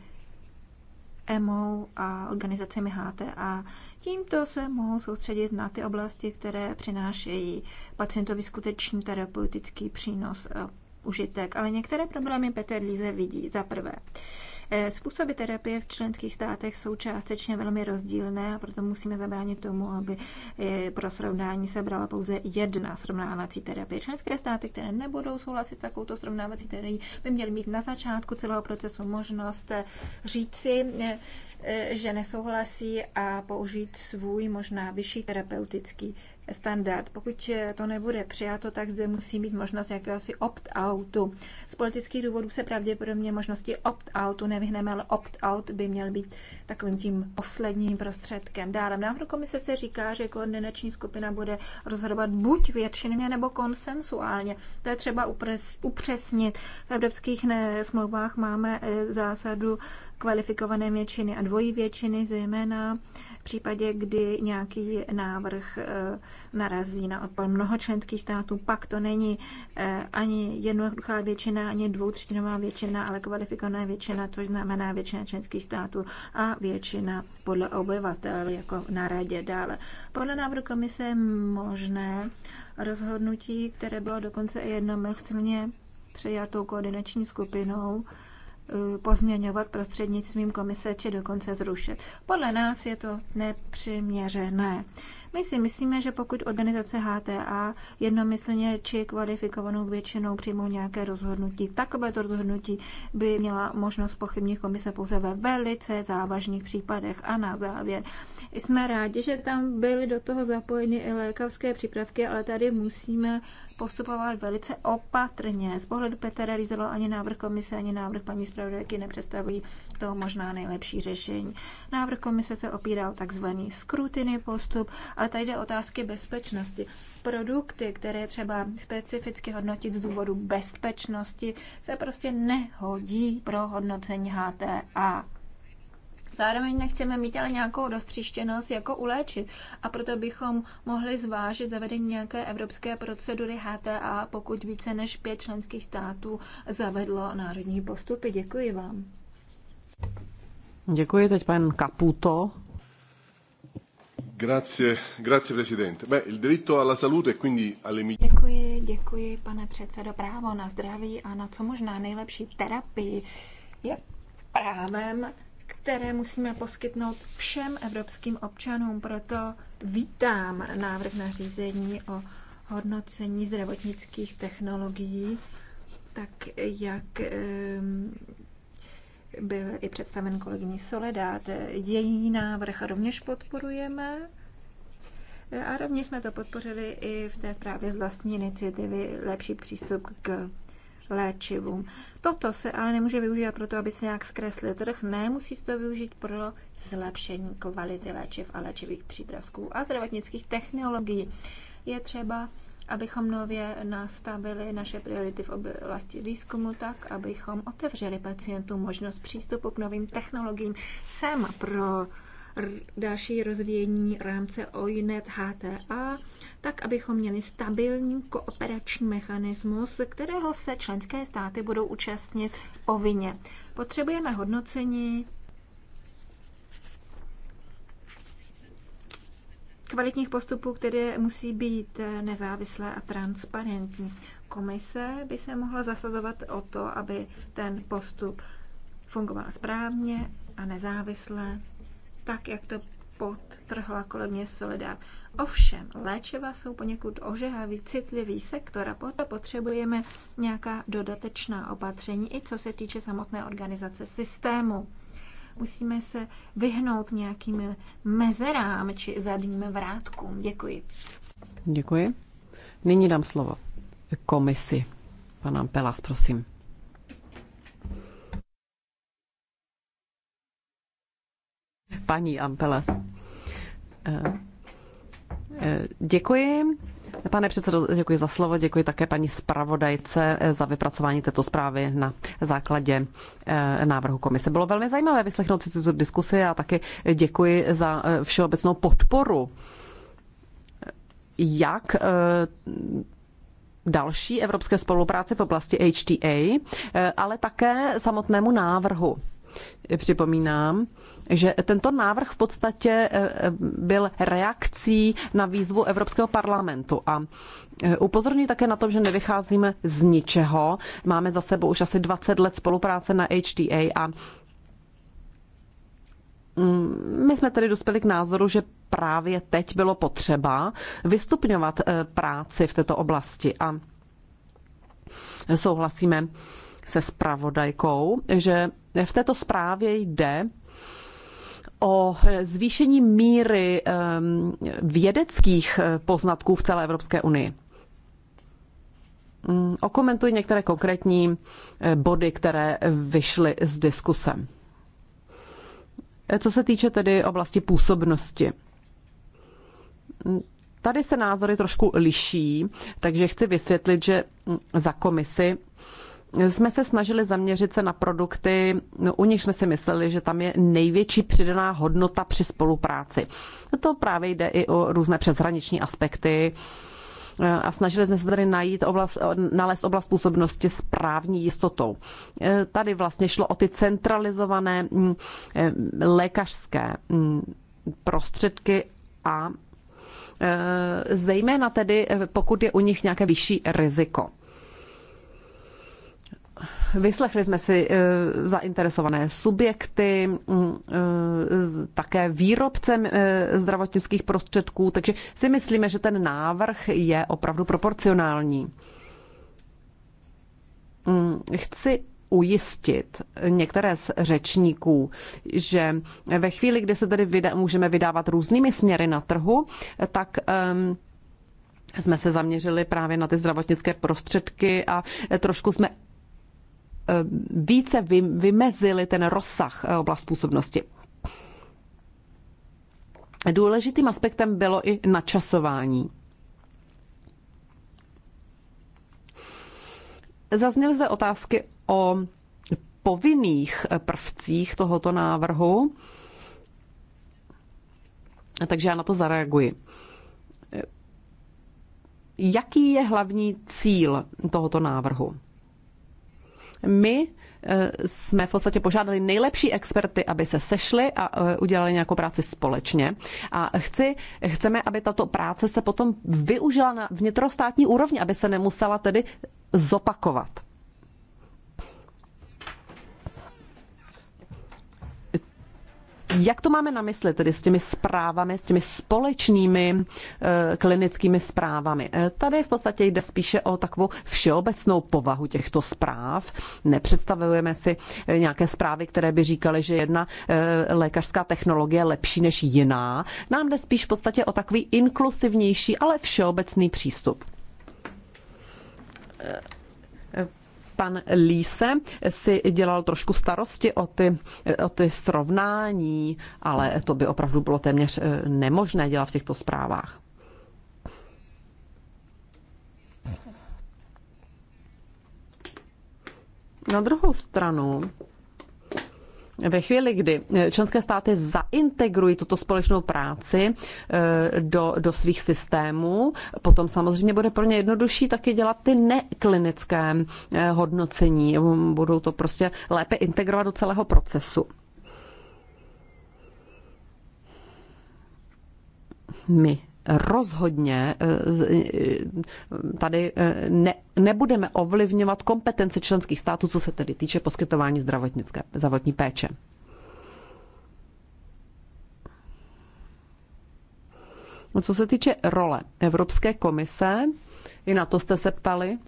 EMO a organizacemi HTA. Tímto se mohou soustředit na ty oblasti, které přinášejí pacientovi skutečný terapeutický přínos užitek, ale některé problémy Petr Líze vidí. Za prvé, Eh, způsoby terapie v členských státech jsou částečně velmi rozdílné a proto musíme zabránit tomu, aby eh, pro srovnání se brala pouze jedna srovnávací terapie. Členské státy, které nebudou souhlasit s takovouto srovnávací terapií, by měly mít na začátku celého procesu možnost eh, říci, E, že nesouhlasí a použít svůj možná vyšší terapeutický standard. Pokud e, to nebude přijato, tak zde musí mít možnost jakéhosi opt-outu. Z politických důvodů se pravděpodobně možnosti opt-outu nevyhneme, ale opt-out by měl být takovým tím posledním prostředkem. Dále v návrhu komise se říká, že koordinační skupina bude rozhodovat buď většinově nebo konsensuálně. To je třeba upres, upřesnit. V evropských smlouvách máme e, zásadu kvalifikované většiny a dvojí většiny, zejména v případě, kdy nějaký návrh eh, narazí na odpor mnoho členských států, pak to není eh, ani jednoduchá většina, ani dvoutřetinová většina, ale kvalifikovaná většina, což znamená většina členských států a většina podle obyvatel, jako na radě dále. Podle návrhu komise je možné rozhodnutí, které bylo dokonce i jednomyslně přijatou koordinační skupinou, Eh, pozměňovat prostřednictvím komise či dokonce zrušit. Podle nás je to nepřiměřené. My si myslíme, že pokud organizace HTA jednomyslně či kvalifikovanou většinou přijmou nějaké rozhodnutí, takovéto rozhodnutí by měla možnost pochybní komise pouze ve velice závažných případech. A na závěr, jsme rádi, že tam byly do toho zapojeny i lékařské přípravky, ale tady musíme postupovat velice opatrně. Z pohledu Petra Rizelo ani návrh komise, ani návrh paní zpravodajky nepředstavují to možná nejlepší řešení. Návrh komise se opírá o takzvaný skrutiny postup, ale ale tady jde otázky bezpečnosti. Produkty, které třeba specificky hodnotit z důvodu bezpečnosti, se prostě nehodí pro hodnocení HTA. Zároveň nechceme mít ale nějakou roztříštěnost jako uléčit. a proto bychom mohli zvážit zavedení nějaké evropské procedury HTA, pokud více než pět členských států zavedlo národní postupy. Děkuji vám. Děkuji teď pan Kaputo. Grazie, grazie presidente. Beh, il diritto alla salute e quindi alle Děkuji, děkuji, pane předsedo. Právo na zdraví a na co možná nejlepší terapii je právem, které musíme poskytnout všem evropským občanům. Proto vítám návrh na řízení o hodnocení zdravotnických technologií, tak jak byl i představen kolegyní Soledad. Její návrh rovněž podporujeme. A rovněž jsme to podpořili i v té zprávě z vlastní iniciativy Lepší přístup k léčivům. Toto se ale nemůže využít pro to aby se nějak zkreslil trh. Ne, musí se to využít pro zlepšení kvality léčiv a léčivých přípravků a zdravotnických technologií. Je třeba abychom nově nastavili naše priority v oblasti výzkumu tak, abychom otevřeli pacientům možnost přístupu k novým technologiím. Jsem pro další rozvíjení rámce OINET HTA, tak abychom měli stabilní kooperační mechanismus, kterého se členské státy budou účastnit povinně. Potřebujeme hodnocení kvalitních postupů, které musí být eh, nezávislé a transparentní. Komise by se mohla zasazovat o to, aby ten postup fungoval správně a nezávisle, tak, jak to podtrhla kolegyně Solidar. Ovšem, léčiva jsou poněkud ožehavý, citlivý sektor a proto potřebujeme nějaká dodatečná opatření, i co se týče samotné organizace systému musíme se vyhnout nějakým mezerám či zadním vrátkům. Děkuji. Děkuji. Nyní dám slovo komisi. Pana Pelas, prosím. Paní Ampelas. Eh, eh, děkuji. Pane předsedo, děkuji za slovo, děkuji také paní zpravodajce eh, za vypracování této zprávy na základě eh, návrhu komise. Bylo velmi zajímavé vyslechnout si tuto diskusi a taky děkuji za eh, všeobecnou podporu. Jak další evropské spolupráce v oblasti HTA, ale také samotnému návrhu. Připomínám, že tento návrh v podstatě eh, byl reakcí na výzvu Evropského parlamentu a eh, Upozorňuji také na to, že nevycházíme z ničeho. Máme za sebou už asi 20 let spolupráce na HTA a mm, my jsme tedy dospěli k názoru, že právě teď bylo potřeba vystupňovat eh, práci v této oblasti a souhlasíme se spravodajkou, že v této zprávě jde o zvýšení míry vědeckých eh, poznatků v celé Evropské unii. Mm, okomentuji některé konkrétní eh, body, které vyšly z diskuse. Co se týče tedy oblasti působnosti. Mm, tady se názory trošku liší, takže chci vysvětlit, že mm, za komisi jsme se snažili zaměřit se na produkty, u nich jsme si mysleli, že tam je největší přidaná hodnota při spolupráci. To právě jde i o různé přeshraniční aspekty, a snažili jsme se tady najít oblast, nalézt oblast působnosti s právní jistotou. Tady vlastně šlo o ty centralizované mm, eh, lékařské mm, prostředky a eh, zejména tedy, eh, pokud je u nich nějaké vyšší riziko. Vyslechli jsme si eh, zainteresované subjekty, mm, eh, také výrobce eh, zdravotnických prostředků, takže si myslíme, že ten návrh je opravdu proporcionální. Mm, chci ujistit některé z řečníků, že ve chvíli, kdy se tedy můžeme vydávat různými směry na trhu, tak um, jsme se zaměřili právě na ty zdravotnické prostředky a trošku jsme Eh, více vymezili ten rozsah eh, oblast působnosti. Důležitým aspektem bylo i načasování. Zazněly se otázky o povinných prvcích tohoto návrhu, takže já na to zareaguji. Jaký je hlavní cíl tohoto návrhu? My eh, jsme v podstatě požádali nejlepší experty, aby se sešli a eh, udělali nějakou práci společně. A chci, chceme, aby tato práce se potom využila na vnitrostátní úrovni, aby se nemusela tedy zopakovat. Jak to máme na mysli tedy s těmi zprávami, s těmi společnými eh, klinickými zprávami? Eh, tady v podstatě jde spíše o takovou všeobecnou povahu těchto zpráv. Nepředstavujeme si eh, nějaké zprávy, které by říkaly, že jedna lékařská technologie je lepší než jiná. Nám jde spíš v podstatě o takový inkluzivnější, ale všeobecný přístup pan Líse si dělal trošku starosti o ty, o ty srovnání, ale to by opravdu bylo téměř eh, nemožné dělat v těchto zprávách. Na druhou stranu ve chvíli, kdy eh, členské státy zaintegrují tuto společnou práci eh, do, do svých systémů, potom samozřejmě bude pro ně jednodušší taky dělat ty neklinické eh, hodnocení. Budou to prostě lépe integrovat do celého procesu. My rozhodně eh, tady eh, ne, nebudeme ovlivňovat kompetence členských států, co se tedy týče poskytování zdravotnické, zdravotní péče. Co se týče role Evropské komise, i na to jste se ptali.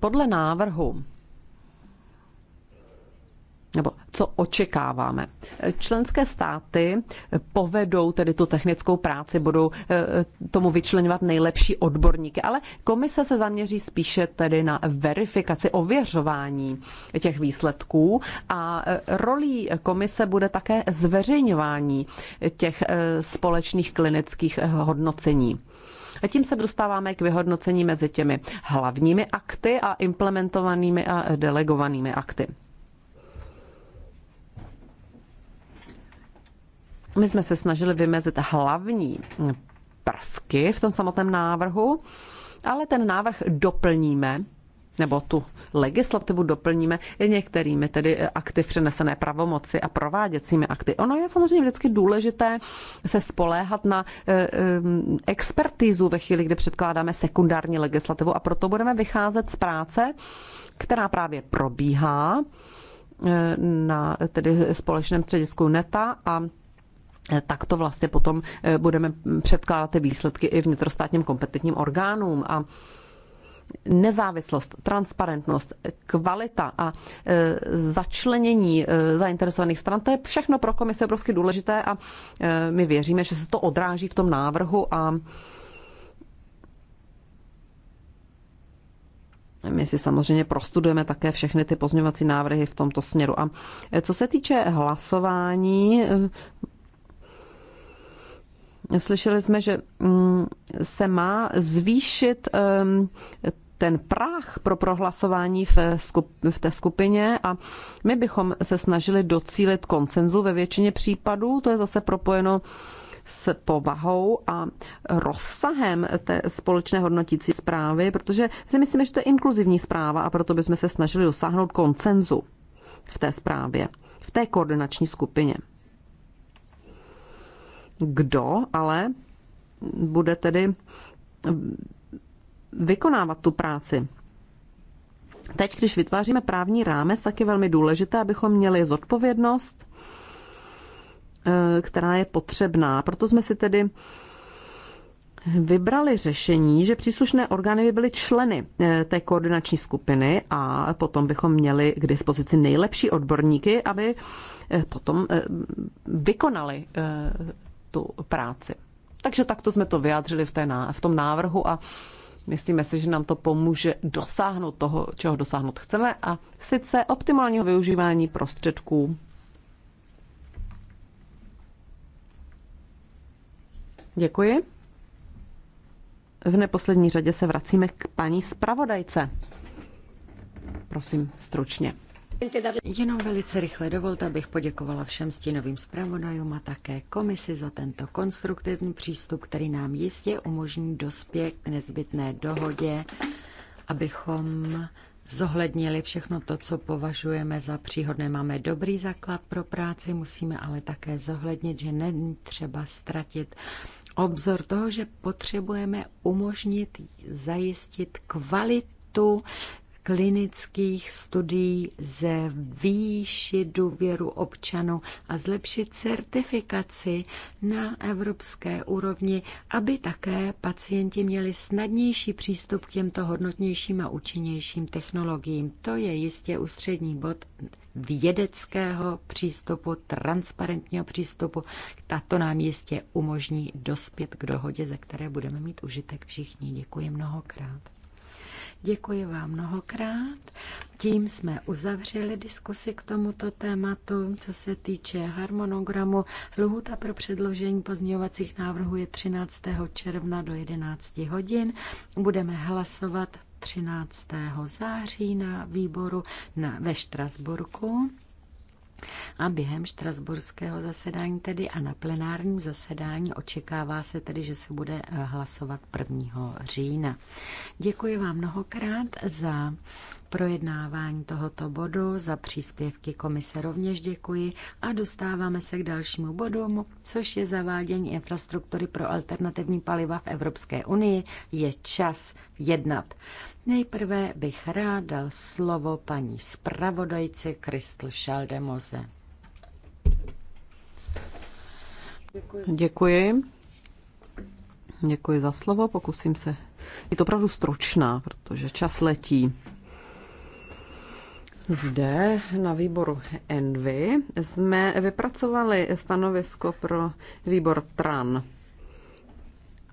Podle návrhu nebo co očekáváme. Členské státy povedou tedy tu technickou práci, budou eh, tomu vyčlenovat nejlepší odborníky, ale komise se zaměří spíše tedy na verifikaci, ověřování těch výsledků a eh, rolí komise bude také zveřejňování těch eh, společných klinických hodnocení. A tím se dostáváme k vyhodnocení mezi těmi hlavními akty a implementovanými a delegovanými akty. My jsme se snažili vymezit hlavní hm, prvky v tom samotném návrhu, ale ten návrh doplníme nebo tu legislativu doplníme některými tedy eh, akty v přenesené pravomoci a prováděcími akty. Ono je samozřejmě vždycky důležité se spoléhat na eh, eh, expertízu ve chvíli, kdy předkládáme sekundární legislativu a proto budeme vycházet z práce, která právě probíhá na tedy společném středisku NETA a tak to vlastně potom eh, budeme předkládat ty výsledky i vnitrostátním kompetentním orgánům. A nezávislost, transparentnost, kvalita a eh, začlenění eh, zainteresovaných stran, to je všechno pro komise obrovsky důležité a my věříme, že se to odráží v tom návrhu a My si samozřejmě prostudujeme také všechny ty pozměňovací návrhy v tomto směru. A co se týče hlasování, Slyšeli jsme, že mm, se má zvýšit ehm, ten práh pro prohlasování v, skup, v té skupině a my bychom se snažili docílit koncenzu ve většině případů. To je zase propojeno s povahou a rozsahem té společné hodnotící zprávy, protože si myslíme, že to je inkluzivní zpráva a proto bychom se snažili dosáhnout koncenzu v té zprávě, v té koordinační skupině kdo ale bude tedy vykonávat tu práci. Teď, když vytváříme právní rámec, tak je velmi důležité, abychom měli zodpovědnost, eh, která je potřebná. Proto jsme si tedy vybrali řešení, že příslušné orgány by byly členy eh, té koordinační skupiny a potom bychom měli k dispozici nejlepší odborníky, aby eh, potom vykonali tu práci. Takže takto jsme to vyjádřili v, té, v tom návrhu a myslíme si, že nám to pomůže dosáhnout toho, čeho dosáhnout chceme, a sice optimálního využívání prostředků. Děkuji. V neposlední řadě se vracíme k paní zpravodajce. Prosím, stručně. Jenom velice rychle dovolte, abych poděkovala všem stínovým zpravodajům a také komisi za tento konstruktivní přístup, který nám jistě umožní dospět k nezbytné dohodě, abychom zohlednili všechno to, co považujeme za příhodné. Máme dobrý základ pro práci, musíme ale také zohlednit, že není třeba ztratit obzor toho, že potřebujeme umožnit zajistit kvalitu klinických studií ze výši důvěru občanů a zlepšit certifikaci na evropské úrovni, aby také pacienti měli snadnější přístup k těmto hodnotnějším a účinnějším technologiím. To je jistě ústřední bod vědeckého přístupu, transparentního přístupu. Tato nám jistě umožní dospět k dohodě, ze které budeme mít užitek všichni. Děkuji mnohokrát. Děkuji vám mnohokrát. Tím jsme uzavřeli diskusi k tomuto tématu. Co se týče harmonogramu, Lhuta pro předložení pozměňovacích návrhů je 13. června do 11 hodin. Budeme hlasovat 13. září na výboru na, ve Štrasburku a během štrasburského zasedání tedy a na plenárním zasedání očekává se tedy, že se bude eh, hlasovat 1. října. Děkuji vám mnohokrát za projednávání tohoto bodu, za příspěvky komise rovněž děkuji a dostáváme se k dalšímu bodu, což je zavádění infrastruktury pro alternativní paliva v Evropské unii. Je čas jednat. Nejprve bych rád dal slovo paní zpravodajce Kristl Šaldemoze. Děkuji. Děkuji. za slovo, pokusím se. Je to opravdu stručná, protože čas letí. Zde na výboru Envy jsme vypracovali stanovisko pro výbor TRAN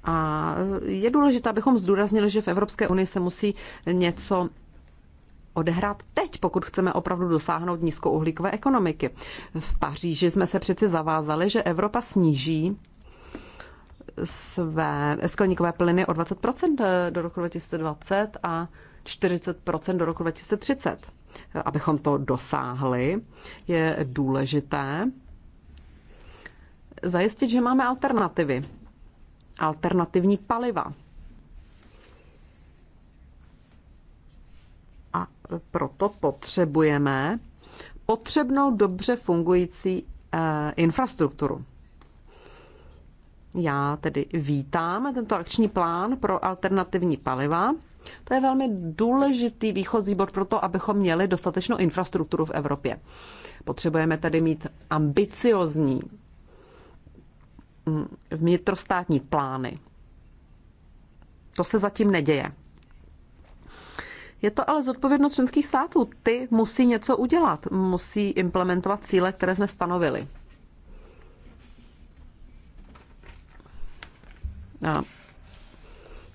a je důležité, abychom zdůraznili, že v Evropské unii se musí něco odehrát teď, pokud chceme opravdu dosáhnout nízkouhlíkové ekonomiky. V Paříži jsme se přeci zavázali, že Evropa sníží své skleníkové plyny o 20% do roku 2020 a 40% do roku 2030. Abychom to dosáhli, je důležité zajistit, že máme alternativy alternativní paliva. A proto potřebujeme potřebnou dobře fungující eh, infrastrukturu. Já tedy vítám tento akční plán pro alternativní paliva. To je velmi důležitý výchozí bod pro to, abychom měli dostatečnou infrastrukturu v Evropě. Potřebujeme tedy mít ambiciozní vnitrostátní plány. To se zatím neděje. Je to ale zodpovědnost členských států. Ty musí něco udělat, musí implementovat cíle, které jsme stanovili. A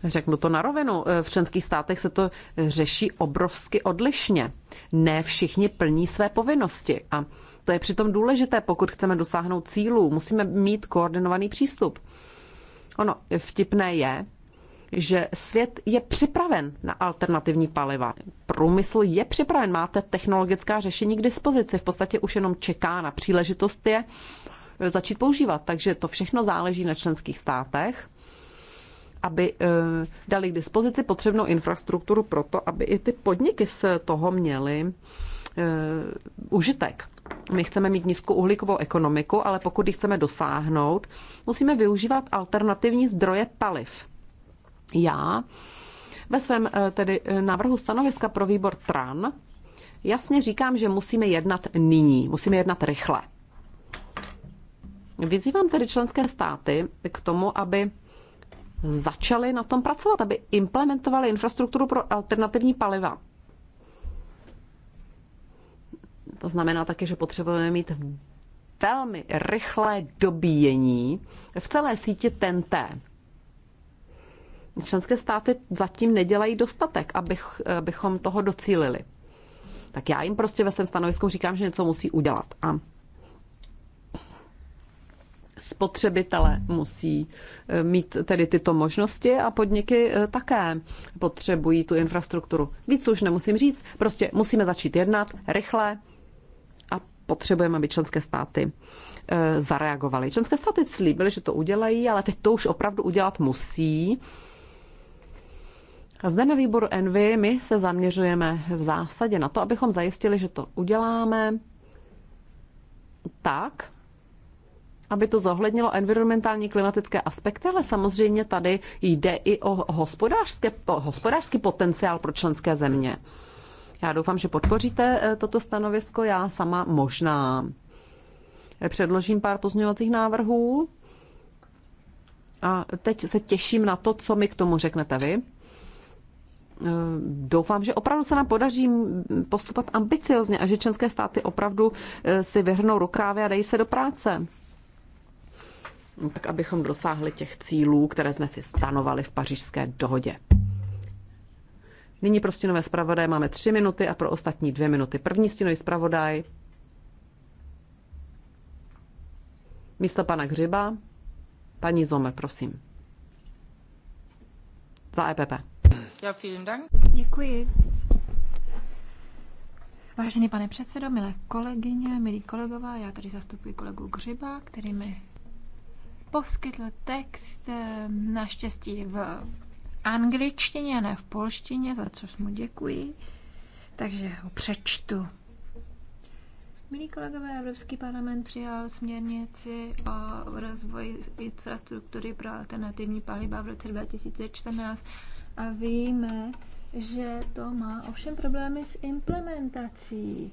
řeknu to na rovinu, e, v členských státech se to řeší obrovsky odlišně. Ne všichni plní své povinnosti. A to je přitom důležité, pokud chceme dosáhnout cílů. Musíme mít koordinovaný přístup. Ono vtipné je, že svět je připraven na alternativní paliva. Průmysl je připraven, máte technologická řešení k dispozici, v podstatě už jenom čeká na příležitost je začít používat. Takže to všechno záleží na členských státech, aby eh, dali k dispozici potřebnou infrastrukturu pro to, aby i ty podniky z toho měly Eh, užitek. My chceme mít nízkou uhlíkovou ekonomiku, ale pokud ji chceme dosáhnout, musíme využívat alternativní zdroje paliv. Já ve svém eh, tedy eh, návrhu stanoviska pro výbor TRAN jasně říkám, že musíme jednat nyní, musíme jednat rychle. Vyzývám tedy členské státy k tomu, aby začali na tom pracovat, aby implementovali infrastrukturu pro alternativní paliva. To znamená také, že potřebujeme mít velmi rychlé dobíjení v celé síti TNT. Členské státy zatím nedělají dostatek, abych, abychom toho docílili. Tak já jim prostě ve svém stanovisku říkám, že něco musí udělat. A spotřebitele musí eh, mít tedy tyto možnosti a podniky eh, také potřebují tu infrastrukturu. Víc už nemusím říct, prostě musíme začít jednat rychle, potřebujeme, aby členské státy e, zareagovaly. Členské státy slíbily, že to udělají, ale teď to už opravdu udělat musí. A zde na výboru Envy my se zaměřujeme v zásadě na to, abychom zajistili, že to uděláme tak, aby to zohlednilo environmentální klimatické aspekty, ale samozřejmě tady jde i o hospodářské, hospodářský potenciál pro členské země. Já doufám, že podpoříte eh, toto stanovisko. Já sama možná eh, předložím pár pozměňovacích návrhů. A teď se těším na to, co mi k tomu řeknete vy. Eh, doufám, že opravdu se nám podaří postupovat ambiciozně a že české státy opravdu si vyhrnou rukávy a dají se do práce. Tak abychom dosáhli těch cílů, které jsme si stanovali v pařížské dohodě. Nyní pro stínové zpravodaje máme tři minuty a pro ostatní dvě minuty. První stínový zpravodaj místo pana Hřiba, paní Zome, prosím. Za EPP. Já vielen Dank. Děkuji. Vážený pane předsedo, milé kolegyně, milí kolegové, já tady zastupuji kolegu Gřiba, který mi poskytl text eh, naštěstí v angličtině, ne v polštině, za co mu děkuji. Takže ho přečtu. Milí kolegové, Evropský parlament přijal směrnici o rozvoji infrastruktury pro alternativní paliva v roce 2014 a víme, že to má ovšem problémy s implementací.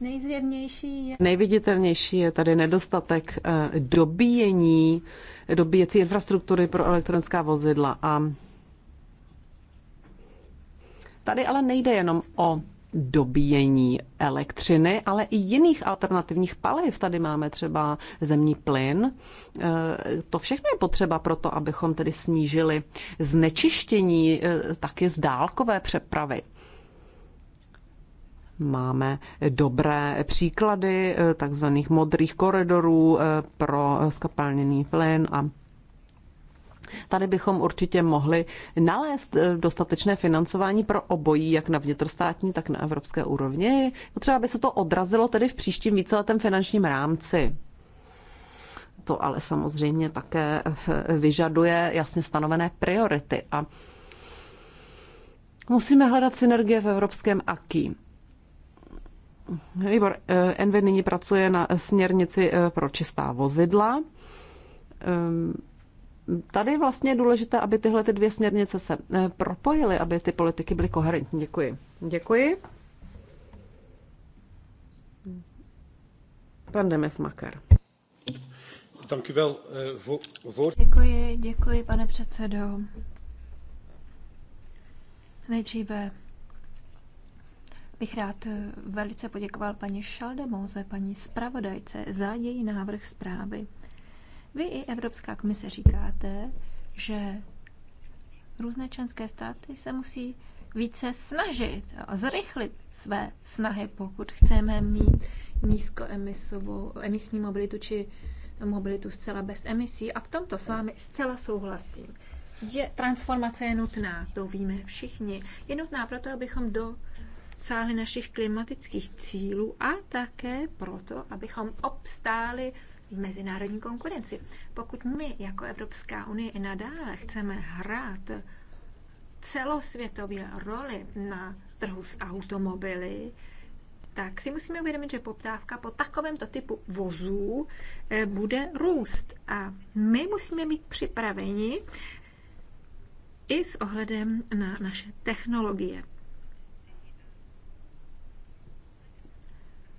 Nejzjevnější je... Nejviditelnější je tady nedostatek eh, dobíjení, dobíjecí infrastruktury pro elektronická vozidla a Tady ale nejde jenom o dobíjení elektřiny, ale i jiných alternativních paliv. Tady máme třeba zemní plyn. E, to všechno je potřeba pro to, abychom tedy snížili znečištění e, taky z dálkové přepravy. Máme dobré příklady e, takzvaných modrých koridorů pro skapalněný plyn a Tady bychom určitě mohli nalézt eh, dostatečné financování pro obojí, jak na vnitrostátní, tak na evropské úrovni. Potřeba no, by se to odrazilo tedy v příštím víceletém finančním rámci. To ale samozřejmě také eh, vyžaduje jasně stanovené priority a musíme hledat synergie v evropském AKI. Výbor Envy eh, nyní pracuje na směrnici pro čistá vozidla ehm, tady vlastně je důležité, aby tyhle ty dvě směrnice se eh, propojily, aby ty politiky byly koherentní. Děkuji. Děkuji. Pan Demesmaker. Eh, děkuji, děkuji, pane předsedo. Nejdříve bych rád eh, velice poděkoval paní Šaldemoze, paní zpravodajce, za její návrh zprávy. Vy i Evropská komise říkáte, že různé členské státy se musí více snažit a zrychlit své snahy, pokud chceme mít nízkoemisovou emisní mobilitu či mobilitu zcela bez emisí. A v tomto s vámi zcela souhlasím. Je, transformace je nutná, to víme všichni. Je nutná proto, abychom do cáli našich klimatických cílů a také proto, abychom obstáli v mezinárodní konkurenci. Pokud my jako Evropská unie i nadále chceme hrát celosvětově roli na trhu s automobily, tak si musíme uvědomit, že poptávka po takovémto typu vozů eh, bude růst. A my musíme být připraveni i s ohledem na naše technologie.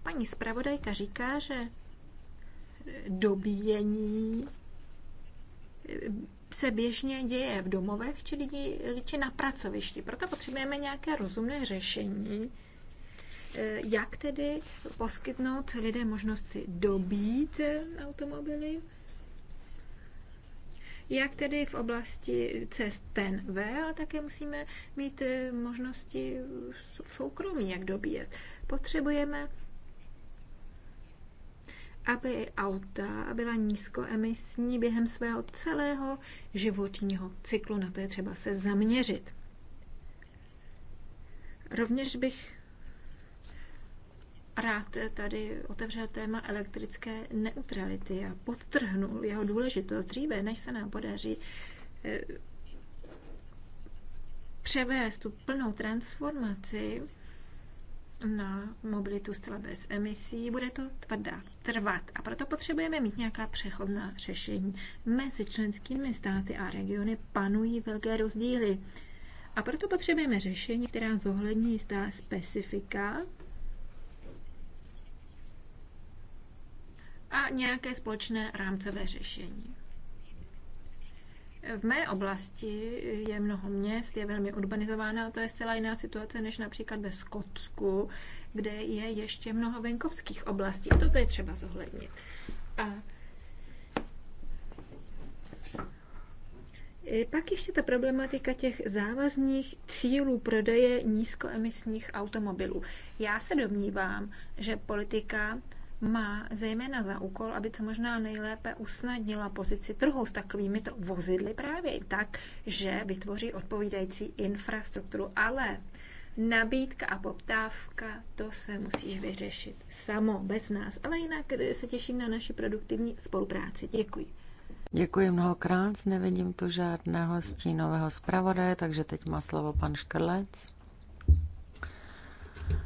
Paní zpravodajka říká, že dobíjení se běžně děje v domovech či, lidi, či na pracovišti. Proto potřebujeme nějaké rozumné řešení, eh, jak tedy poskytnout lidem možnost si dobít eh, automobily, jak tedy v oblasti cest ten v ale také musíme mít eh, možnosti v soukromí, jak dobíjet. Potřebujeme aby auta byla nízkoemisní během svého celého životního cyklu. Na to je třeba se zaměřit. Rovněž bych rád tady otevřel téma elektrické neutrality a podtrhnul jeho důležitost dříve, než se nám podaří eh, převést tu plnou transformaci na mobilitu zcela bez emisí, bude to tvrdá trvat. A proto potřebujeme mít nějaká přechodná řešení. Mezi členskými státy a regiony panují velké rozdíly. A proto potřebujeme řešení, která zohlední jistá specifika a nějaké společné rámcové řešení. V mé oblasti je mnoho měst, je velmi urbanizována a to je zcela jiná situace než například ve Skotsku, kde je ještě mnoho venkovských oblastí. To toto je třeba zohlednit. A Pak ještě ta problematika těch závazných cílů prodeje nízkoemisních automobilů. Já se domnívám, že politika má zejména za úkol, aby co možná nejlépe usnadnila pozici trhu s takovými to vozidly právě tak, že vytvoří odpovídající infrastrukturu. Ale nabídka a poptávka, to se musíš vyřešit samo, bez nás. Ale jinak se těším na naši produktivní spolupráci. Děkuji. Děkuji mnohokrát, nevidím tu žádného stínového zpravodaje, takže teď má slovo pan Škrlec.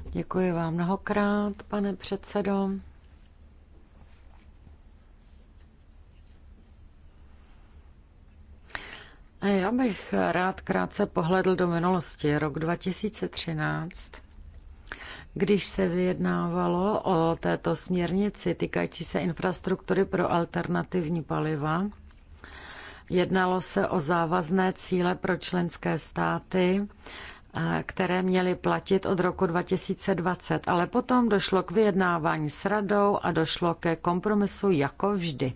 Děkuji vám mnohokrát, pane předsedo. Já bych rád krátce pohledl do minulosti. Rok 2013 když se vyjednávalo o této směrnici týkající se infrastruktury pro alternativní paliva, jednalo se o závazné cíle pro členské státy, eh, které měly platit od roku 2020, ale potom došlo k vyjednávání s radou a došlo ke kompromisu jako vždy.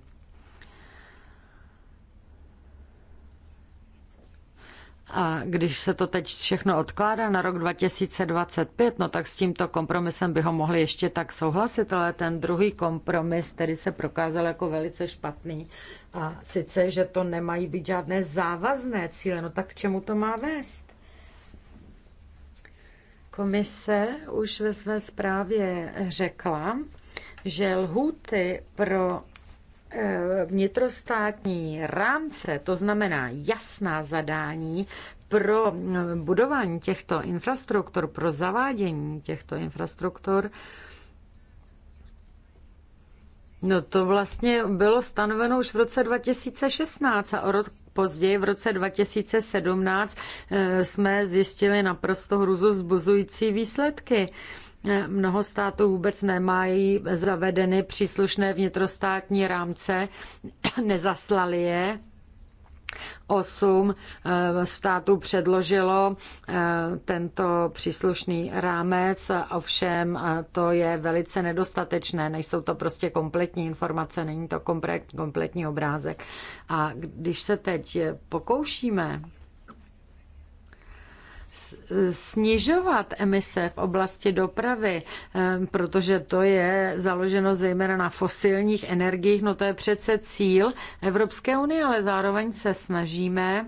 A když se to teď všechno odkládá na rok 2025, no tak s tímto kompromisem by ho mohli ještě tak souhlasit, ale ten druhý kompromis, který se prokázal jako velice špatný, a sice, že to nemají být žádné závazné cíle, no tak k čemu to má vést? Komise už ve své zprávě řekla, že lhuty pro Eh, vnitrostátní rámce, to znamená jasná zadání pro eh, budování těchto infrastruktur, pro zavádění těchto infrastruktur, No to vlastně bylo stanoveno už v roce 2016 a o rok později v roce 2017 eh, jsme zjistili naprosto hruzu vzbuzující výsledky. Mnoho států vůbec nemají zavedeny příslušné vnitrostátní rámce, nezaslali je. Osm eh, států předložilo eh, tento příslušný rámec, ovšem eh, to je velice nedostatečné, nejsou to prostě kompletní informace, není to kompletní obrázek. A když se teď pokoušíme snižovat emise v oblasti dopravy, eh, protože to je založeno zejména na fosilních energiích, no to je přece cíl Evropské unie, ale zároveň se snažíme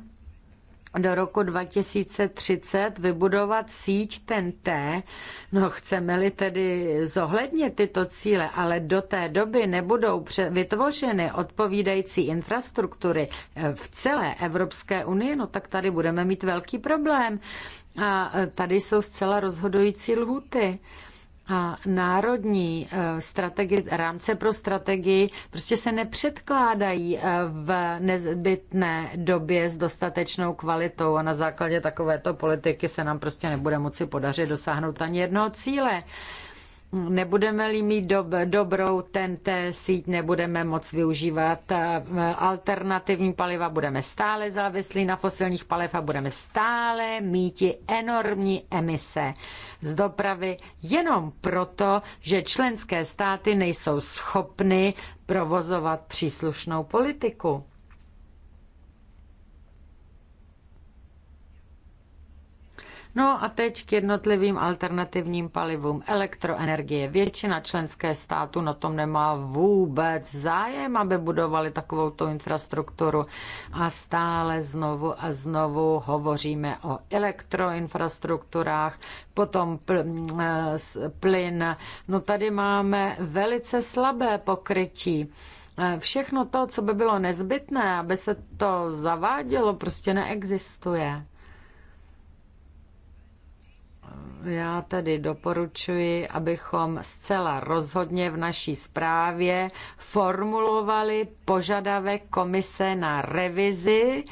do roku 2030 vybudovat síť ten t. No, chceme-li tedy zohlednit tyto cíle, ale do té doby nebudou vytvořeny odpovídající infrastruktury eh, v celé Evropské unii, no tak tady budeme mít velký problém. A e, tady jsou zcela rozhodující lhuty. A národní e, strategie, rámce pro strategii prostě se nepředkládají e, v nezbytné době s dostatečnou kvalitou a na základě takovéto politiky se nám prostě nebude moci podařit dosáhnout ani jednoho cíle nebudeme-li mít dob, dobrou TNT síť, nebudeme moc využívat eh, alternativní paliva, budeme stále závislí na fosilních paliv a budeme stále mít enormní emise z dopravy jenom proto, že členské státy nejsou schopny provozovat příslušnou politiku. No a teď k jednotlivým alternativním palivům. Elektroenergie. Většina členské státu na tom nemá vůbec zájem, aby budovali tu infrastrukturu. A stále znovu a znovu hovoříme o elektroinfrastrukturách, potom plyn. No tady máme velice slabé pokrytí e, všechno to, co by bylo nezbytné, aby se to zavádělo, prostě neexistuje. Já tedy doporučuji, abychom zcela rozhodně v naší zprávě formulovali požadavek komise na revizi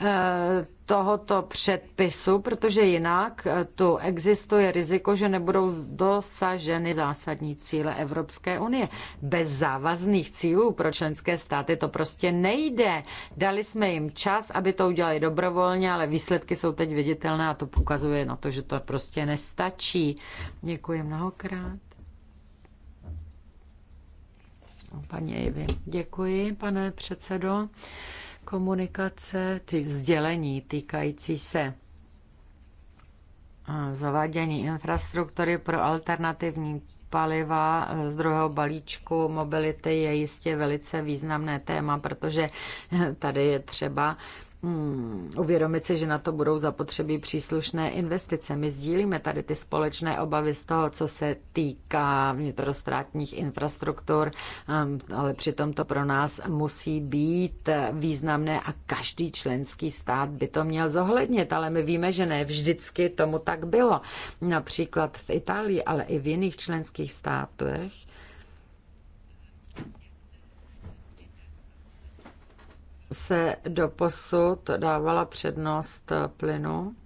eh, tohoto předpisu, protože jinak eh, tu existuje riziko, že nebudou dosaženy zásadní cíle Evropské unie. Bez závazných cílů pro členské státy to prostě nejde. Dali jsme jim čas, aby to udělali dobrovolně, ale výsledky jsou teď viditelné a to ukazuje na to, že to prostě nestačí. Děkuji mnohokrát. Paní Ivy, děkuji, pane předsedo komunikace, ty vzdělení týkající se eh, zavádění infrastruktury pro alternativní paliva eh, z druhého balíčku mobility je jistě velice významné téma, protože eh, tady je třeba hmm, uvědomit si, že na to budou zapotřebí příslušné investice. My sdílíme tady ty společné obavy z toho, co se týká vnitrostátních infrastruktur, ehm, ale přitom to pro nás musí být významné a každý členský stát by to měl zohlednit, ale my víme, že ne vždycky tomu tak bylo. Například v Itálii, ale i v jiných členských státech se do posud dávala přednost plynu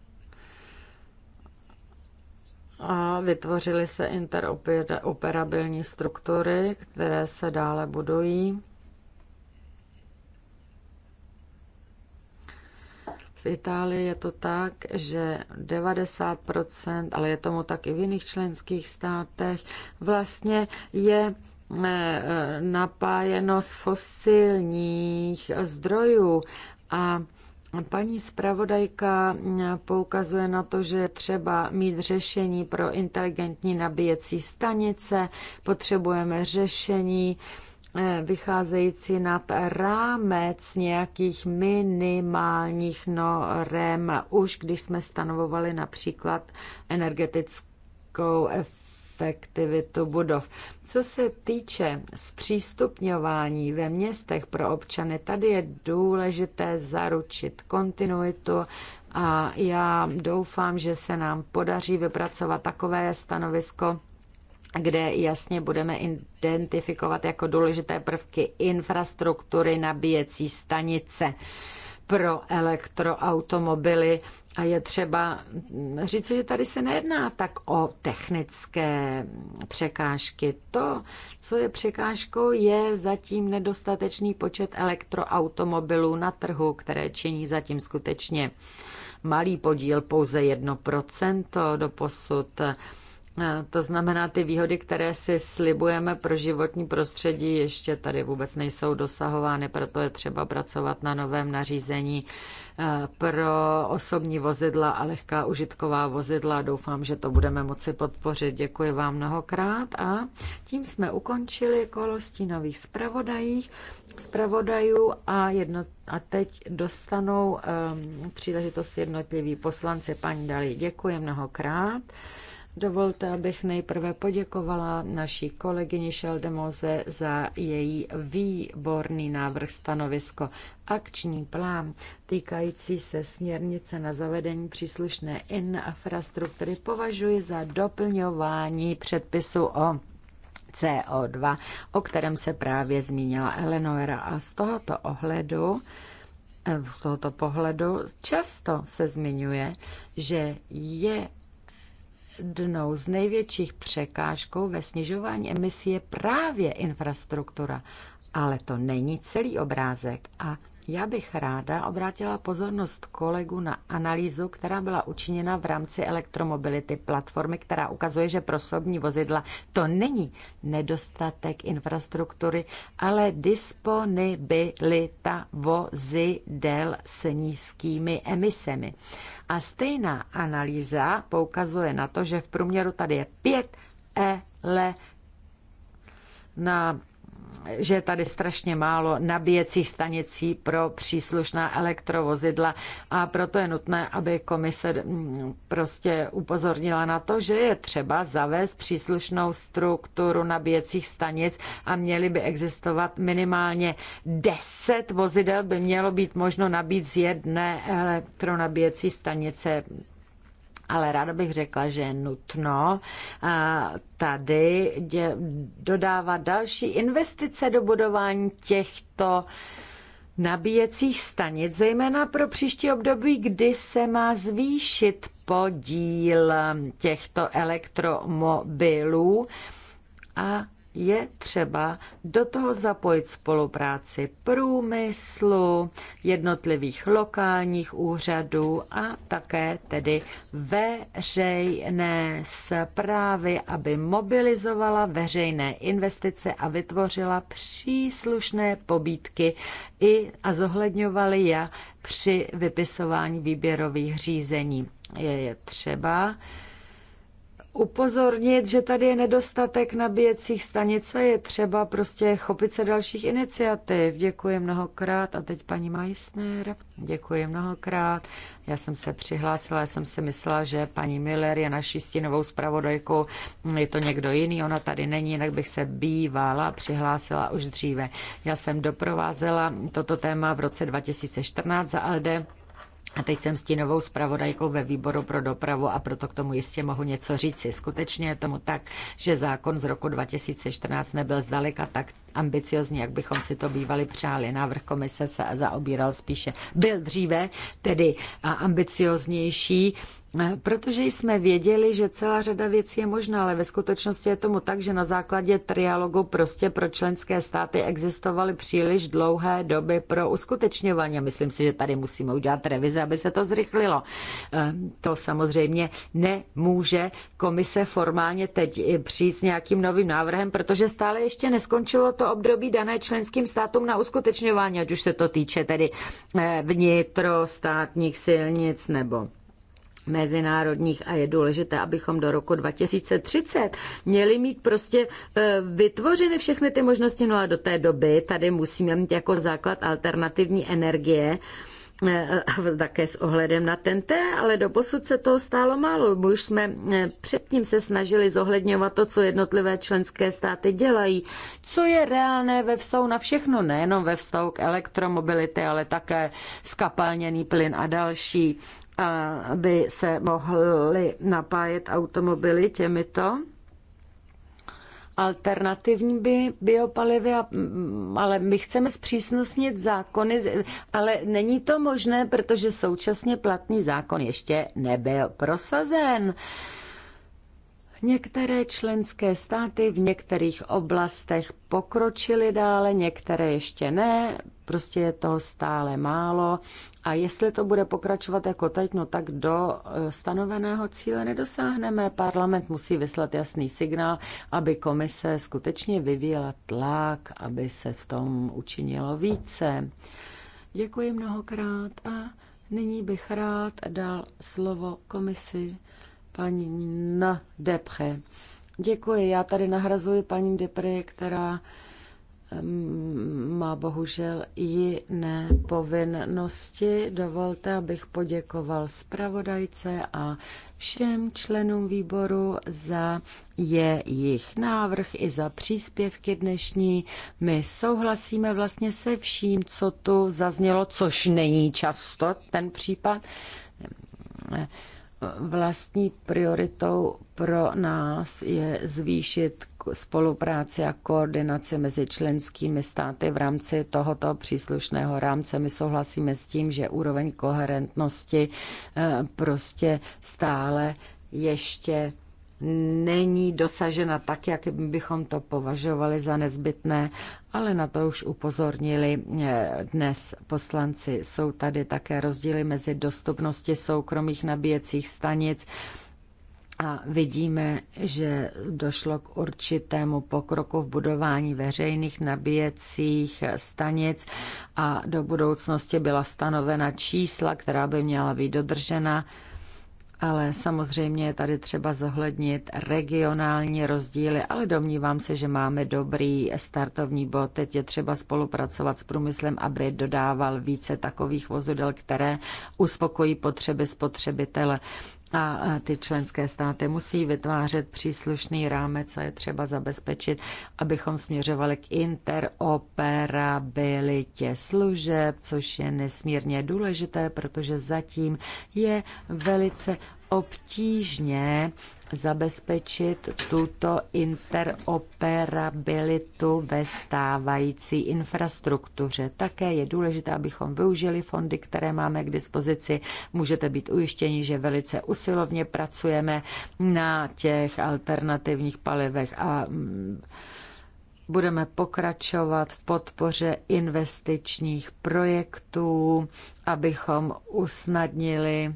a vytvořily se interoperabilní struktury, které se dále budují. V Itálii je to tak, že 90%, ale je tomu tak i v jiných členských státech, vlastně je z eh, fosilních zdrojů a Paní zpravodajka poukazuje na to, že třeba mít řešení pro inteligentní nabíjecí stanice, potřebujeme řešení eh, vycházející nad rámec nějakých minimálních norem, už když jsme stanovovali například energetickou efektivitu budov. Co se týče zpřístupňování ve městech pro občany, tady je důležité zaručit kontinuitu a já doufám, že se nám podaří vypracovat takové stanovisko, kde jasně budeme identifikovat jako důležité prvky infrastruktury nabíjecí stanice pro elektroautomobily a je třeba říct, že tady se nejedná tak o technické překážky. To, co je překážkou, je zatím nedostatečný počet elektroautomobilů na trhu, které činí zatím skutečně malý podíl, pouze 1% do posud. To znamená, ty výhody, které si slibujeme pro životní prostředí, ještě tady vůbec nejsou dosahovány, proto je třeba pracovat na novém nařízení e, pro osobní vozidla a lehká užitková vozidla. Doufám, že to budeme moci podpořit. Děkuji vám mnohokrát a tím jsme ukončili kolo nových zpravodajích, zpravodajů a, jedno, a teď dostanou um, příležitost jednotliví poslanci. Paní Dali, děkuji mnohokrát. Dovolte, abych nejprve poděkovala naší kolegyni Šeldemoze za její výborný návrh stanovisko. Akční plán týkající se směrnice na zavedení příslušné infrastruktury považuji za doplňování předpisu o CO2, o kterém se právě zmínila Eleonora. A z tohoto ohledu eh, z tohoto pohledu často se zmiňuje, že je jednou z největších překážkou ve snižování emisí je právě infrastruktura. Ale to není celý obrázek a já bych ráda obrátila pozornost kolegu na analýzu, která byla učiněna v rámci elektromobility platformy, která ukazuje, že pro osobní vozidla to není nedostatek infrastruktury, ale disponibilita vozidel s nízkými emisemi. A stejná analýza poukazuje na to, že v průměru tady je 5 ele na že je tady strašně málo nabíjecích stanicí pro příslušná elektrovozidla a proto je nutné, aby komise mm, prostě upozornila na to, že je třeba zavést příslušnou strukturu nabíjecích stanic a měly by existovat minimálně 10 vozidel by mělo být možno nabít z jedné elektronabíjecí stanice ale ráda bych řekla, že je nutno tady dodávat další investice do budování těchto nabíjecích stanic, zejména pro příští období, kdy se má zvýšit podíl těchto elektromobilů a je třeba do toho zapojit spolupráci průmyslu, jednotlivých lokálních úřadů a také tedy veřejné zprávy, aby mobilizovala veřejné investice a vytvořila příslušné pobídky i a zohledňovaly je při vypisování výběrových řízení. Je, je třeba upozornit, že tady je nedostatek nabíjecích stanic a je třeba prostě chopit se dalších iniciativ. Děkuji mnohokrát. A teď paní Meissner, děkuji mnohokrát. Já jsem se přihlásila, já jsem si myslela, že paní Miller je naší stínovou zpravodajkou, je to někdo jiný, ona tady není, jinak bych se bývala přihlásila už dříve. Já jsem doprovázela toto téma v roce 2014 za LD a teď jsem stínovou zpravodajkou ve výboru pro dopravu a proto k tomu jistě mohu něco říci. Skutečně je tomu tak, že zákon z roku 2014 nebyl zdaleka tak ambiciozní, jak bychom si to bývali přáli. Návrh komise se zaobíral spíše. Byl dříve tedy ambicioznější Protože jsme věděli, že celá řada věcí je možná, ale ve skutečnosti je tomu tak, že na základě trialogu prostě pro členské státy existovaly příliš dlouhé doby pro uskutečňování. Myslím si, že tady musíme udělat revize, aby se to zrychlilo. Eh, to samozřejmě nemůže komise formálně teď přijít s nějakým novým návrhem, protože stále ještě neskončilo to období dané členským státům na uskutečňování, ať už se to týče tedy eh, vnitrostátních silnic nebo mezinárodních a je důležité, abychom do roku 2030 měli mít prostě e, vytvořeny všechny ty možnosti, no a do té doby tady musíme mít jako základ alternativní energie, e, také s ohledem na ten té, ale do posud se toho stálo málo. už jsme e, předtím se snažili zohledňovat to, co jednotlivé členské státy dělají, co je reálné ve vztahu na všechno, nejenom ve vztahu k elektromobilitě, ale také skapalněný plyn a další aby se mohly napájet automobily těmito alternativní by biopalivy, ale my chceme zpřísnostnit zákony, ale není to možné, protože současně platný zákon ještě nebyl prosazen. Některé členské státy v některých oblastech pokročily dále, některé ještě ne. Prostě je to stále málo a jestli to bude pokračovat jako teď, no tak do eh, stanoveného cíle nedosáhneme. Parlament musí vyslat jasný signál, aby komise skutečně vyvíjela tlak, aby se v tom učinilo více. Děkuji mnohokrát a nyní bych rád dal slovo komisi paní N. Depre. Děkuji, já tady nahrazuji paní Depre, která má bohužel jiné povinnosti. Dovolte, abych poděkoval zpravodajce a všem členům výboru za jejich návrh i za příspěvky dnešní. My souhlasíme vlastně se vším, co tu zaznělo, což není často ten případ vlastní prioritou pro nás je zvýšit spolupráci a koordinaci mezi členskými státy v rámci tohoto příslušného rámce. My souhlasíme s tím, že úroveň koherentnosti eh, prostě stále ještě není dosažena tak, jak bychom to považovali za nezbytné, ale na to už upozornili eh, dnes poslanci. Jsou tady také rozdíly mezi dostupnosti soukromých nabíjecích stanic a vidíme, že došlo k určitému pokroku v budování veřejných nabíjecích stanic a do budoucnosti byla stanovena čísla, která by měla být dodržena. Ale samozřejmě je tady třeba zohlednit regionální rozdíly, ale domnívám se, že máme dobrý startovní bod. Teď je třeba spolupracovat s průmyslem, aby dodával více takových vozidel, které uspokojí potřeby spotřebitele a ty členské státy musí vytvářet příslušný rámec a je třeba zabezpečit, abychom směřovali k interoperabilitě služeb, což je nesmírně důležité, protože zatím je velice obtížně zabezpečit tuto interoperabilitu ve stávající infrastruktuře. Také je důležité, abychom využili fondy, které máme k dispozici. Můžete být ujištěni, že velice usilovně pracujeme na těch alternativních palivech a mm, budeme pokračovat v podpoře investičních projektů, abychom usnadnili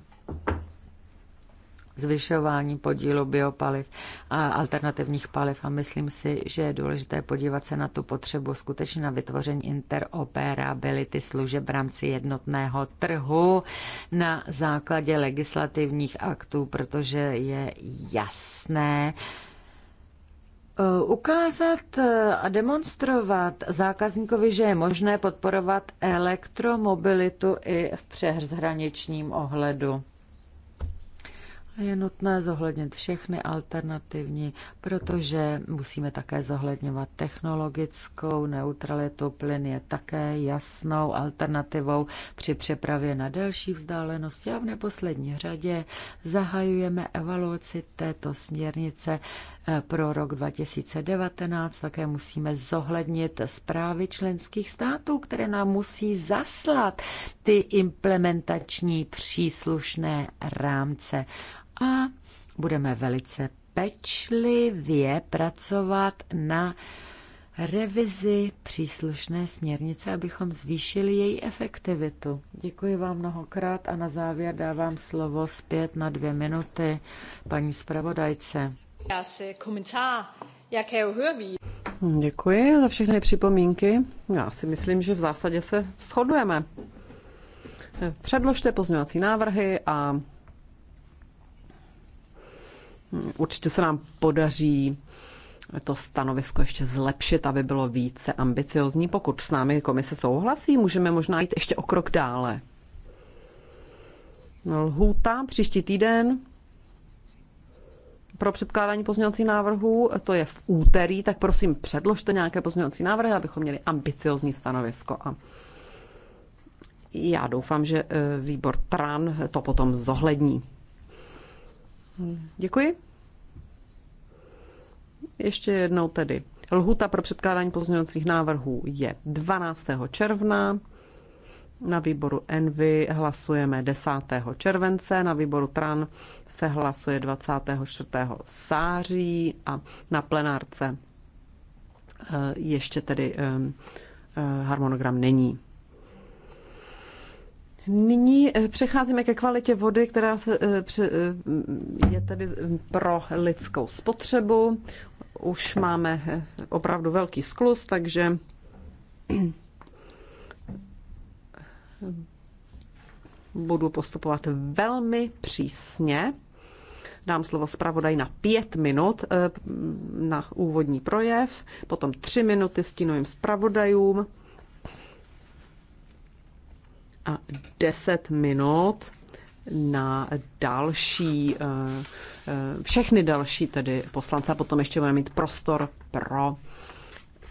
zvyšování podílu biopaliv a alternativních paliv. A myslím si, že je důležité podívat se na tu potřebu skutečně na vytvoření interoperability služeb v rámci jednotného trhu na základě legislativních aktů, protože je jasné, eh, Ukázat eh, a demonstrovat zákazníkovi, že je možné podporovat elektromobilitu i v přeshraničním ohledu. Je nutné zohlednit všechny alternativní, protože musíme také zohledňovat technologickou neutralitu. Plyn je také jasnou alternativou při přepravě na delší vzdálenosti a v neposlední řadě zahajujeme evaluaci této směrnice eh, pro rok 2019. Také musíme zohlednit zprávy členských států, které nám musí zaslat ty implementační příslušné rámce a budeme velice pečlivě pracovat na revizi příslušné směrnice, abychom zvýšili její efektivitu. Děkuji vám mnohokrát a na závěr dávám slovo zpět na dvě minuty paní zpravodajce. Eh, Děkuji za všechny připomínky. Já si myslím, že v zásadě se shodujeme. Předložte pozměňovací návrhy a Určitě se nám podaří to stanovisko ještě zlepšit, aby bylo více ambiciozní. Pokud s námi komise souhlasí, můžeme možná jít ještě o krok dále. No, lhůta příští týden pro předkládání pozměňovací návrhů, to je v úterý, tak prosím předložte nějaké pozměňovací návrhy, abychom měli ambiciozní stanovisko. A já doufám, že eh, výbor TRAN to potom zohlední. Děkuji. Ještě jednou tedy. Lhuta pro předkládání pozměňovacích návrhů je 12. června. Na výboru Envy hlasujeme 10. července, na výboru TRAN se hlasuje 24. září a na plenárce eh, ještě tedy eh, eh, harmonogram není. Nyní eh, přecházíme ke kvalitě vody, která se, eh, eh, je tedy pro lidskou spotřebu. Už máme opravdu velký sklus, takže budu postupovat velmi přísně. Dám slovo zpravodaj na pět minut na úvodní projev, potom tři minuty stínovým zpravodajům 10 minut na další, eh, eh, všechny další tedy poslance a potom ještě budeme mít prostor pro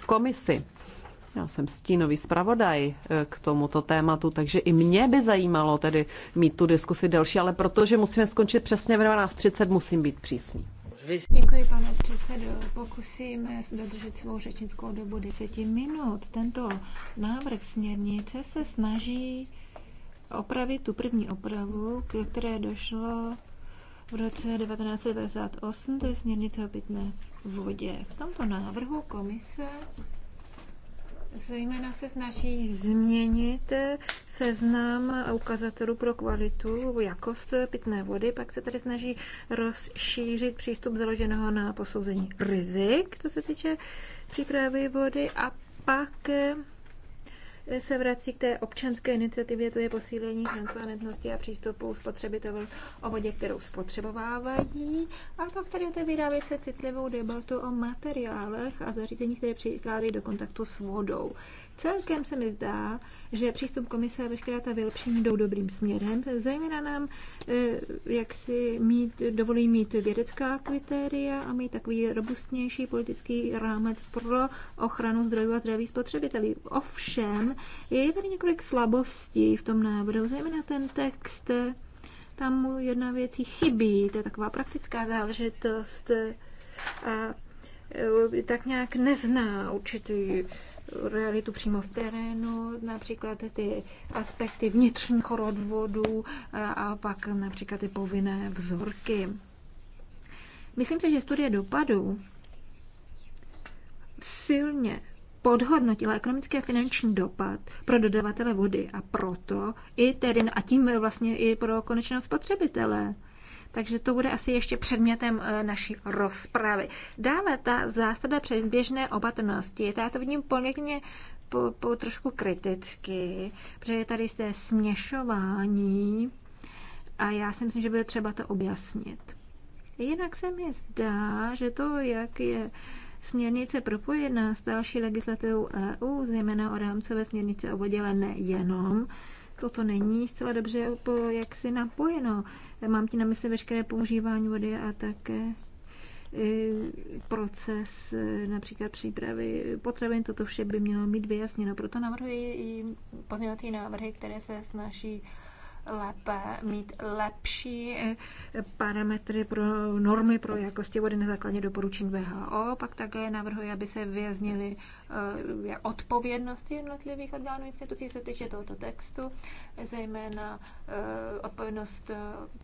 komisi. Já jsem stínový zpravodaj eh, k tomuto tématu, takže i mě by zajímalo tedy mít tu diskusi delší, ale protože musíme skončit přesně v 12.30, musím být přísný. Děkuji, pane předsedo. Pokusíme dodržet svou řečnickou dobu 10 minut. Tento návrh směrnice se snaží opravit tu první opravu, k které došlo v roce 1998, to je směrnice o pitné vodě. V tomto návrhu komise zejména se snaží změnit seznam ukazatelů pro kvalitu, jakost pitné vody, pak se tady snaží rozšířit přístup založeného na posouzení rizik, co se týče přípravy vody a pak se vrací k té občanské iniciativě, to je posílení transparentnosti a přístupu spotřebitelů o vodě, kterou spotřebovávají. A pak tady otevírá se citlivou debatu o materiálech a zařízeních, které přikládají do kontaktu s vodou. Celkem se mi zdá, že přístup komise a veškerá ta vylepšení jdou dobrým směrem. Zejména nám, eh, jak si mít, dovolí mít vědecká kritéria a mít takový robustnější politický rámec pro ochranu zdrojů a zdraví spotřebitelů. Ovšem, je tady několik slabostí v tom návrhu, zejména ten text tam jedna věcí chybí, to je taková praktická záležitost. A eh, tak nějak nezná určitý realitu přímo v terénu, například ty aspekty vnitřních rodvodů eh, a pak například ty povinné vzorky. Myslím si, že studie dopadů silně podhodnotila ekonomický a finanční dopad pro dodavatele vody a proto i tedy, a tím vlastně i pro konečného spotřebitele. Takže to bude asi ještě předmětem eh, naší rozpravy. Dále ta zásada předběžné opatrnosti. Já to vidím poměrně po, po, trošku kriticky, protože tady jste směšování a já si myslím, že bude třeba to objasnit. Jinak se mi zdá, že to, jak je směrnice propojená s další legislativou EU, zejména o rámcové směrnice o vodě, ale nejenom, toto není zcela dobře jak si napojeno. Mám ti na mysli veškeré používání vody a také e, proces e, například přípravy potravin, toto vše by mělo mít vyjasněno. Proto navrhuji i pozměňovací návrhy, které se snaží lépe mít lepší eh, parametry pro normy pro jakosti vody na základě doporučení VHO. Pak také navrhuji, aby se vyjaznili eh, odpovědnosti jednotlivých orgánů institucí se týče tohoto textu, zejména eh, odpovědnost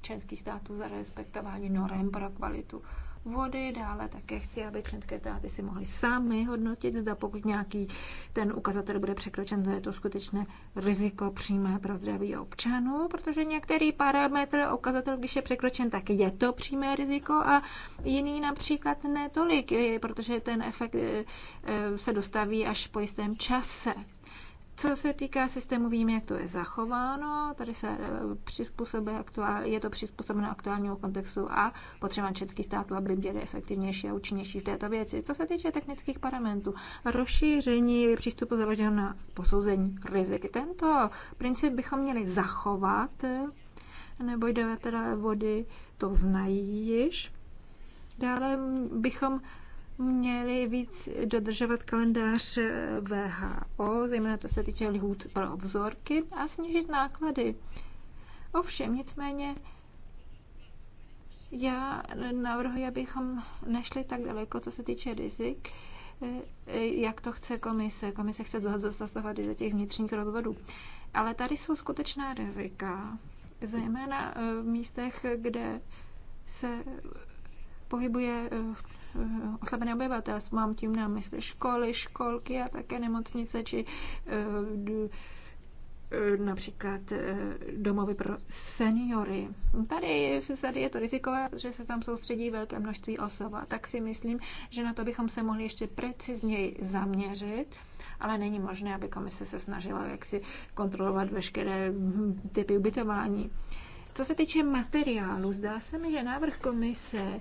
členských států za respektování norm pro kvalitu vody. Dále také chci, aby členské státy si mohly sami hodnotit, zda pokud nějaký ten ukazatel bude překročen, zda je to skutečné riziko přímé pro zdraví občanů, protože některý parametr ukazatel, když je překročen, tak je to přímé riziko a jiný například netolik, eh, protože ten efekt eh, eh, se dostaví až po jistém čase. Co se týká systému, víme, jak to je zachováno. Tady se eh, přizpůsobuje aktuál, je to přizpůsobeno aktuálnímu kontextu a potřeba všechny států, aby byly efektivnější a účinnější v této věci. Co se týče technických parametrů, rozšíření přístupu založeného na posouzení rizik. Tento princip bychom měli zachovat, nebo jde teda vody, to znají již. Dále bychom měli víc dodržovat kalendář eh, VHO, zejména to se týče lhůt pro vzorky a snížit náklady. Ovšem, nicméně, já navrhuji, abychom nešli tak daleko, co se týče rizik, eh, jak to chce komise. Komise chce zasahovat do těch vnitřních rozvodů. Ale tady jsou skutečná rizika, zejména eh, v místech, kde se pohybuje Eh, oslabené obyvatelstvo. Mám tím na mysli školy, školky a také nemocnice či eh, eh, například domovy pro seniory. Tady, tady je to rizikové, že se tam soustředí velké množství osob. A tak si myslím, že na to bychom se mohli ještě precizněji zaměřit, ale není možné, aby komise se snažila jaksi kontrolovat veškeré typy ubytování. Co se týče materiálu, zdá se mi, že návrh komise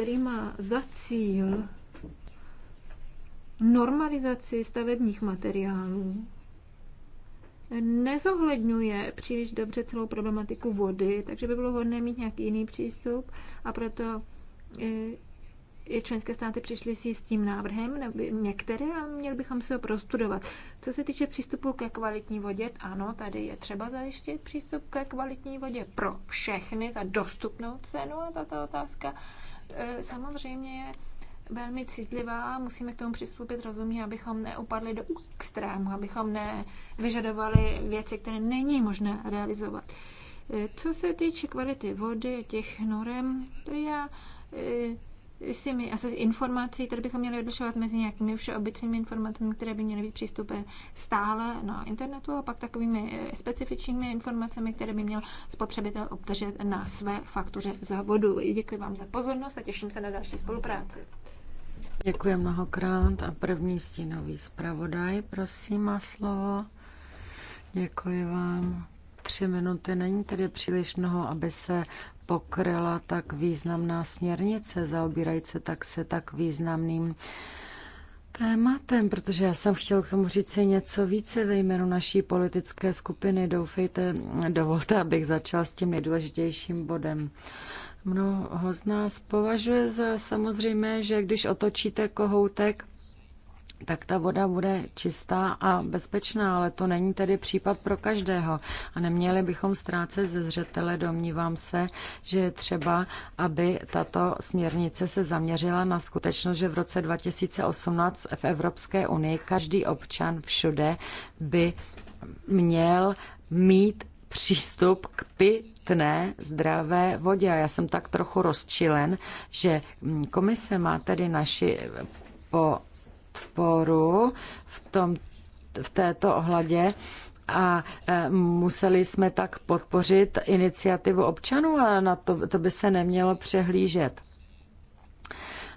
který má za cíl normalizaci stavebních materiálů, nezohledňuje příliš dobře celou problematiku vody, takže by bylo hodné mít nějaký jiný přístup a proto eh, i členské státy přišly si s tím návrhem, některé, a měli bychom se ho prostudovat. Co se týče přístupu ke kvalitní vodě, ano, tady je třeba zajištit přístup ke kvalitní vodě pro všechny za dostupnou cenu a tato otázka E, samozřejmě je velmi citlivá, musíme k tomu přistoupit rozumně, abychom neupadli do extrému, abychom nevyžadovali věci, které není možné realizovat. E, co se týče kvality vody, těch norem, to já e, si my, asi informací, které bychom měli odlišovat mezi nějakými všeobecnými informacemi, které by měly být přístupné stále na internetu a pak takovými eh, specifičními informacemi, které by měl spotřebitel obdržet na své faktuře za vodu. Děkuji vám za pozornost a těším se na další spolupráci. Děkuji mnohokrát a první stínový zpravodaj, prosím, má slovo. Děkuji vám. Tři minuty není tedy příliš mnoho, aby se pokryla tak významná směrnice, zaobírající se tak se tak významným tématem, protože já jsem chtěl k tomu říct si něco více ve jménu naší politické skupiny. Doufejte, dovolte, abych začal s tím nejdůležitějším bodem. Mnoho z nás považuje za samozřejmé, že když otočíte kohoutek, tak ta voda bude čistá a bezpečná, ale to není tedy případ pro každého. A neměli bychom ztrácet ze zřetele, domnívám se, že je třeba, aby tato směrnice se zaměřila na skutečnost, že v roce 2018 v Evropské unii každý občan všude by měl mít přístup k pitné zdravé vodě. A já jsem tak trochu rozčilen, že komise má tedy naši po podporu v, tom, v této ohledě a e, museli jsme tak podpořit iniciativu občanů a na to, to by se nemělo přehlížet.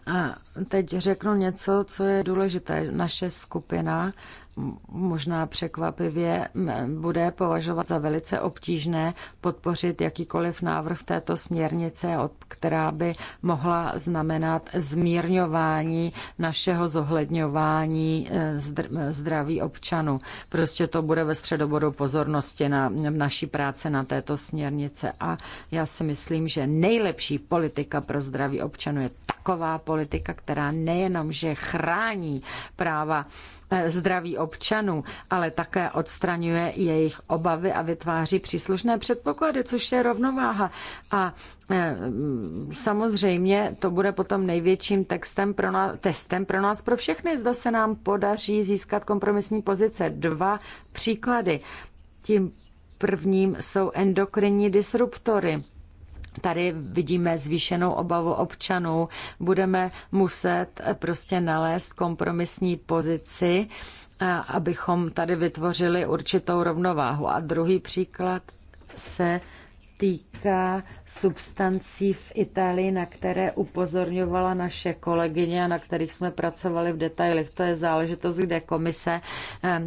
A teď řeknu něco, co je důležité. Naše skupina možná překvapivě bude považovat za velice obtížné podpořit jakýkoliv návrh v této směrnice, která by mohla znamenat zmírňování našeho zohledňování e, zdraví občanů. Prostě to bude ve středobodu pozornosti na naší práce na této směrnice a já si myslím, že nejlepší politika pro zdraví občanů je taková politika, která nejenom, že chrání práva eh, zdraví občanů, ale také odstraňuje jejich obavy a vytváří příslušné předpoklady, což je rovnováha. A eh, mm, samozřejmě to bude potom největším textem pro nás, testem pro nás, pro všechny, zda se nám podaří získat kompromisní pozice. Dva příklady. Tím prvním jsou endokrinní disruptory Tady vidíme zvýšenou obavu občanů. Budeme muset prostě nalézt kompromisní pozici, abychom tady vytvořili určitou rovnováhu. A druhý příklad se týká substancí v Itálii, na které upozorňovala naše kolegyně a na kterých jsme pracovali v detailech. To je záležitost, kde komise eh,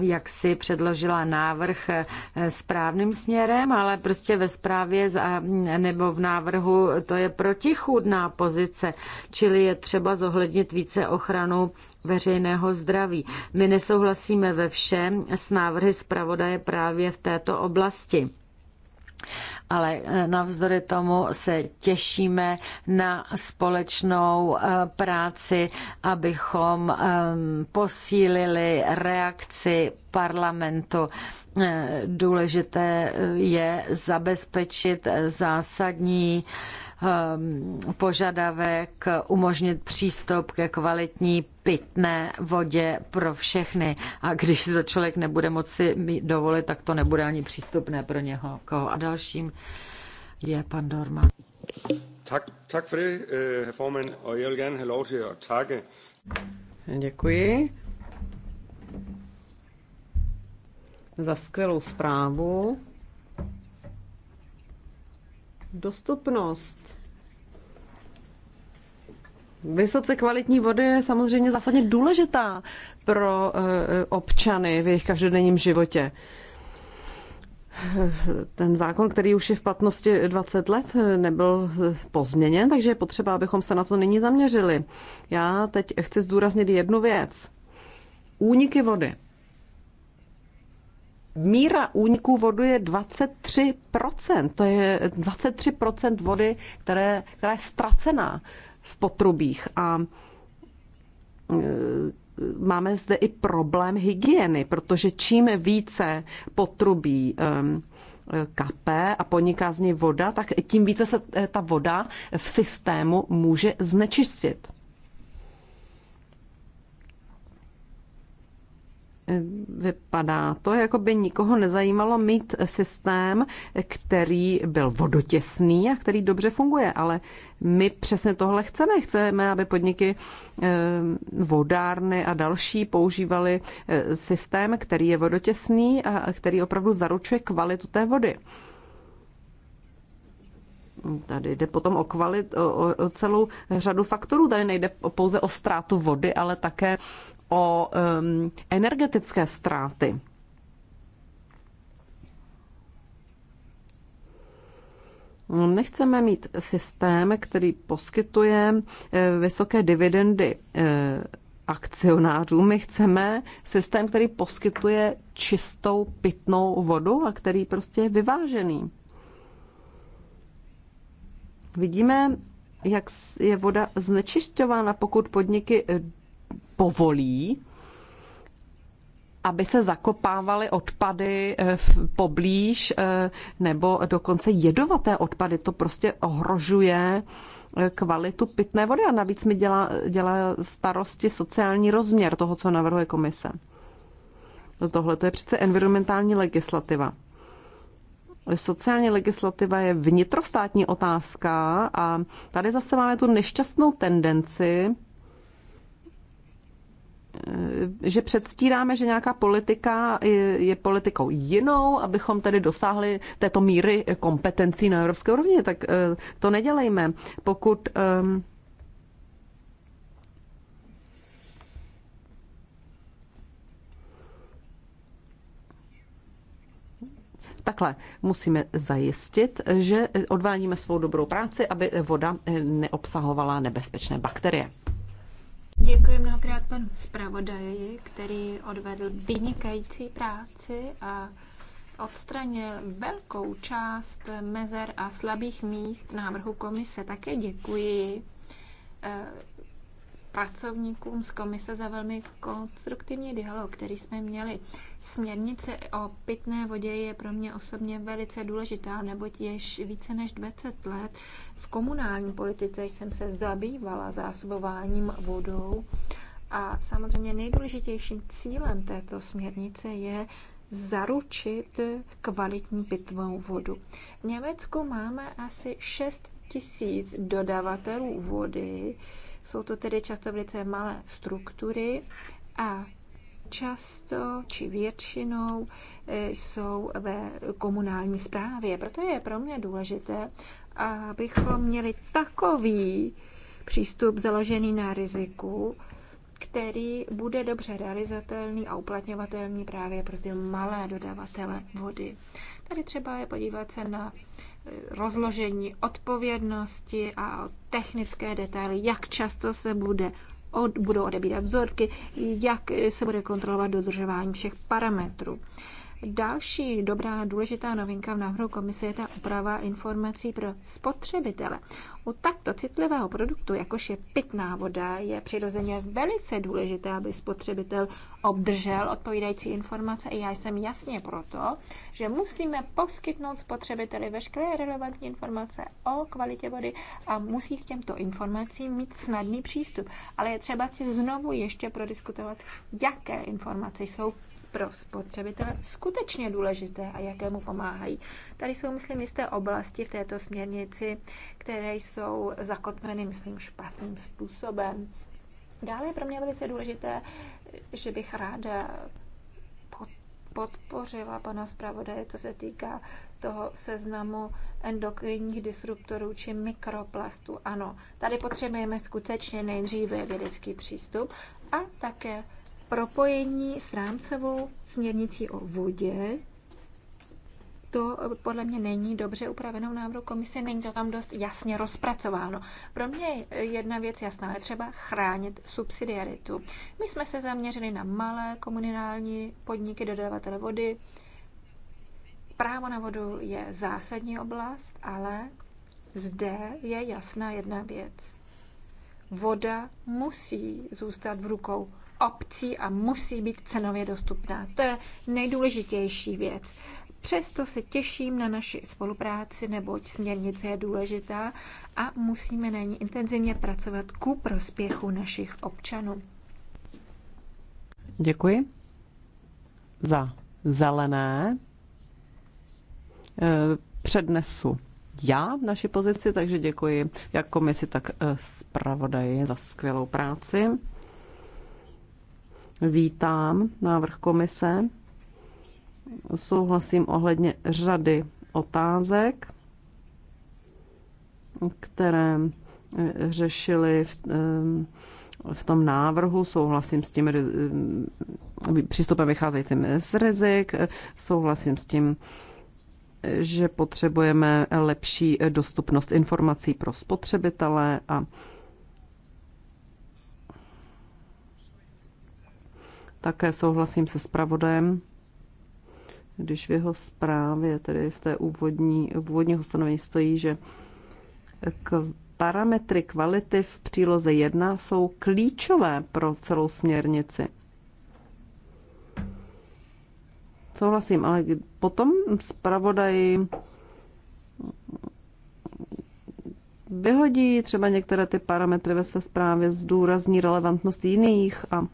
jak si předložila návrh eh, správným směrem, ale prostě ve zprávě mm, nebo v návrhu to je protichůdná pozice, čili je třeba zohlednit více ochranu veřejného zdraví. My nesouhlasíme ve všem s návrhy zpravodaje právě v této oblasti ale eh, navzdory tomu se těšíme na společnou eh, práci, abychom ehm, posílili reakci parlamentu. Eh, důležité je zabezpečit zásadní Ehm, požadavek umožnit přístup ke kvalitní pitné vodě pro všechny. A když si to člověk nebude moci dovolit, tak to nebude ani přístupné pro něho. Koho? A dalším je pan Dorma. Tak, tak for det, øh, herr formand, og jeg vil gerne have lov til at takke. Děkuji. Za skvělou zprávu. Dostupnost. Vysoce kvalitní vody je samozřejmě zásadně důležitá pro eh, občany v jejich každodenním životě. Ten zákon, který už je v platnosti 20 let, nebyl pozměněn, takže je potřeba, abychom se na to nyní zaměřili. Já teď chci zdůraznit jednu věc. Úniky vody. Míra úniků vody je 23%. To je 23% vody, které, která je ztracená v potrubích. A e, máme zde i problém hygieny, protože čím více potrubí kapé a poniká z něj voda, tak tím více se e, ta voda v systému může znečistit. Vypadá to, jako by nikoho nezajímalo mít systém, který byl vodotěsný a který dobře funguje, ale my přesně tohle chceme. Chceme, aby podniky eh, vodárny a další používali eh, systém, který je vodotěsný a který opravdu zaručuje kvalitu té vody. Tady jde potom o, kvalit, o, o celou řadu faktorů. Tady nejde pouze o ztrátu vody, ale také o um, energetické ztráty. Nechceme mít systém, který poskytuje eh, vysoké dividendy eh, akcionářům. My chceme systém, který poskytuje čistou pitnou vodu a který prostě je vyvážený. Vidíme, jak je voda znečišťována, pokud podniky povolí, aby se zakopávaly odpady eh, poblíž eh, nebo dokonce jedovaté odpady. To prostě ohrožuje eh, kvalitu pitné vody a navíc mi dělá, dělá starosti sociální rozměr toho, co navrhuje komise. No tohle to je přece environmentální legislativa. Sociální legislativa je vnitrostátní otázka a tady zase máme tu nešťastnou tendenci Eh, že předstíráme, že nějaká politika je politikou jinou, abychom tedy dosáhli této míry kompetencí na evropské úrovni, tak eh, to nedělejme. Pokud ehm, Takhle musíme zajistit, že odvádíme svou dobrou práci, aby voda neobsahovala nebezpečné bakterie. Děkuji mnohokrát panu zpravodaji, který odvedl vynikající práci a odstranil velkou část mezer a slabých míst návrhu komise. Také děkuji eh, pracovníkům z komise za velmi konstruktivní dialog, který jsme měli. Směrnice o pitné vodě je pro mě osobně velice důležitá, neboť již více než 20 let v komunální politice jsem se zabývala zásobováním vodou a samozřejmě nejdůležitějším cílem této směrnice je zaručit kvalitní pitvou vodu. V Německu máme asi 6 tisíc dodavatelů vody, jsou to tedy často velice malé struktury a často či většinou e, jsou ve komunální správě. Proto je pro mě důležité, abychom měli takový přístup založený na riziku, který bude dobře realizatelný a uplatňovatelný právě pro ty malé dodavatele vody. Tady třeba je podívat se na rozložení odpovědnosti a o technické detaily, jak často se bude od, budou odebírat vzorky, jak se bude kontrolovat dodržování všech parametrů. Další dobrá důležitá novinka v návrhu komise je ta úprava informací pro spotřebitele. U takto citlivého produktu, jakož je pitná voda, je přirozeně velice důležité, aby spotřebitel obdržel odpovídající informace. I já jsem jasně proto, že musíme poskytnout spotřebiteli veškeré relevantní informace o kvalitě vody a musí k těmto informacím mít snadný přístup. Ale je třeba si znovu ještě prodiskutovat, jaké informace jsou pro spotřebitele skutečně důležité a jaké mu pomáhají. Tady jsou, myslím, jisté oblasti v této směrnici, které jsou zakotveny, myslím, špatným způsobem. Dále je pro mě velice důležité, že bych ráda podpořila pana zpravodaje, co se týká toho seznamu endokrinních disruptorů či mikroplastů. Ano, tady potřebujeme skutečně nejdříve vědecký přístup a také propojení s rámcovou směrnicí o vodě. To eh, podle mě není dobře upravenou návrhu komise, není to tam dost jasně rozpracováno. Pro mě je jedna věc jasná, je třeba chránit subsidiaritu. My jsme se zaměřili na malé komunální podniky dodavatele vody. Právo na vodu je zásadní oblast, ale zde je jasná jedna věc. Voda musí zůstat v rukou obcí a musí být cenově dostupná. To je nejdůležitější věc. Přesto se těším na naši spolupráci, neboť směrnice je důležitá a musíme na ní intenzivně pracovat ku prospěchu našich občanů. Děkuji za zelené. Eh, přednesu já naši pozici, takže děkuji jak komisi, tak eh, zpravodaji za skvělou práci. Vítám návrh komise. Souhlasím ohledně řady otázek, které eh, řešili v, eh, v tom návrhu. Souhlasím s tím eh, přístupem vycházejícím z rizik, souhlasím s tím, že potřebujeme lepší dostupnost informací pro spotřebitele a Také souhlasím se zpravodajem, když v jeho zprávě, tedy v té úvodní, úvodního stanovení stojí, že k parametry kvality v příloze 1 jsou klíčové pro celou směrnici. Souhlasím, ale potom zpravodaj vyhodí třeba některé ty parametry ve své zprávě, zdůrazní relevantnost jiných a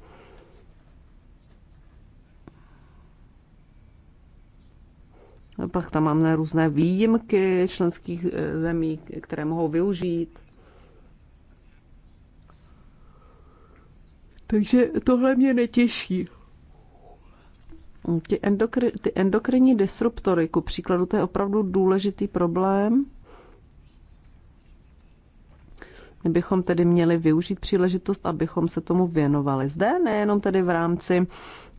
Pak tam máme různé výjimky členských eh, zemí, které mohou využít. Takže tohle mě netěší. Ty, endokr- ty endokrinní disruptory, ku příkladu, to je opravdu důležitý problém. My bychom tedy měli využít příležitost, abychom se tomu věnovali. Zde nejenom tedy v rámci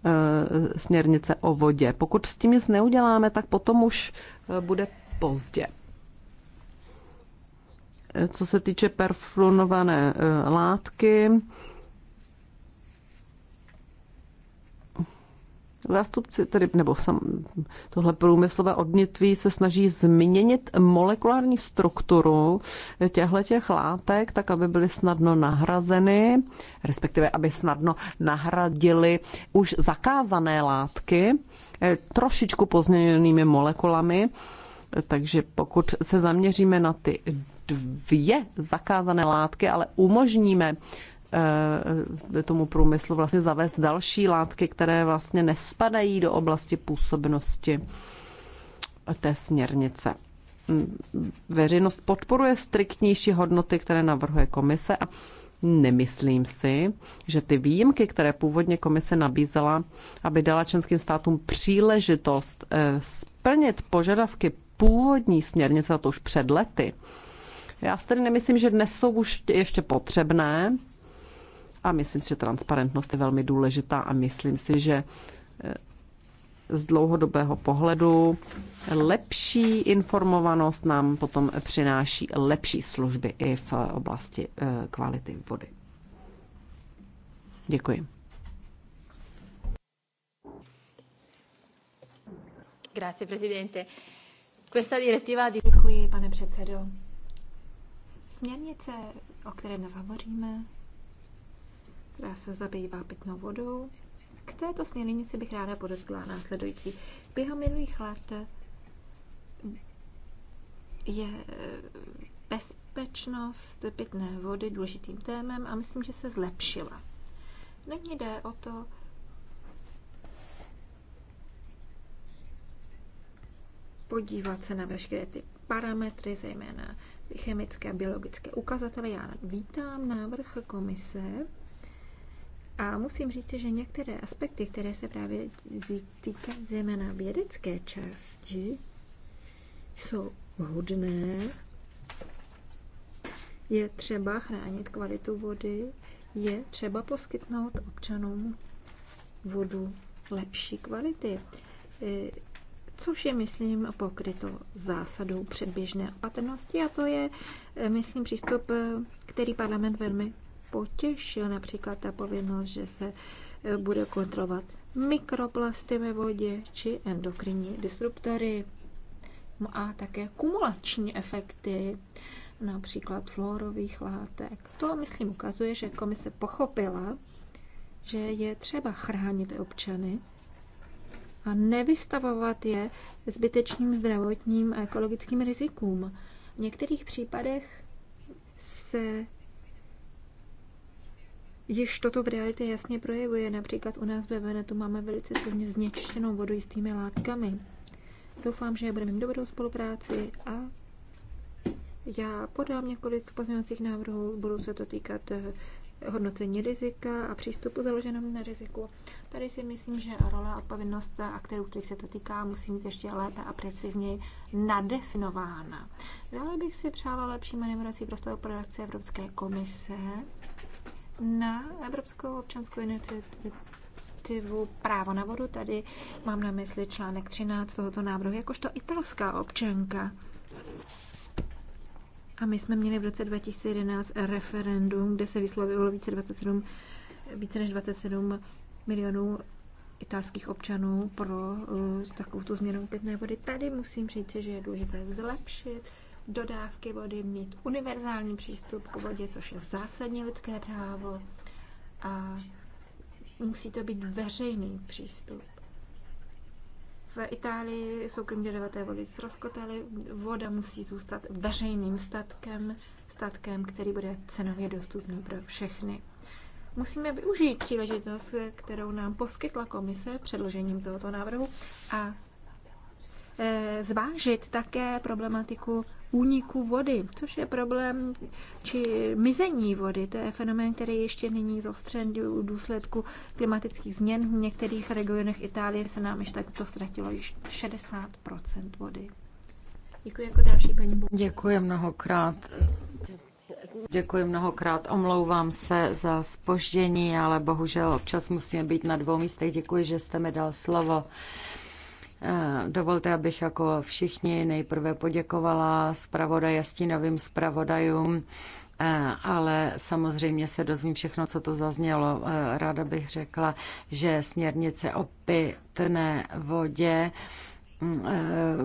Eh, směrnice o vodě. Pokud s tím nic neuděláme, tak potom už eh, bude pozdě. Eh, co se týče perfluorované látky, Zástupci, tedy, nebo sam, tohle průmyslové odnětví se snaží změnit molekulární strukturu těchto těch látek, tak aby byly snadno nahrazeny, respektive aby snadno nahradili už zakázané látky eh, trošičku pozměněnými molekulami. Takže pokud se zaměříme na ty dvě zakázané látky, ale umožníme Eh, tomu průmyslu vlastně zavést další látky, které vlastně nespadají do oblasti působnosti té směrnice. Mm, veřejnost podporuje striktnější hodnoty, které navrhuje komise a Nemyslím si, že ty výjimky, které původně komise nabízela, aby dala členským státům příležitost eh, splnit požadavky původní směrnice, a to už před lety, já si tedy nemyslím, že dnes jsou už ještě potřebné, a myslím si, že transparentnost je velmi důležitá a myslím si, že eh, z dlouhodobého pohledu lepší informovanost nám potom přináší lepší služby i v oblasti eh, kvality vody. Děkuji. Grazie, presidente. Questa direttiva di... Děkuji, pane předsedo. Směrnice, o které dnes hovoříme, která se zabývá pitnou vodou. K této směrnici bych ráda podotkla následující. Během minulých let je bezpečnost pitné vody důležitým témem a myslím, že se zlepšila. Není jde o to, podívat se na veškeré ty parametry, zejména ty chemické a biologické ukazatele. Já vítám návrh komise a musím říci, že některé aspekty, které se právě týkají zejména vědecké části, jsou hodné. Je třeba chránit kvalitu vody, je třeba poskytnout občanům vodu lepší kvality, e, což je, myslím, pokryto zásadou předběžné opatrnosti a to je, e, myslím, přístup, e, který parlament velmi potěšil, například ta povinnost, že se e, bude kontrolovat mikroplasty ve vodě či endokrinní disruptory no a také kumulační efekty, například fluorových látek. To, myslím, ukazuje, že komise pochopila, že je třeba chránit občany a nevystavovat je zbytečným zdravotním a ekologickým rizikům. V některých případech se Již toto v realitě jasně projevuje. Například u nás ve Venetu máme velice silně znečištěnou vodu jistými látkami. Doufám, že budeme mít dobrou spolupráci a já podám několik pozměňovacích návrhů. Budou se to týkat eh, hodnocení rizika a přístupu založeném na riziku. Tady si myslím, že role a odpovědnost aktérů, kterých se to týká, musí být ještě lépe a precizněji nadefinována. Dále bych si přála lepší manevrací prostoru pro reakce Evropské komise na Evropskou občanskou iniciativu Právo na vodu. Tady mám na mysli článek 13 tohoto návrhu, jakožto italská občanka. A my jsme měli v roce 2011 referendum, kde se vyslovilo více, 27, více než 27 milionů italských občanů pro uh, eh, takovou tu změnu pitné vody. Tady musím říct, že je důležité zlepšit dodávky vody, mít univerzální přístup k vodě, což je zásadní lidské právo a musí to být veřejný přístup. V Itálii soukromí dodavatelé vody ztroskotaly, voda musí zůstat veřejným statkem, statkem, který bude cenově dostupný pro všechny. Musíme využít příležitost, kterou nám poskytla komise předložením tohoto návrhu a Eh, zvážit také problematiku úniku vody, což je problém či mizení vody. To je fenomén, který ještě není zostřen v důsledku klimatických změn. V některých regionech Itálie se nám již takto ztratilo již 60 vody. Děkuji jako další paní Bůh. Děkuji mnohokrát. Děkuji mnohokrát, omlouvám se za spoždění, ale bohužel občas musíme být na dvou místech. Děkuji, že jste mi dal slovo. Eh, dovolte, abych jako všichni nejprve poděkovala zpravodaje, stínovým zpravodajům, eh, ale samozřejmě se dozvím všechno, co to zaznělo. Eh, ráda bych řekla, že směrnice o pitné vodě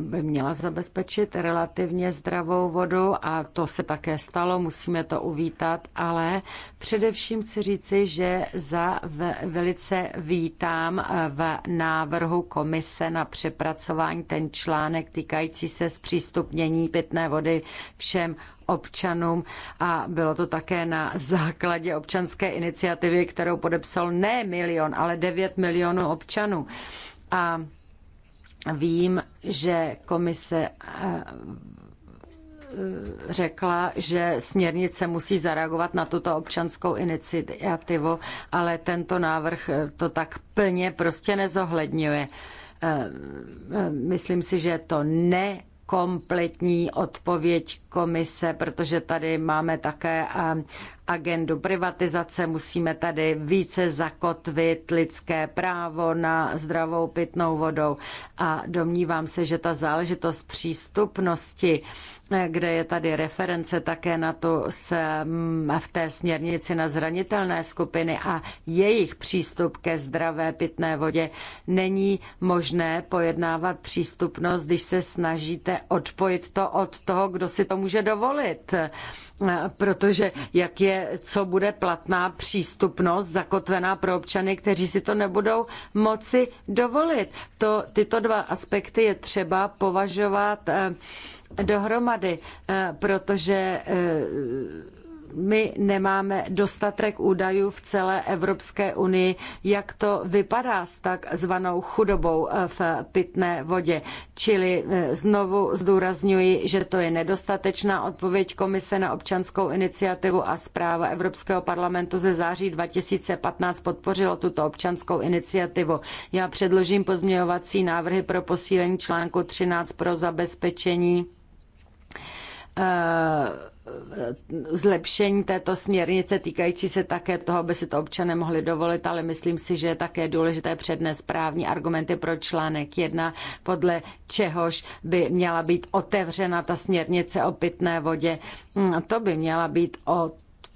by eh, měla zabezpečit relativně zdravou vodu a to se také stalo, musíme to uvítat, ale především chci říci, že za velice vítám eh, v návrhu komise na přepracování ten článek týkající se zpřístupnění pitné vody všem občanům a bylo to také na základě občanské iniciativy, kterou podepsal ne milion, ale 9 milionů občanů. A Vím, že komise eh, eh, řekla, že směrnice musí zareagovat na tuto občanskou iniciativu, ale tento návrh eh, to tak plně prostě nezohledňuje. Myslím si, že je to ne kompletní odpověď komise, protože tady máme také agendu privatizace, musíme tady více zakotvit lidské právo na zdravou pitnou vodou a domnívám se, že ta záležitost přístupnosti kde je tady reference také na to se, mm, v té směrnici na zranitelné skupiny a jejich přístup ke zdravé pitné vodě. Není možné pojednávat přístupnost, když se snažíte odpojit to od toho, kdo si to může dovolit. Protože jak je co bude platná přístupnost zakotvená pro občany, kteří si to nebudou moci dovolit. To, tyto dva aspekty je třeba považovat eh, dohromady, eh, protože eh, my nemáme dostatek údajů v celé Evropské unii, jak to vypadá s tak zvanou chudobou eh, v pitné vodě. Čili eh, znovu zdůrazňuji, že to je nedostatečná odpověď Komise na občanskou iniciativu a zpráva Evropského parlamentu ze září 2015 podpořila tuto občanskou iniciativu. Já předložím pozměňovací návrhy pro posílení článku 13 pro zabezpečení Eh, zlepšení této směrnice týkající se také toho, aby si to občané mohli dovolit, ale myslím si, že je také důležité přednes právní argumenty pro článek 1, podle čehož by měla být otevřena ta směrnice o pitné vodě. Hmm, to by měla být o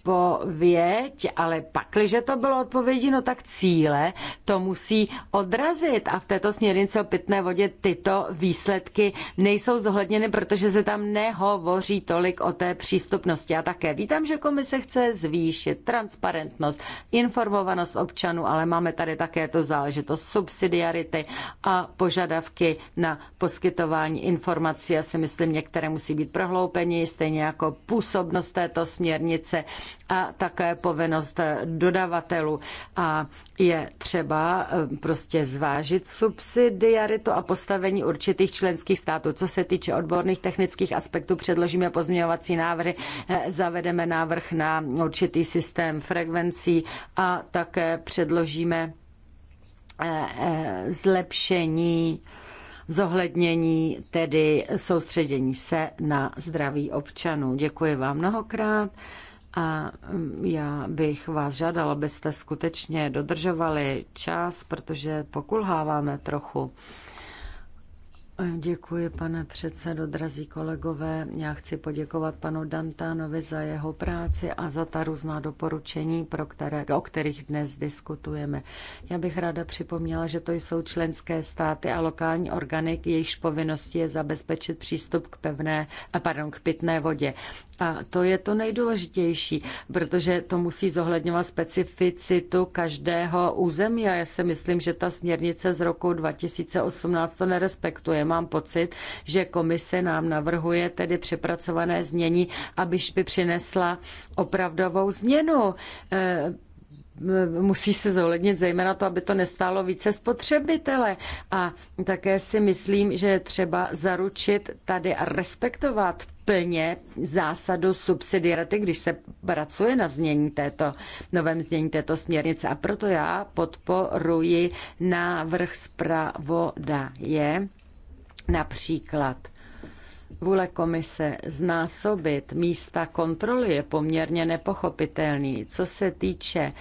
odpověď, ale pakliže to bylo odpovědi, no tak cíle to musí odrazit. A v této směrnici o pitné vodě tyto výsledky nejsou zohledněny, protože se tam nehovoří tolik o té přístupnosti. A také vítám, že komise chce zvýšit transparentnost, informovanost občanů, ale máme tady také to záležitost subsidiarity a požadavky na poskytování informací. Já si myslím, některé musí být prohloupeni, stejně jako působnost této směrnice a také povinnost dodavatelů. A je třeba eh, prostě zvážit subsidiaritu a postavení určitých členských států. Co se týče odborných technických aspektů, předložíme pozměňovací návrhy, eh, zavedeme návrh na určitý systém frekvencí a také předložíme eh, zlepšení zohlednění, tedy soustředění se na zdraví občanů. Děkuji vám mnohokrát. A mm, já bych vás žádala, abyste skutečně dodržovali čas, protože pokulháváme trochu. Děkuji, pane předsedo, drazí kolegové. Já chci poděkovat panu Dantánovi za jeho práci a za ta různá doporučení, pro které, o kterých dnes diskutujeme. Já bych ráda připomněla, že to jsou členské státy a lokální orgány, jejichž povinností je zabezpečit přístup k, pevné, pardon, k pitné vodě. A to je to nejdůležitější, protože to musí zohledňovat specificitu každého území a já si myslím, že ta směrnice z roku 2018 to nerespektuje. Mám pocit, že komise nám navrhuje tedy přepracované znění, abyž by přinesla opravdovou změnu e, musí se zohlednit zejména to, aby to nestálo více spotřebitele. A také si myslím, že je třeba zaručit tady a respektovat plně zásadu subsidiarity, když se pracuje na znění této, novém znění této směrnice. A proto já podporuji návrh zpravodaje například Vůle komise znásobit místa kontroly je poměrně nepochopitelný. Co se týče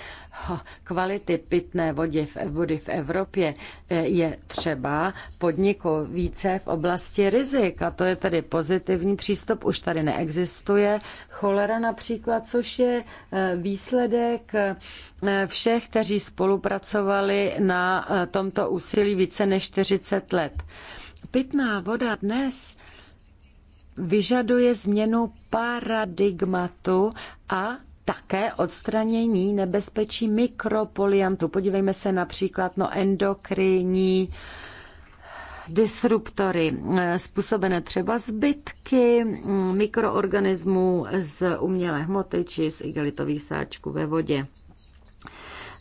kvality pitné vody v, vody v Evropě, eh, je třeba podniku více v oblasti rizik. A to je tedy pozitivní přístup, už tady neexistuje. Cholera například, což je eh, výsledek eh, všech, kteří spolupracovali na tomto úsilí více než 40 let. Pitná voda dnes vyžaduje změnu paradigmatu a také odstranění nebezpečí mikropoliantu. Podívejme se například na endokrinní disruptory eh, způsobené třeba zbytky mm, mikroorganismů z umělé hmoty či z igelitových sáčků ve vodě.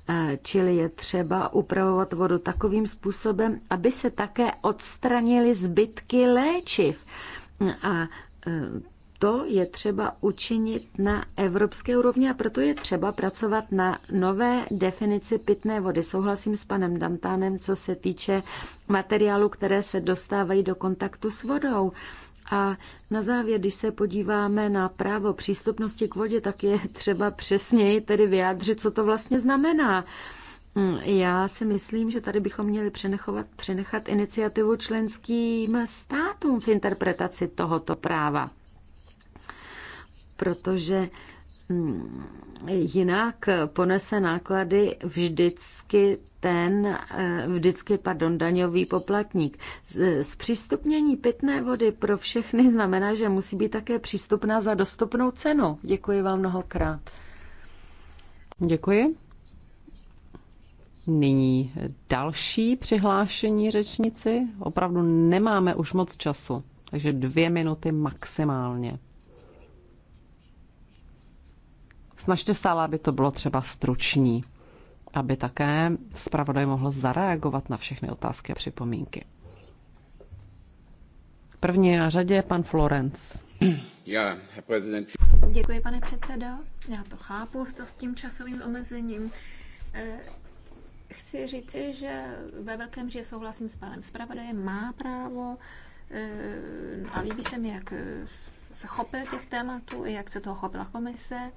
Eh, čili je třeba upravovat vodu takovým způsobem, aby se také odstranily zbytky léčiv. A e, to je třeba učinit na evropské úrovni a proto je třeba pracovat na nové definici pitné vody. Souhlasím s panem Dantánem, co se týče materiálu, které se dostávají do kontaktu s vodou. A na závěr, když se podíváme na právo přístupnosti k vodě, tak je třeba přesněji tedy vyjádřit, co to vlastně znamená. Hm, já si myslím, že tady bychom měli přenechovat, přenechat iniciativu členským státům v interpretaci tohoto práva. Protože hm, jinak ponese náklady vždycky ten, eh, vždycky, pardon, daňový poplatník. Zpřístupnění pitné vody pro všechny znamená, že musí být také přístupná za dostupnou cenu. Děkuji vám mnohokrát. Děkuji. Nyní další přihlášení řečnici. Opravdu nemáme už moc času, takže dvě minuty maximálně. Snažte se ale, aby to bylo třeba struční, aby také zpravodaj mohl zareagovat na všechny otázky a připomínky. První na řadě je pan Florence. Já, prezident. Děkuji, pane předsedo. Já to chápu to s tím časovým omezením. Eh, chci říci, že ve velkém, že souhlasím s panem zpravodajem, má právo eh, a líbí se mi, jak eh, se chopil těch tématů i jak se toho chopila komise.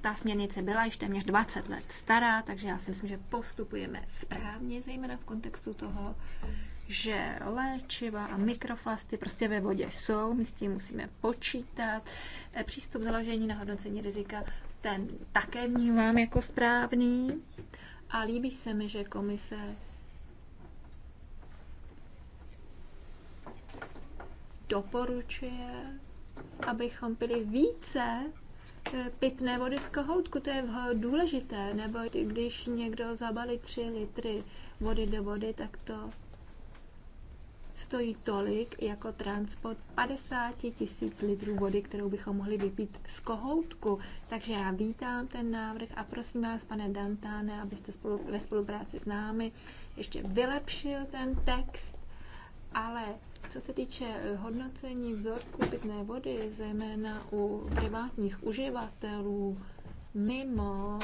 Ta směrnice byla již téměř 20 let stará, takže já si myslím, že postupujeme správně, zejména v kontextu toho, že léčiva a mikroflasty prostě ve vodě jsou, my s tím musíme počítat. Eh, přístup založení na hodnocení rizika, ten také vnímám jako správný a líbí se mi, že komise doporučuje, abychom pili více eh, pitné vody z kohoutku, to je důležité, nebo když někdo zabalí tři litry vody do vody, tak to stojí tolik jako transport 50 tisíc litrů vody, kterou bychom mohli vypít z kohoutku. Takže já vítám ten návrh a prosím vás, pane Dantáne, abyste spolu, ve spolupráci s námi ještě vylepšil ten text, ale co se týče hodnocení vzorku pitné vody, zejména u privátních uživatelů, mimo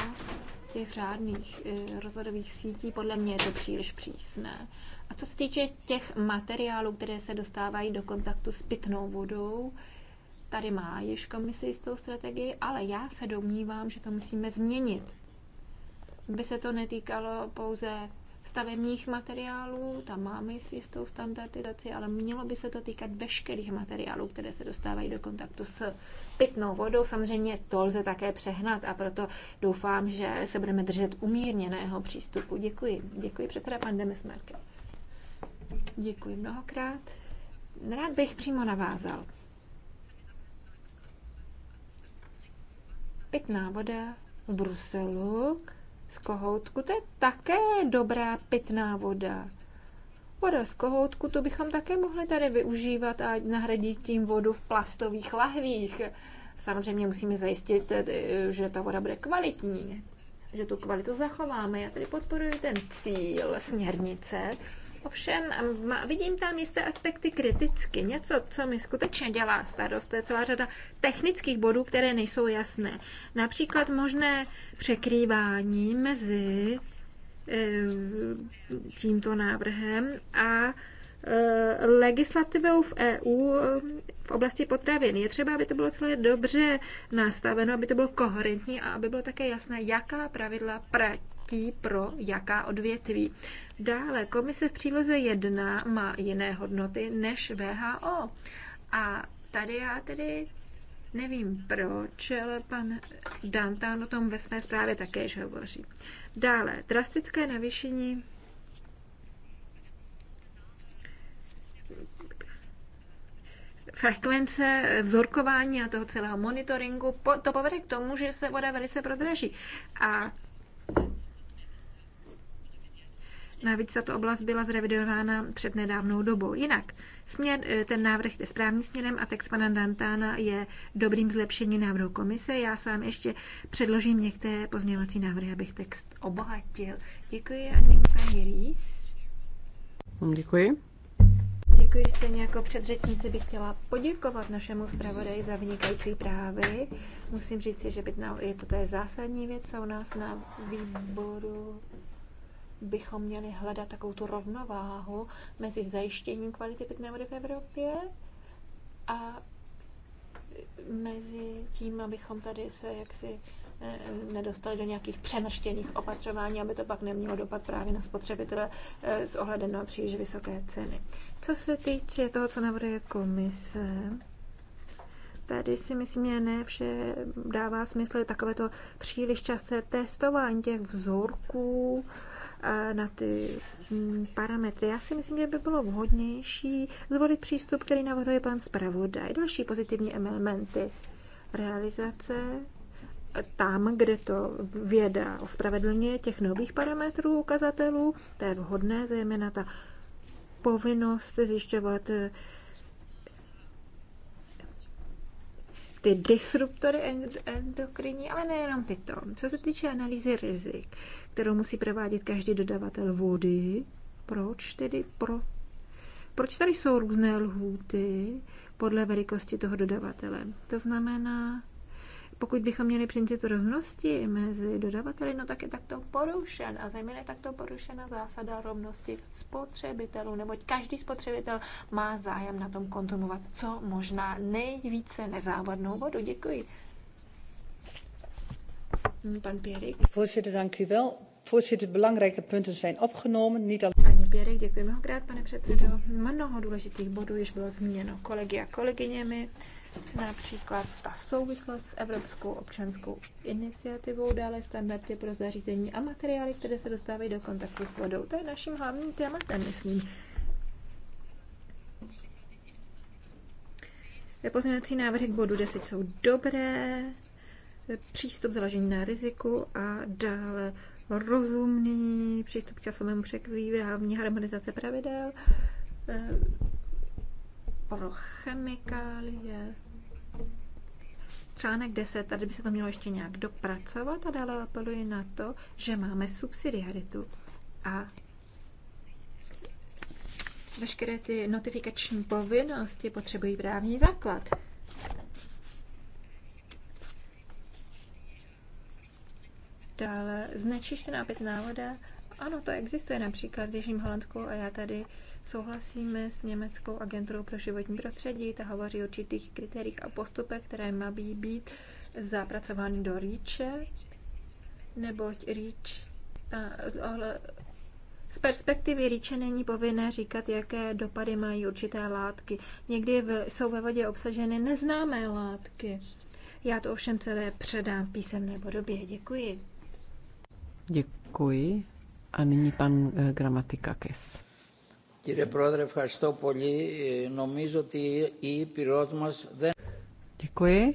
těch řádných eh, rozvodových sítí, podle mě je to příliš přísné. A co se týče těch materiálů, které se dostávají do kontaktu s pitnou vodou, tady má již komise jistou strategii, ale já se domnívám, že to musíme změnit. By se to netýkalo pouze stavebních materiálů, tam máme s jistou standardizaci, ale mělo by se to týkat veškerých materiálů, které se dostávají do kontaktu s pitnou vodou. Samozřejmě to lze také přehnat a proto doufám, že se budeme držet umírněného přístupu. Děkuji. Děkuji předseda pan Merkel. Děkuji mnohokrát. Rád bych přímo navázal. Pitná voda v Bruselu z kohoutku, to je také dobrá pitná voda. Voda z kohoutku, to bychom také mohli tady využívat a nahradit tím vodu v plastových lahvích. Samozřejmě musíme zajistit, eh, že ta voda bude kvalitní, že tu kvalitu zachováme. Já tady podporuji ten cíl směrnice, Ovšem vidím tam jisté aspekty kriticky. Něco, co mi skutečně dělá starost, to je celá řada technických bodů, které nejsou jasné. Například možné překrývání mezi eh, tímto návrhem a eh, legislativou v EU eh, v oblasti potravin. Je třeba, aby to bylo celé dobře nastaveno, aby to bylo koherentní a aby bylo také jasné, jaká pravidla platí pro jaká odvětví. Dále komise v příloze 1 má jiné hodnoty než VHO. A tady já tedy nevím proč, ale pan Dantan o tom ve své zprávě takéž hovoří. Dále, drastické navýšení frekvence vzorkování a toho celého monitoringu, to povede k tomu, že se voda velice prodraží. A Navíc tato oblast byla zrevidována před nedávnou dobou. Jinak, směr, eh, ten návrh jde správným směrem a text pana Dantána je dobrým zlepšením návrhu komise. Já sám ještě předložím některé pozměňovací návrhy, abych text obohatil. Děkuji a nyní paní Rýs. Děkuji. Děkuji stejně jako předřečnici bych chtěla poděkovat našemu zpravodaji za vynikající právy. Musím říct, že je to, to je zásadní věc a u nás na výboru bychom měli hledat takovou tu rovnováhu mezi zajištěním kvality pitné vody v Evropě a mezi tím, abychom tady se jaksi eh, nedostali do nějakých přemrštěných opatřování, aby to pak nemělo dopad právě na spotřebitele eh, s ohledem na příliš vysoké ceny. Co se týče toho, co navrhuje komise, tady si myslím, že ne vše dává smysl takovéto příliš časté testování těch vzorků, na ty mm, parametry. Já si myslím, že by bylo vhodnější zvolit přístup, který navrhuje pan zpravodaj. Další pozitivní elementy realizace tam, kde to věda ospravedlňuje těch nových parametrů ukazatelů, to je vhodné, zejména ta povinnost zjišťovat ty disruptory endokrinní, ale nejenom tyto. Co se týče analýzy rizik, kterou musí provádět každý dodavatel vody, proč tedy pro proč tady jsou různé lhůty podle velikosti toho dodavatele? To znamená, pokud bychom měli princip rovnosti mezi dodavateli, no tak je takto porušen a zejména je takto porušena zásada rovnosti spotřebitelů, neboť každý spotřebitel má zájem na tom konzumovat co možná nejvíce nezávadnou vodu. Děkuji. Hmm, pan Pěrik. Voorzitter, dank wel. Voorzitter, belangrijke punten zijn opgenomen. Niet alleen... Pěrik, děkuji mnohokrát, pane předsedo. Mnoho důležitých bodů již bylo zmíněno kolegy a kolegyněmi například ta souvislost s Evropskou občanskou iniciativou, dále standardy pro zařízení a materiály, které se dostávají do kontaktu s vodou. To je naším hlavním tématem, myslím. Pozměňovací návrhy k bodu 10 jsou dobré, přístup založený na riziku a dále rozumný přístup k časovému překvívání, harmonizace pravidel pro chemikálie. Článek 10, tady by se to mělo ještě nějak dopracovat a dále apeluji na to, že máme subsidiaritu a veškeré ty notifikační povinnosti potřebují právní základ. Dále znečištěná pitná voda. Ano, to existuje například v Jižním Holandsku a já tady Souhlasíme s Německou agenturou pro životní prostředí, ta hovoří o určitých kritériích a postupech, které má být zapracovány do REACHe, neboť REACH ta, z perspektivy rýče není povinné říkat, jaké dopady mají určité látky. Někdy v, jsou ve vodě obsaženy neznámé látky. Já to ovšem celé předám v písemné podobě. Děkuji. Děkuji. A nyní pan eh, Kes. Κύριε Πρόεδρε, ευχαριστώ πολύ. Νομίζω ότι η Děkuji.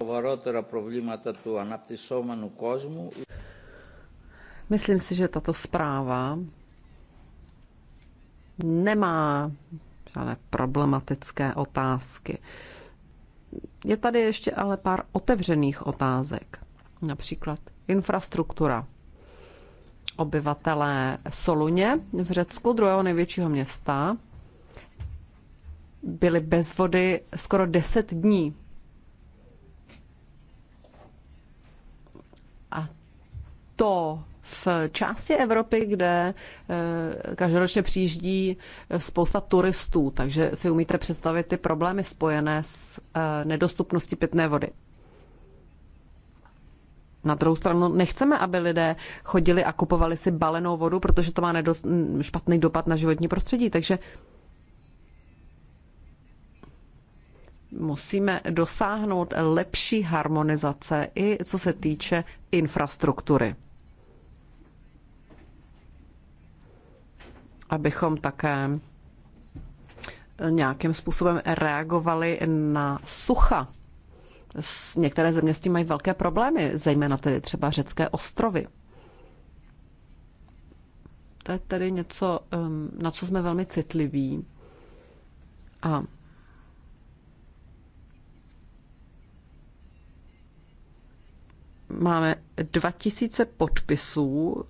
Myslím si, že tato zpráva nemá žádné problematické otázky. Je tady ještě ale pár otevřených otázek. Například infrastruktura obyvatelé Soluně v Řecku, druhého největšího města, byli bez vody skoro 10 dní. A to v části Evropy, kde eh, každoročně přijíždí spousta turistů, takže si umíte představit ty problémy spojené s eh, nedostupností pitné vody. Na druhou stranu nechceme, aby lidé chodili a kupovali si balenou vodu, protože to má nedost, špatný dopad na životní prostředí. Takže musíme dosáhnout lepší harmonizace i co se týče infrastruktury. Abychom také nějakým způsobem reagovali na sucha. Některé země s tím mají velké problémy, zejména tedy třeba řecké ostrovy. To je tedy něco, na co jsme velmi citliví. A máme 2000 podpisů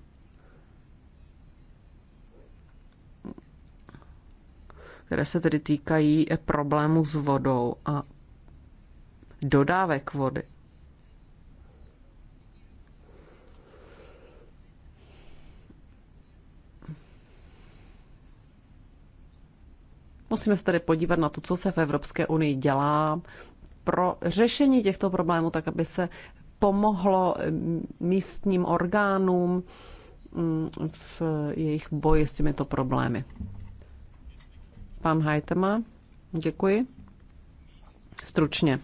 které se tedy týkají problému s vodou. A dodávek vody. Musíme se tedy podívat na to, co se v Evropské unii dělá pro řešení těchto problémů, tak aby se pomohlo místním orgánům mm, v jejich boji s těmito problémy. Pan Hajtema, děkuji. Stručně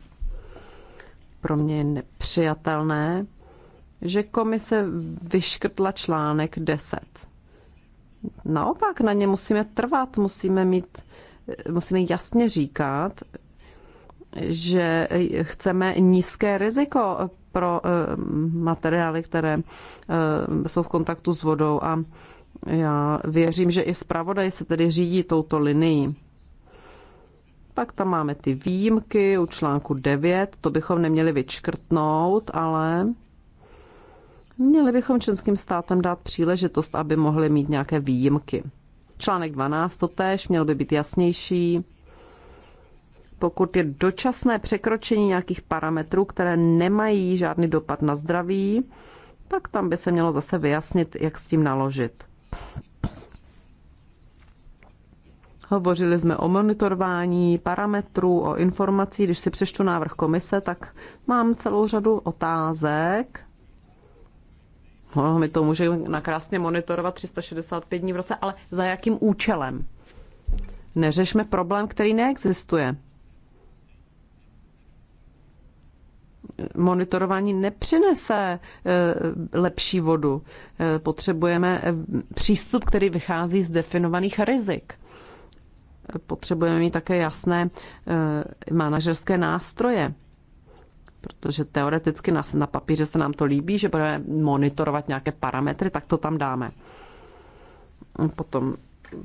pro mě je nepřijatelné, že komise vyškrtla článek 10. Naopak na ně musíme trvat, musíme mít, musíme jasně říkat, že chceme nízké riziko pro eh, materiály, které eh, jsou v kontaktu s vodou a já věřím, že i zpravodaj se tedy řídí touto linií. Pak tam máme ty výjimky u článku 9, to bychom neměli vyčkrtnout, ale měli bychom členským státem dát příležitost, aby mohli mít nějaké výjimky. Článek 12 to tež měl by být jasnější. Pokud je dočasné překročení nějakých parametrů, které nemají žádný dopad na zdraví, tak tam by se mělo zase vyjasnit, jak s tím naložit. Hovořili jsme o monitorování parametrů, o informací. Když si přečtu návrh komise, tak mám celou řadu otázek. No, my to můžeme nakrásně monitorovat 365 dní v roce, ale za jakým účelem? Neřešme problém, který neexistuje. monitorování nepřinese e, lepší vodu. E, potřebujeme e, přístup, který vychází z definovaných rizik potřebujeme mít také jasné eh, manažerské nástroje, protože teoreticky na, na papíře se nám to líbí, že budeme monitorovat nějaké parametry, tak to tam dáme. Potom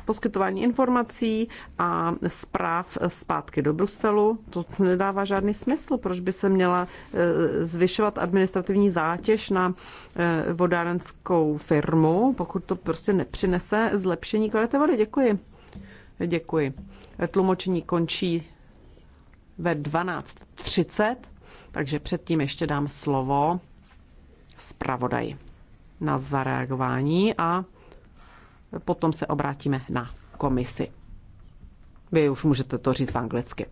poskytování informací a zpráv zpátky do Bruselu. To nedává žádný smysl, proč by se měla eh, zvyšovat administrativní zátěž na eh, vodárenskou firmu, pokud to prostě nepřinese zlepšení kvality vody. Děkuji. Děkuji. Tlumočení končí ve 12.30, takže předtím ještě dám slovo zpravodaji na zareagování a potom se obrátíme na komisi. Vy už můžete to říct anglicky.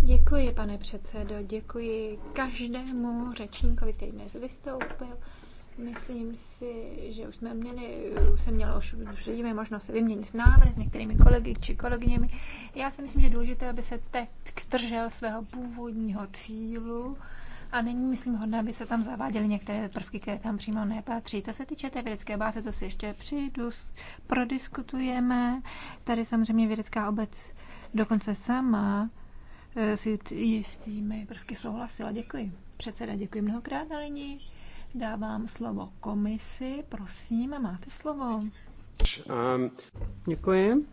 Děkuji, pane předsedo, děkuji každému řečníkovi, který dnes vystoupil, Myslím si, že už jsme měli, už jsem měla už předtím možnost se vyměnit návrh s některými kolegy či kolegyněmi. Já si myslím, že je důležité, aby se teď držel svého původního cílu a není, myslím, hodné, aby se tam zaváděly některé prvky, které tam přímo nepatří. Co se týče té vědecké báze, to si ještě přijdu, prodiskutujeme. Tady samozřejmě vědecká obec dokonce sama eh, si jistými prvky souhlasila. Děkuji. Předseda, děkuji mnohokrát, ale nyní Dávám slovo komisi. Prosím, máte slovo. Um, Děkuji.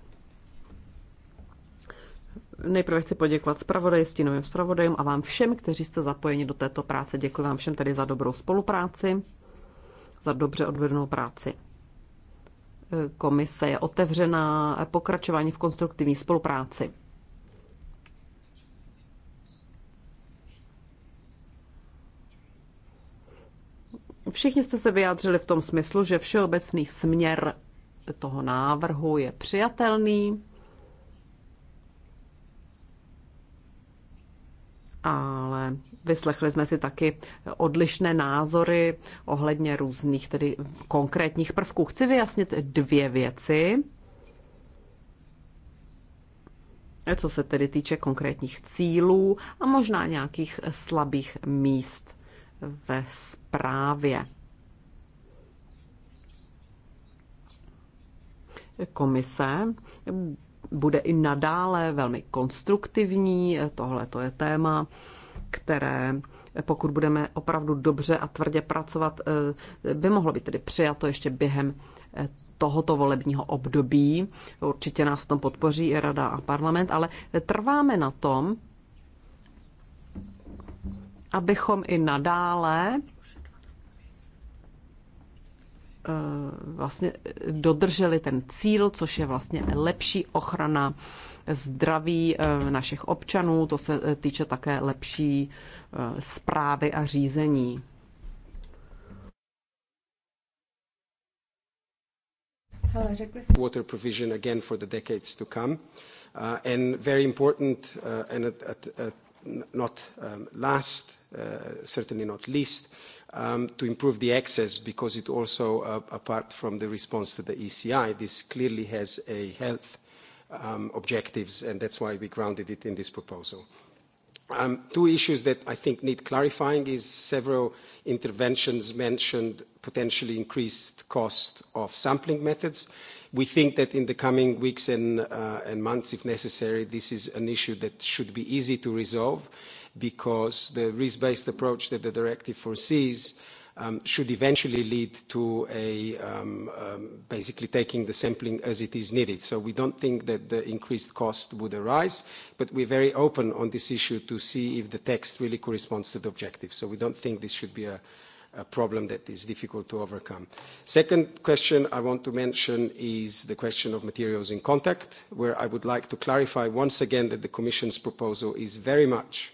Nejprve chci poděkovat zpravodaji, stínovým zpravodajům a vám všem, kteří jste zapojeni do této práce. Děkuji vám všem tady za dobrou spolupráci, za dobře odvedenou práci. Komise je otevřená pokračování v konstruktivní spolupráci. Všichni jste se vyjádřili v tom smyslu, že všeobecný směr toho návrhu je přijatelný ale vyslechli jsme si taky odlišné názory ohledně různých tedy konkrétních prvků. Chci vyjasnit dvě věci. Co se tedy týče konkrétních cílů a možná nějakých slabých míst ve zprávě. Komise bude i nadále velmi konstruktivní. Tohle to je téma, které, pokud budeme opravdu dobře a tvrdě pracovat, eh, by mohlo být tedy přijato ještě během eh, tohoto volebního období. Určitě nás v tom podpoří i Rada a parlament, ale trváme na tom, abychom i nadále eh, vlastně dodrželi ten cíl, což je vlastně lepší ochrana zdraví eh, našich občanů, to se eh, týče také lepší zprávy a řízení. Water provision again for the decades to come. Uh, and very important uh, and at, at, at not um, last Uh, certainly not least, um, to improve the access because it also, uh, apart from the response to the ECI, this clearly has a health um, objectives and that's why we grounded it in this proposal. Um, two issues that I think need clarifying is several interventions mentioned potentially increased cost of sampling methods. We think that in the coming weeks and, uh, and months, if necessary, this is an issue that should be easy to resolve because the risk-based approach that the directive foresees um, should eventually lead to a um, um, basically taking the sampling as it is needed. So we don't think that the increased cost would arise, but we're very open on this issue to see if the text really corresponds to the objective. So we don't think this should be a, a problem that is difficult to overcome. Second question I want to mention is the question of materials in contact, where I would like to clarify once again that the Commission's proposal is very much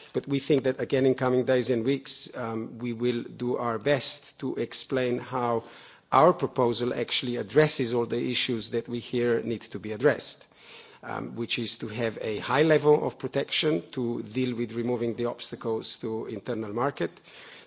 But we think that, again, in coming days and weeks, um, we will do our best to explain how our proposal actually addresses all the issues that we hear need to be addressed. Um, which is to have a high level of protection to deal with removing the obstacles to internal market,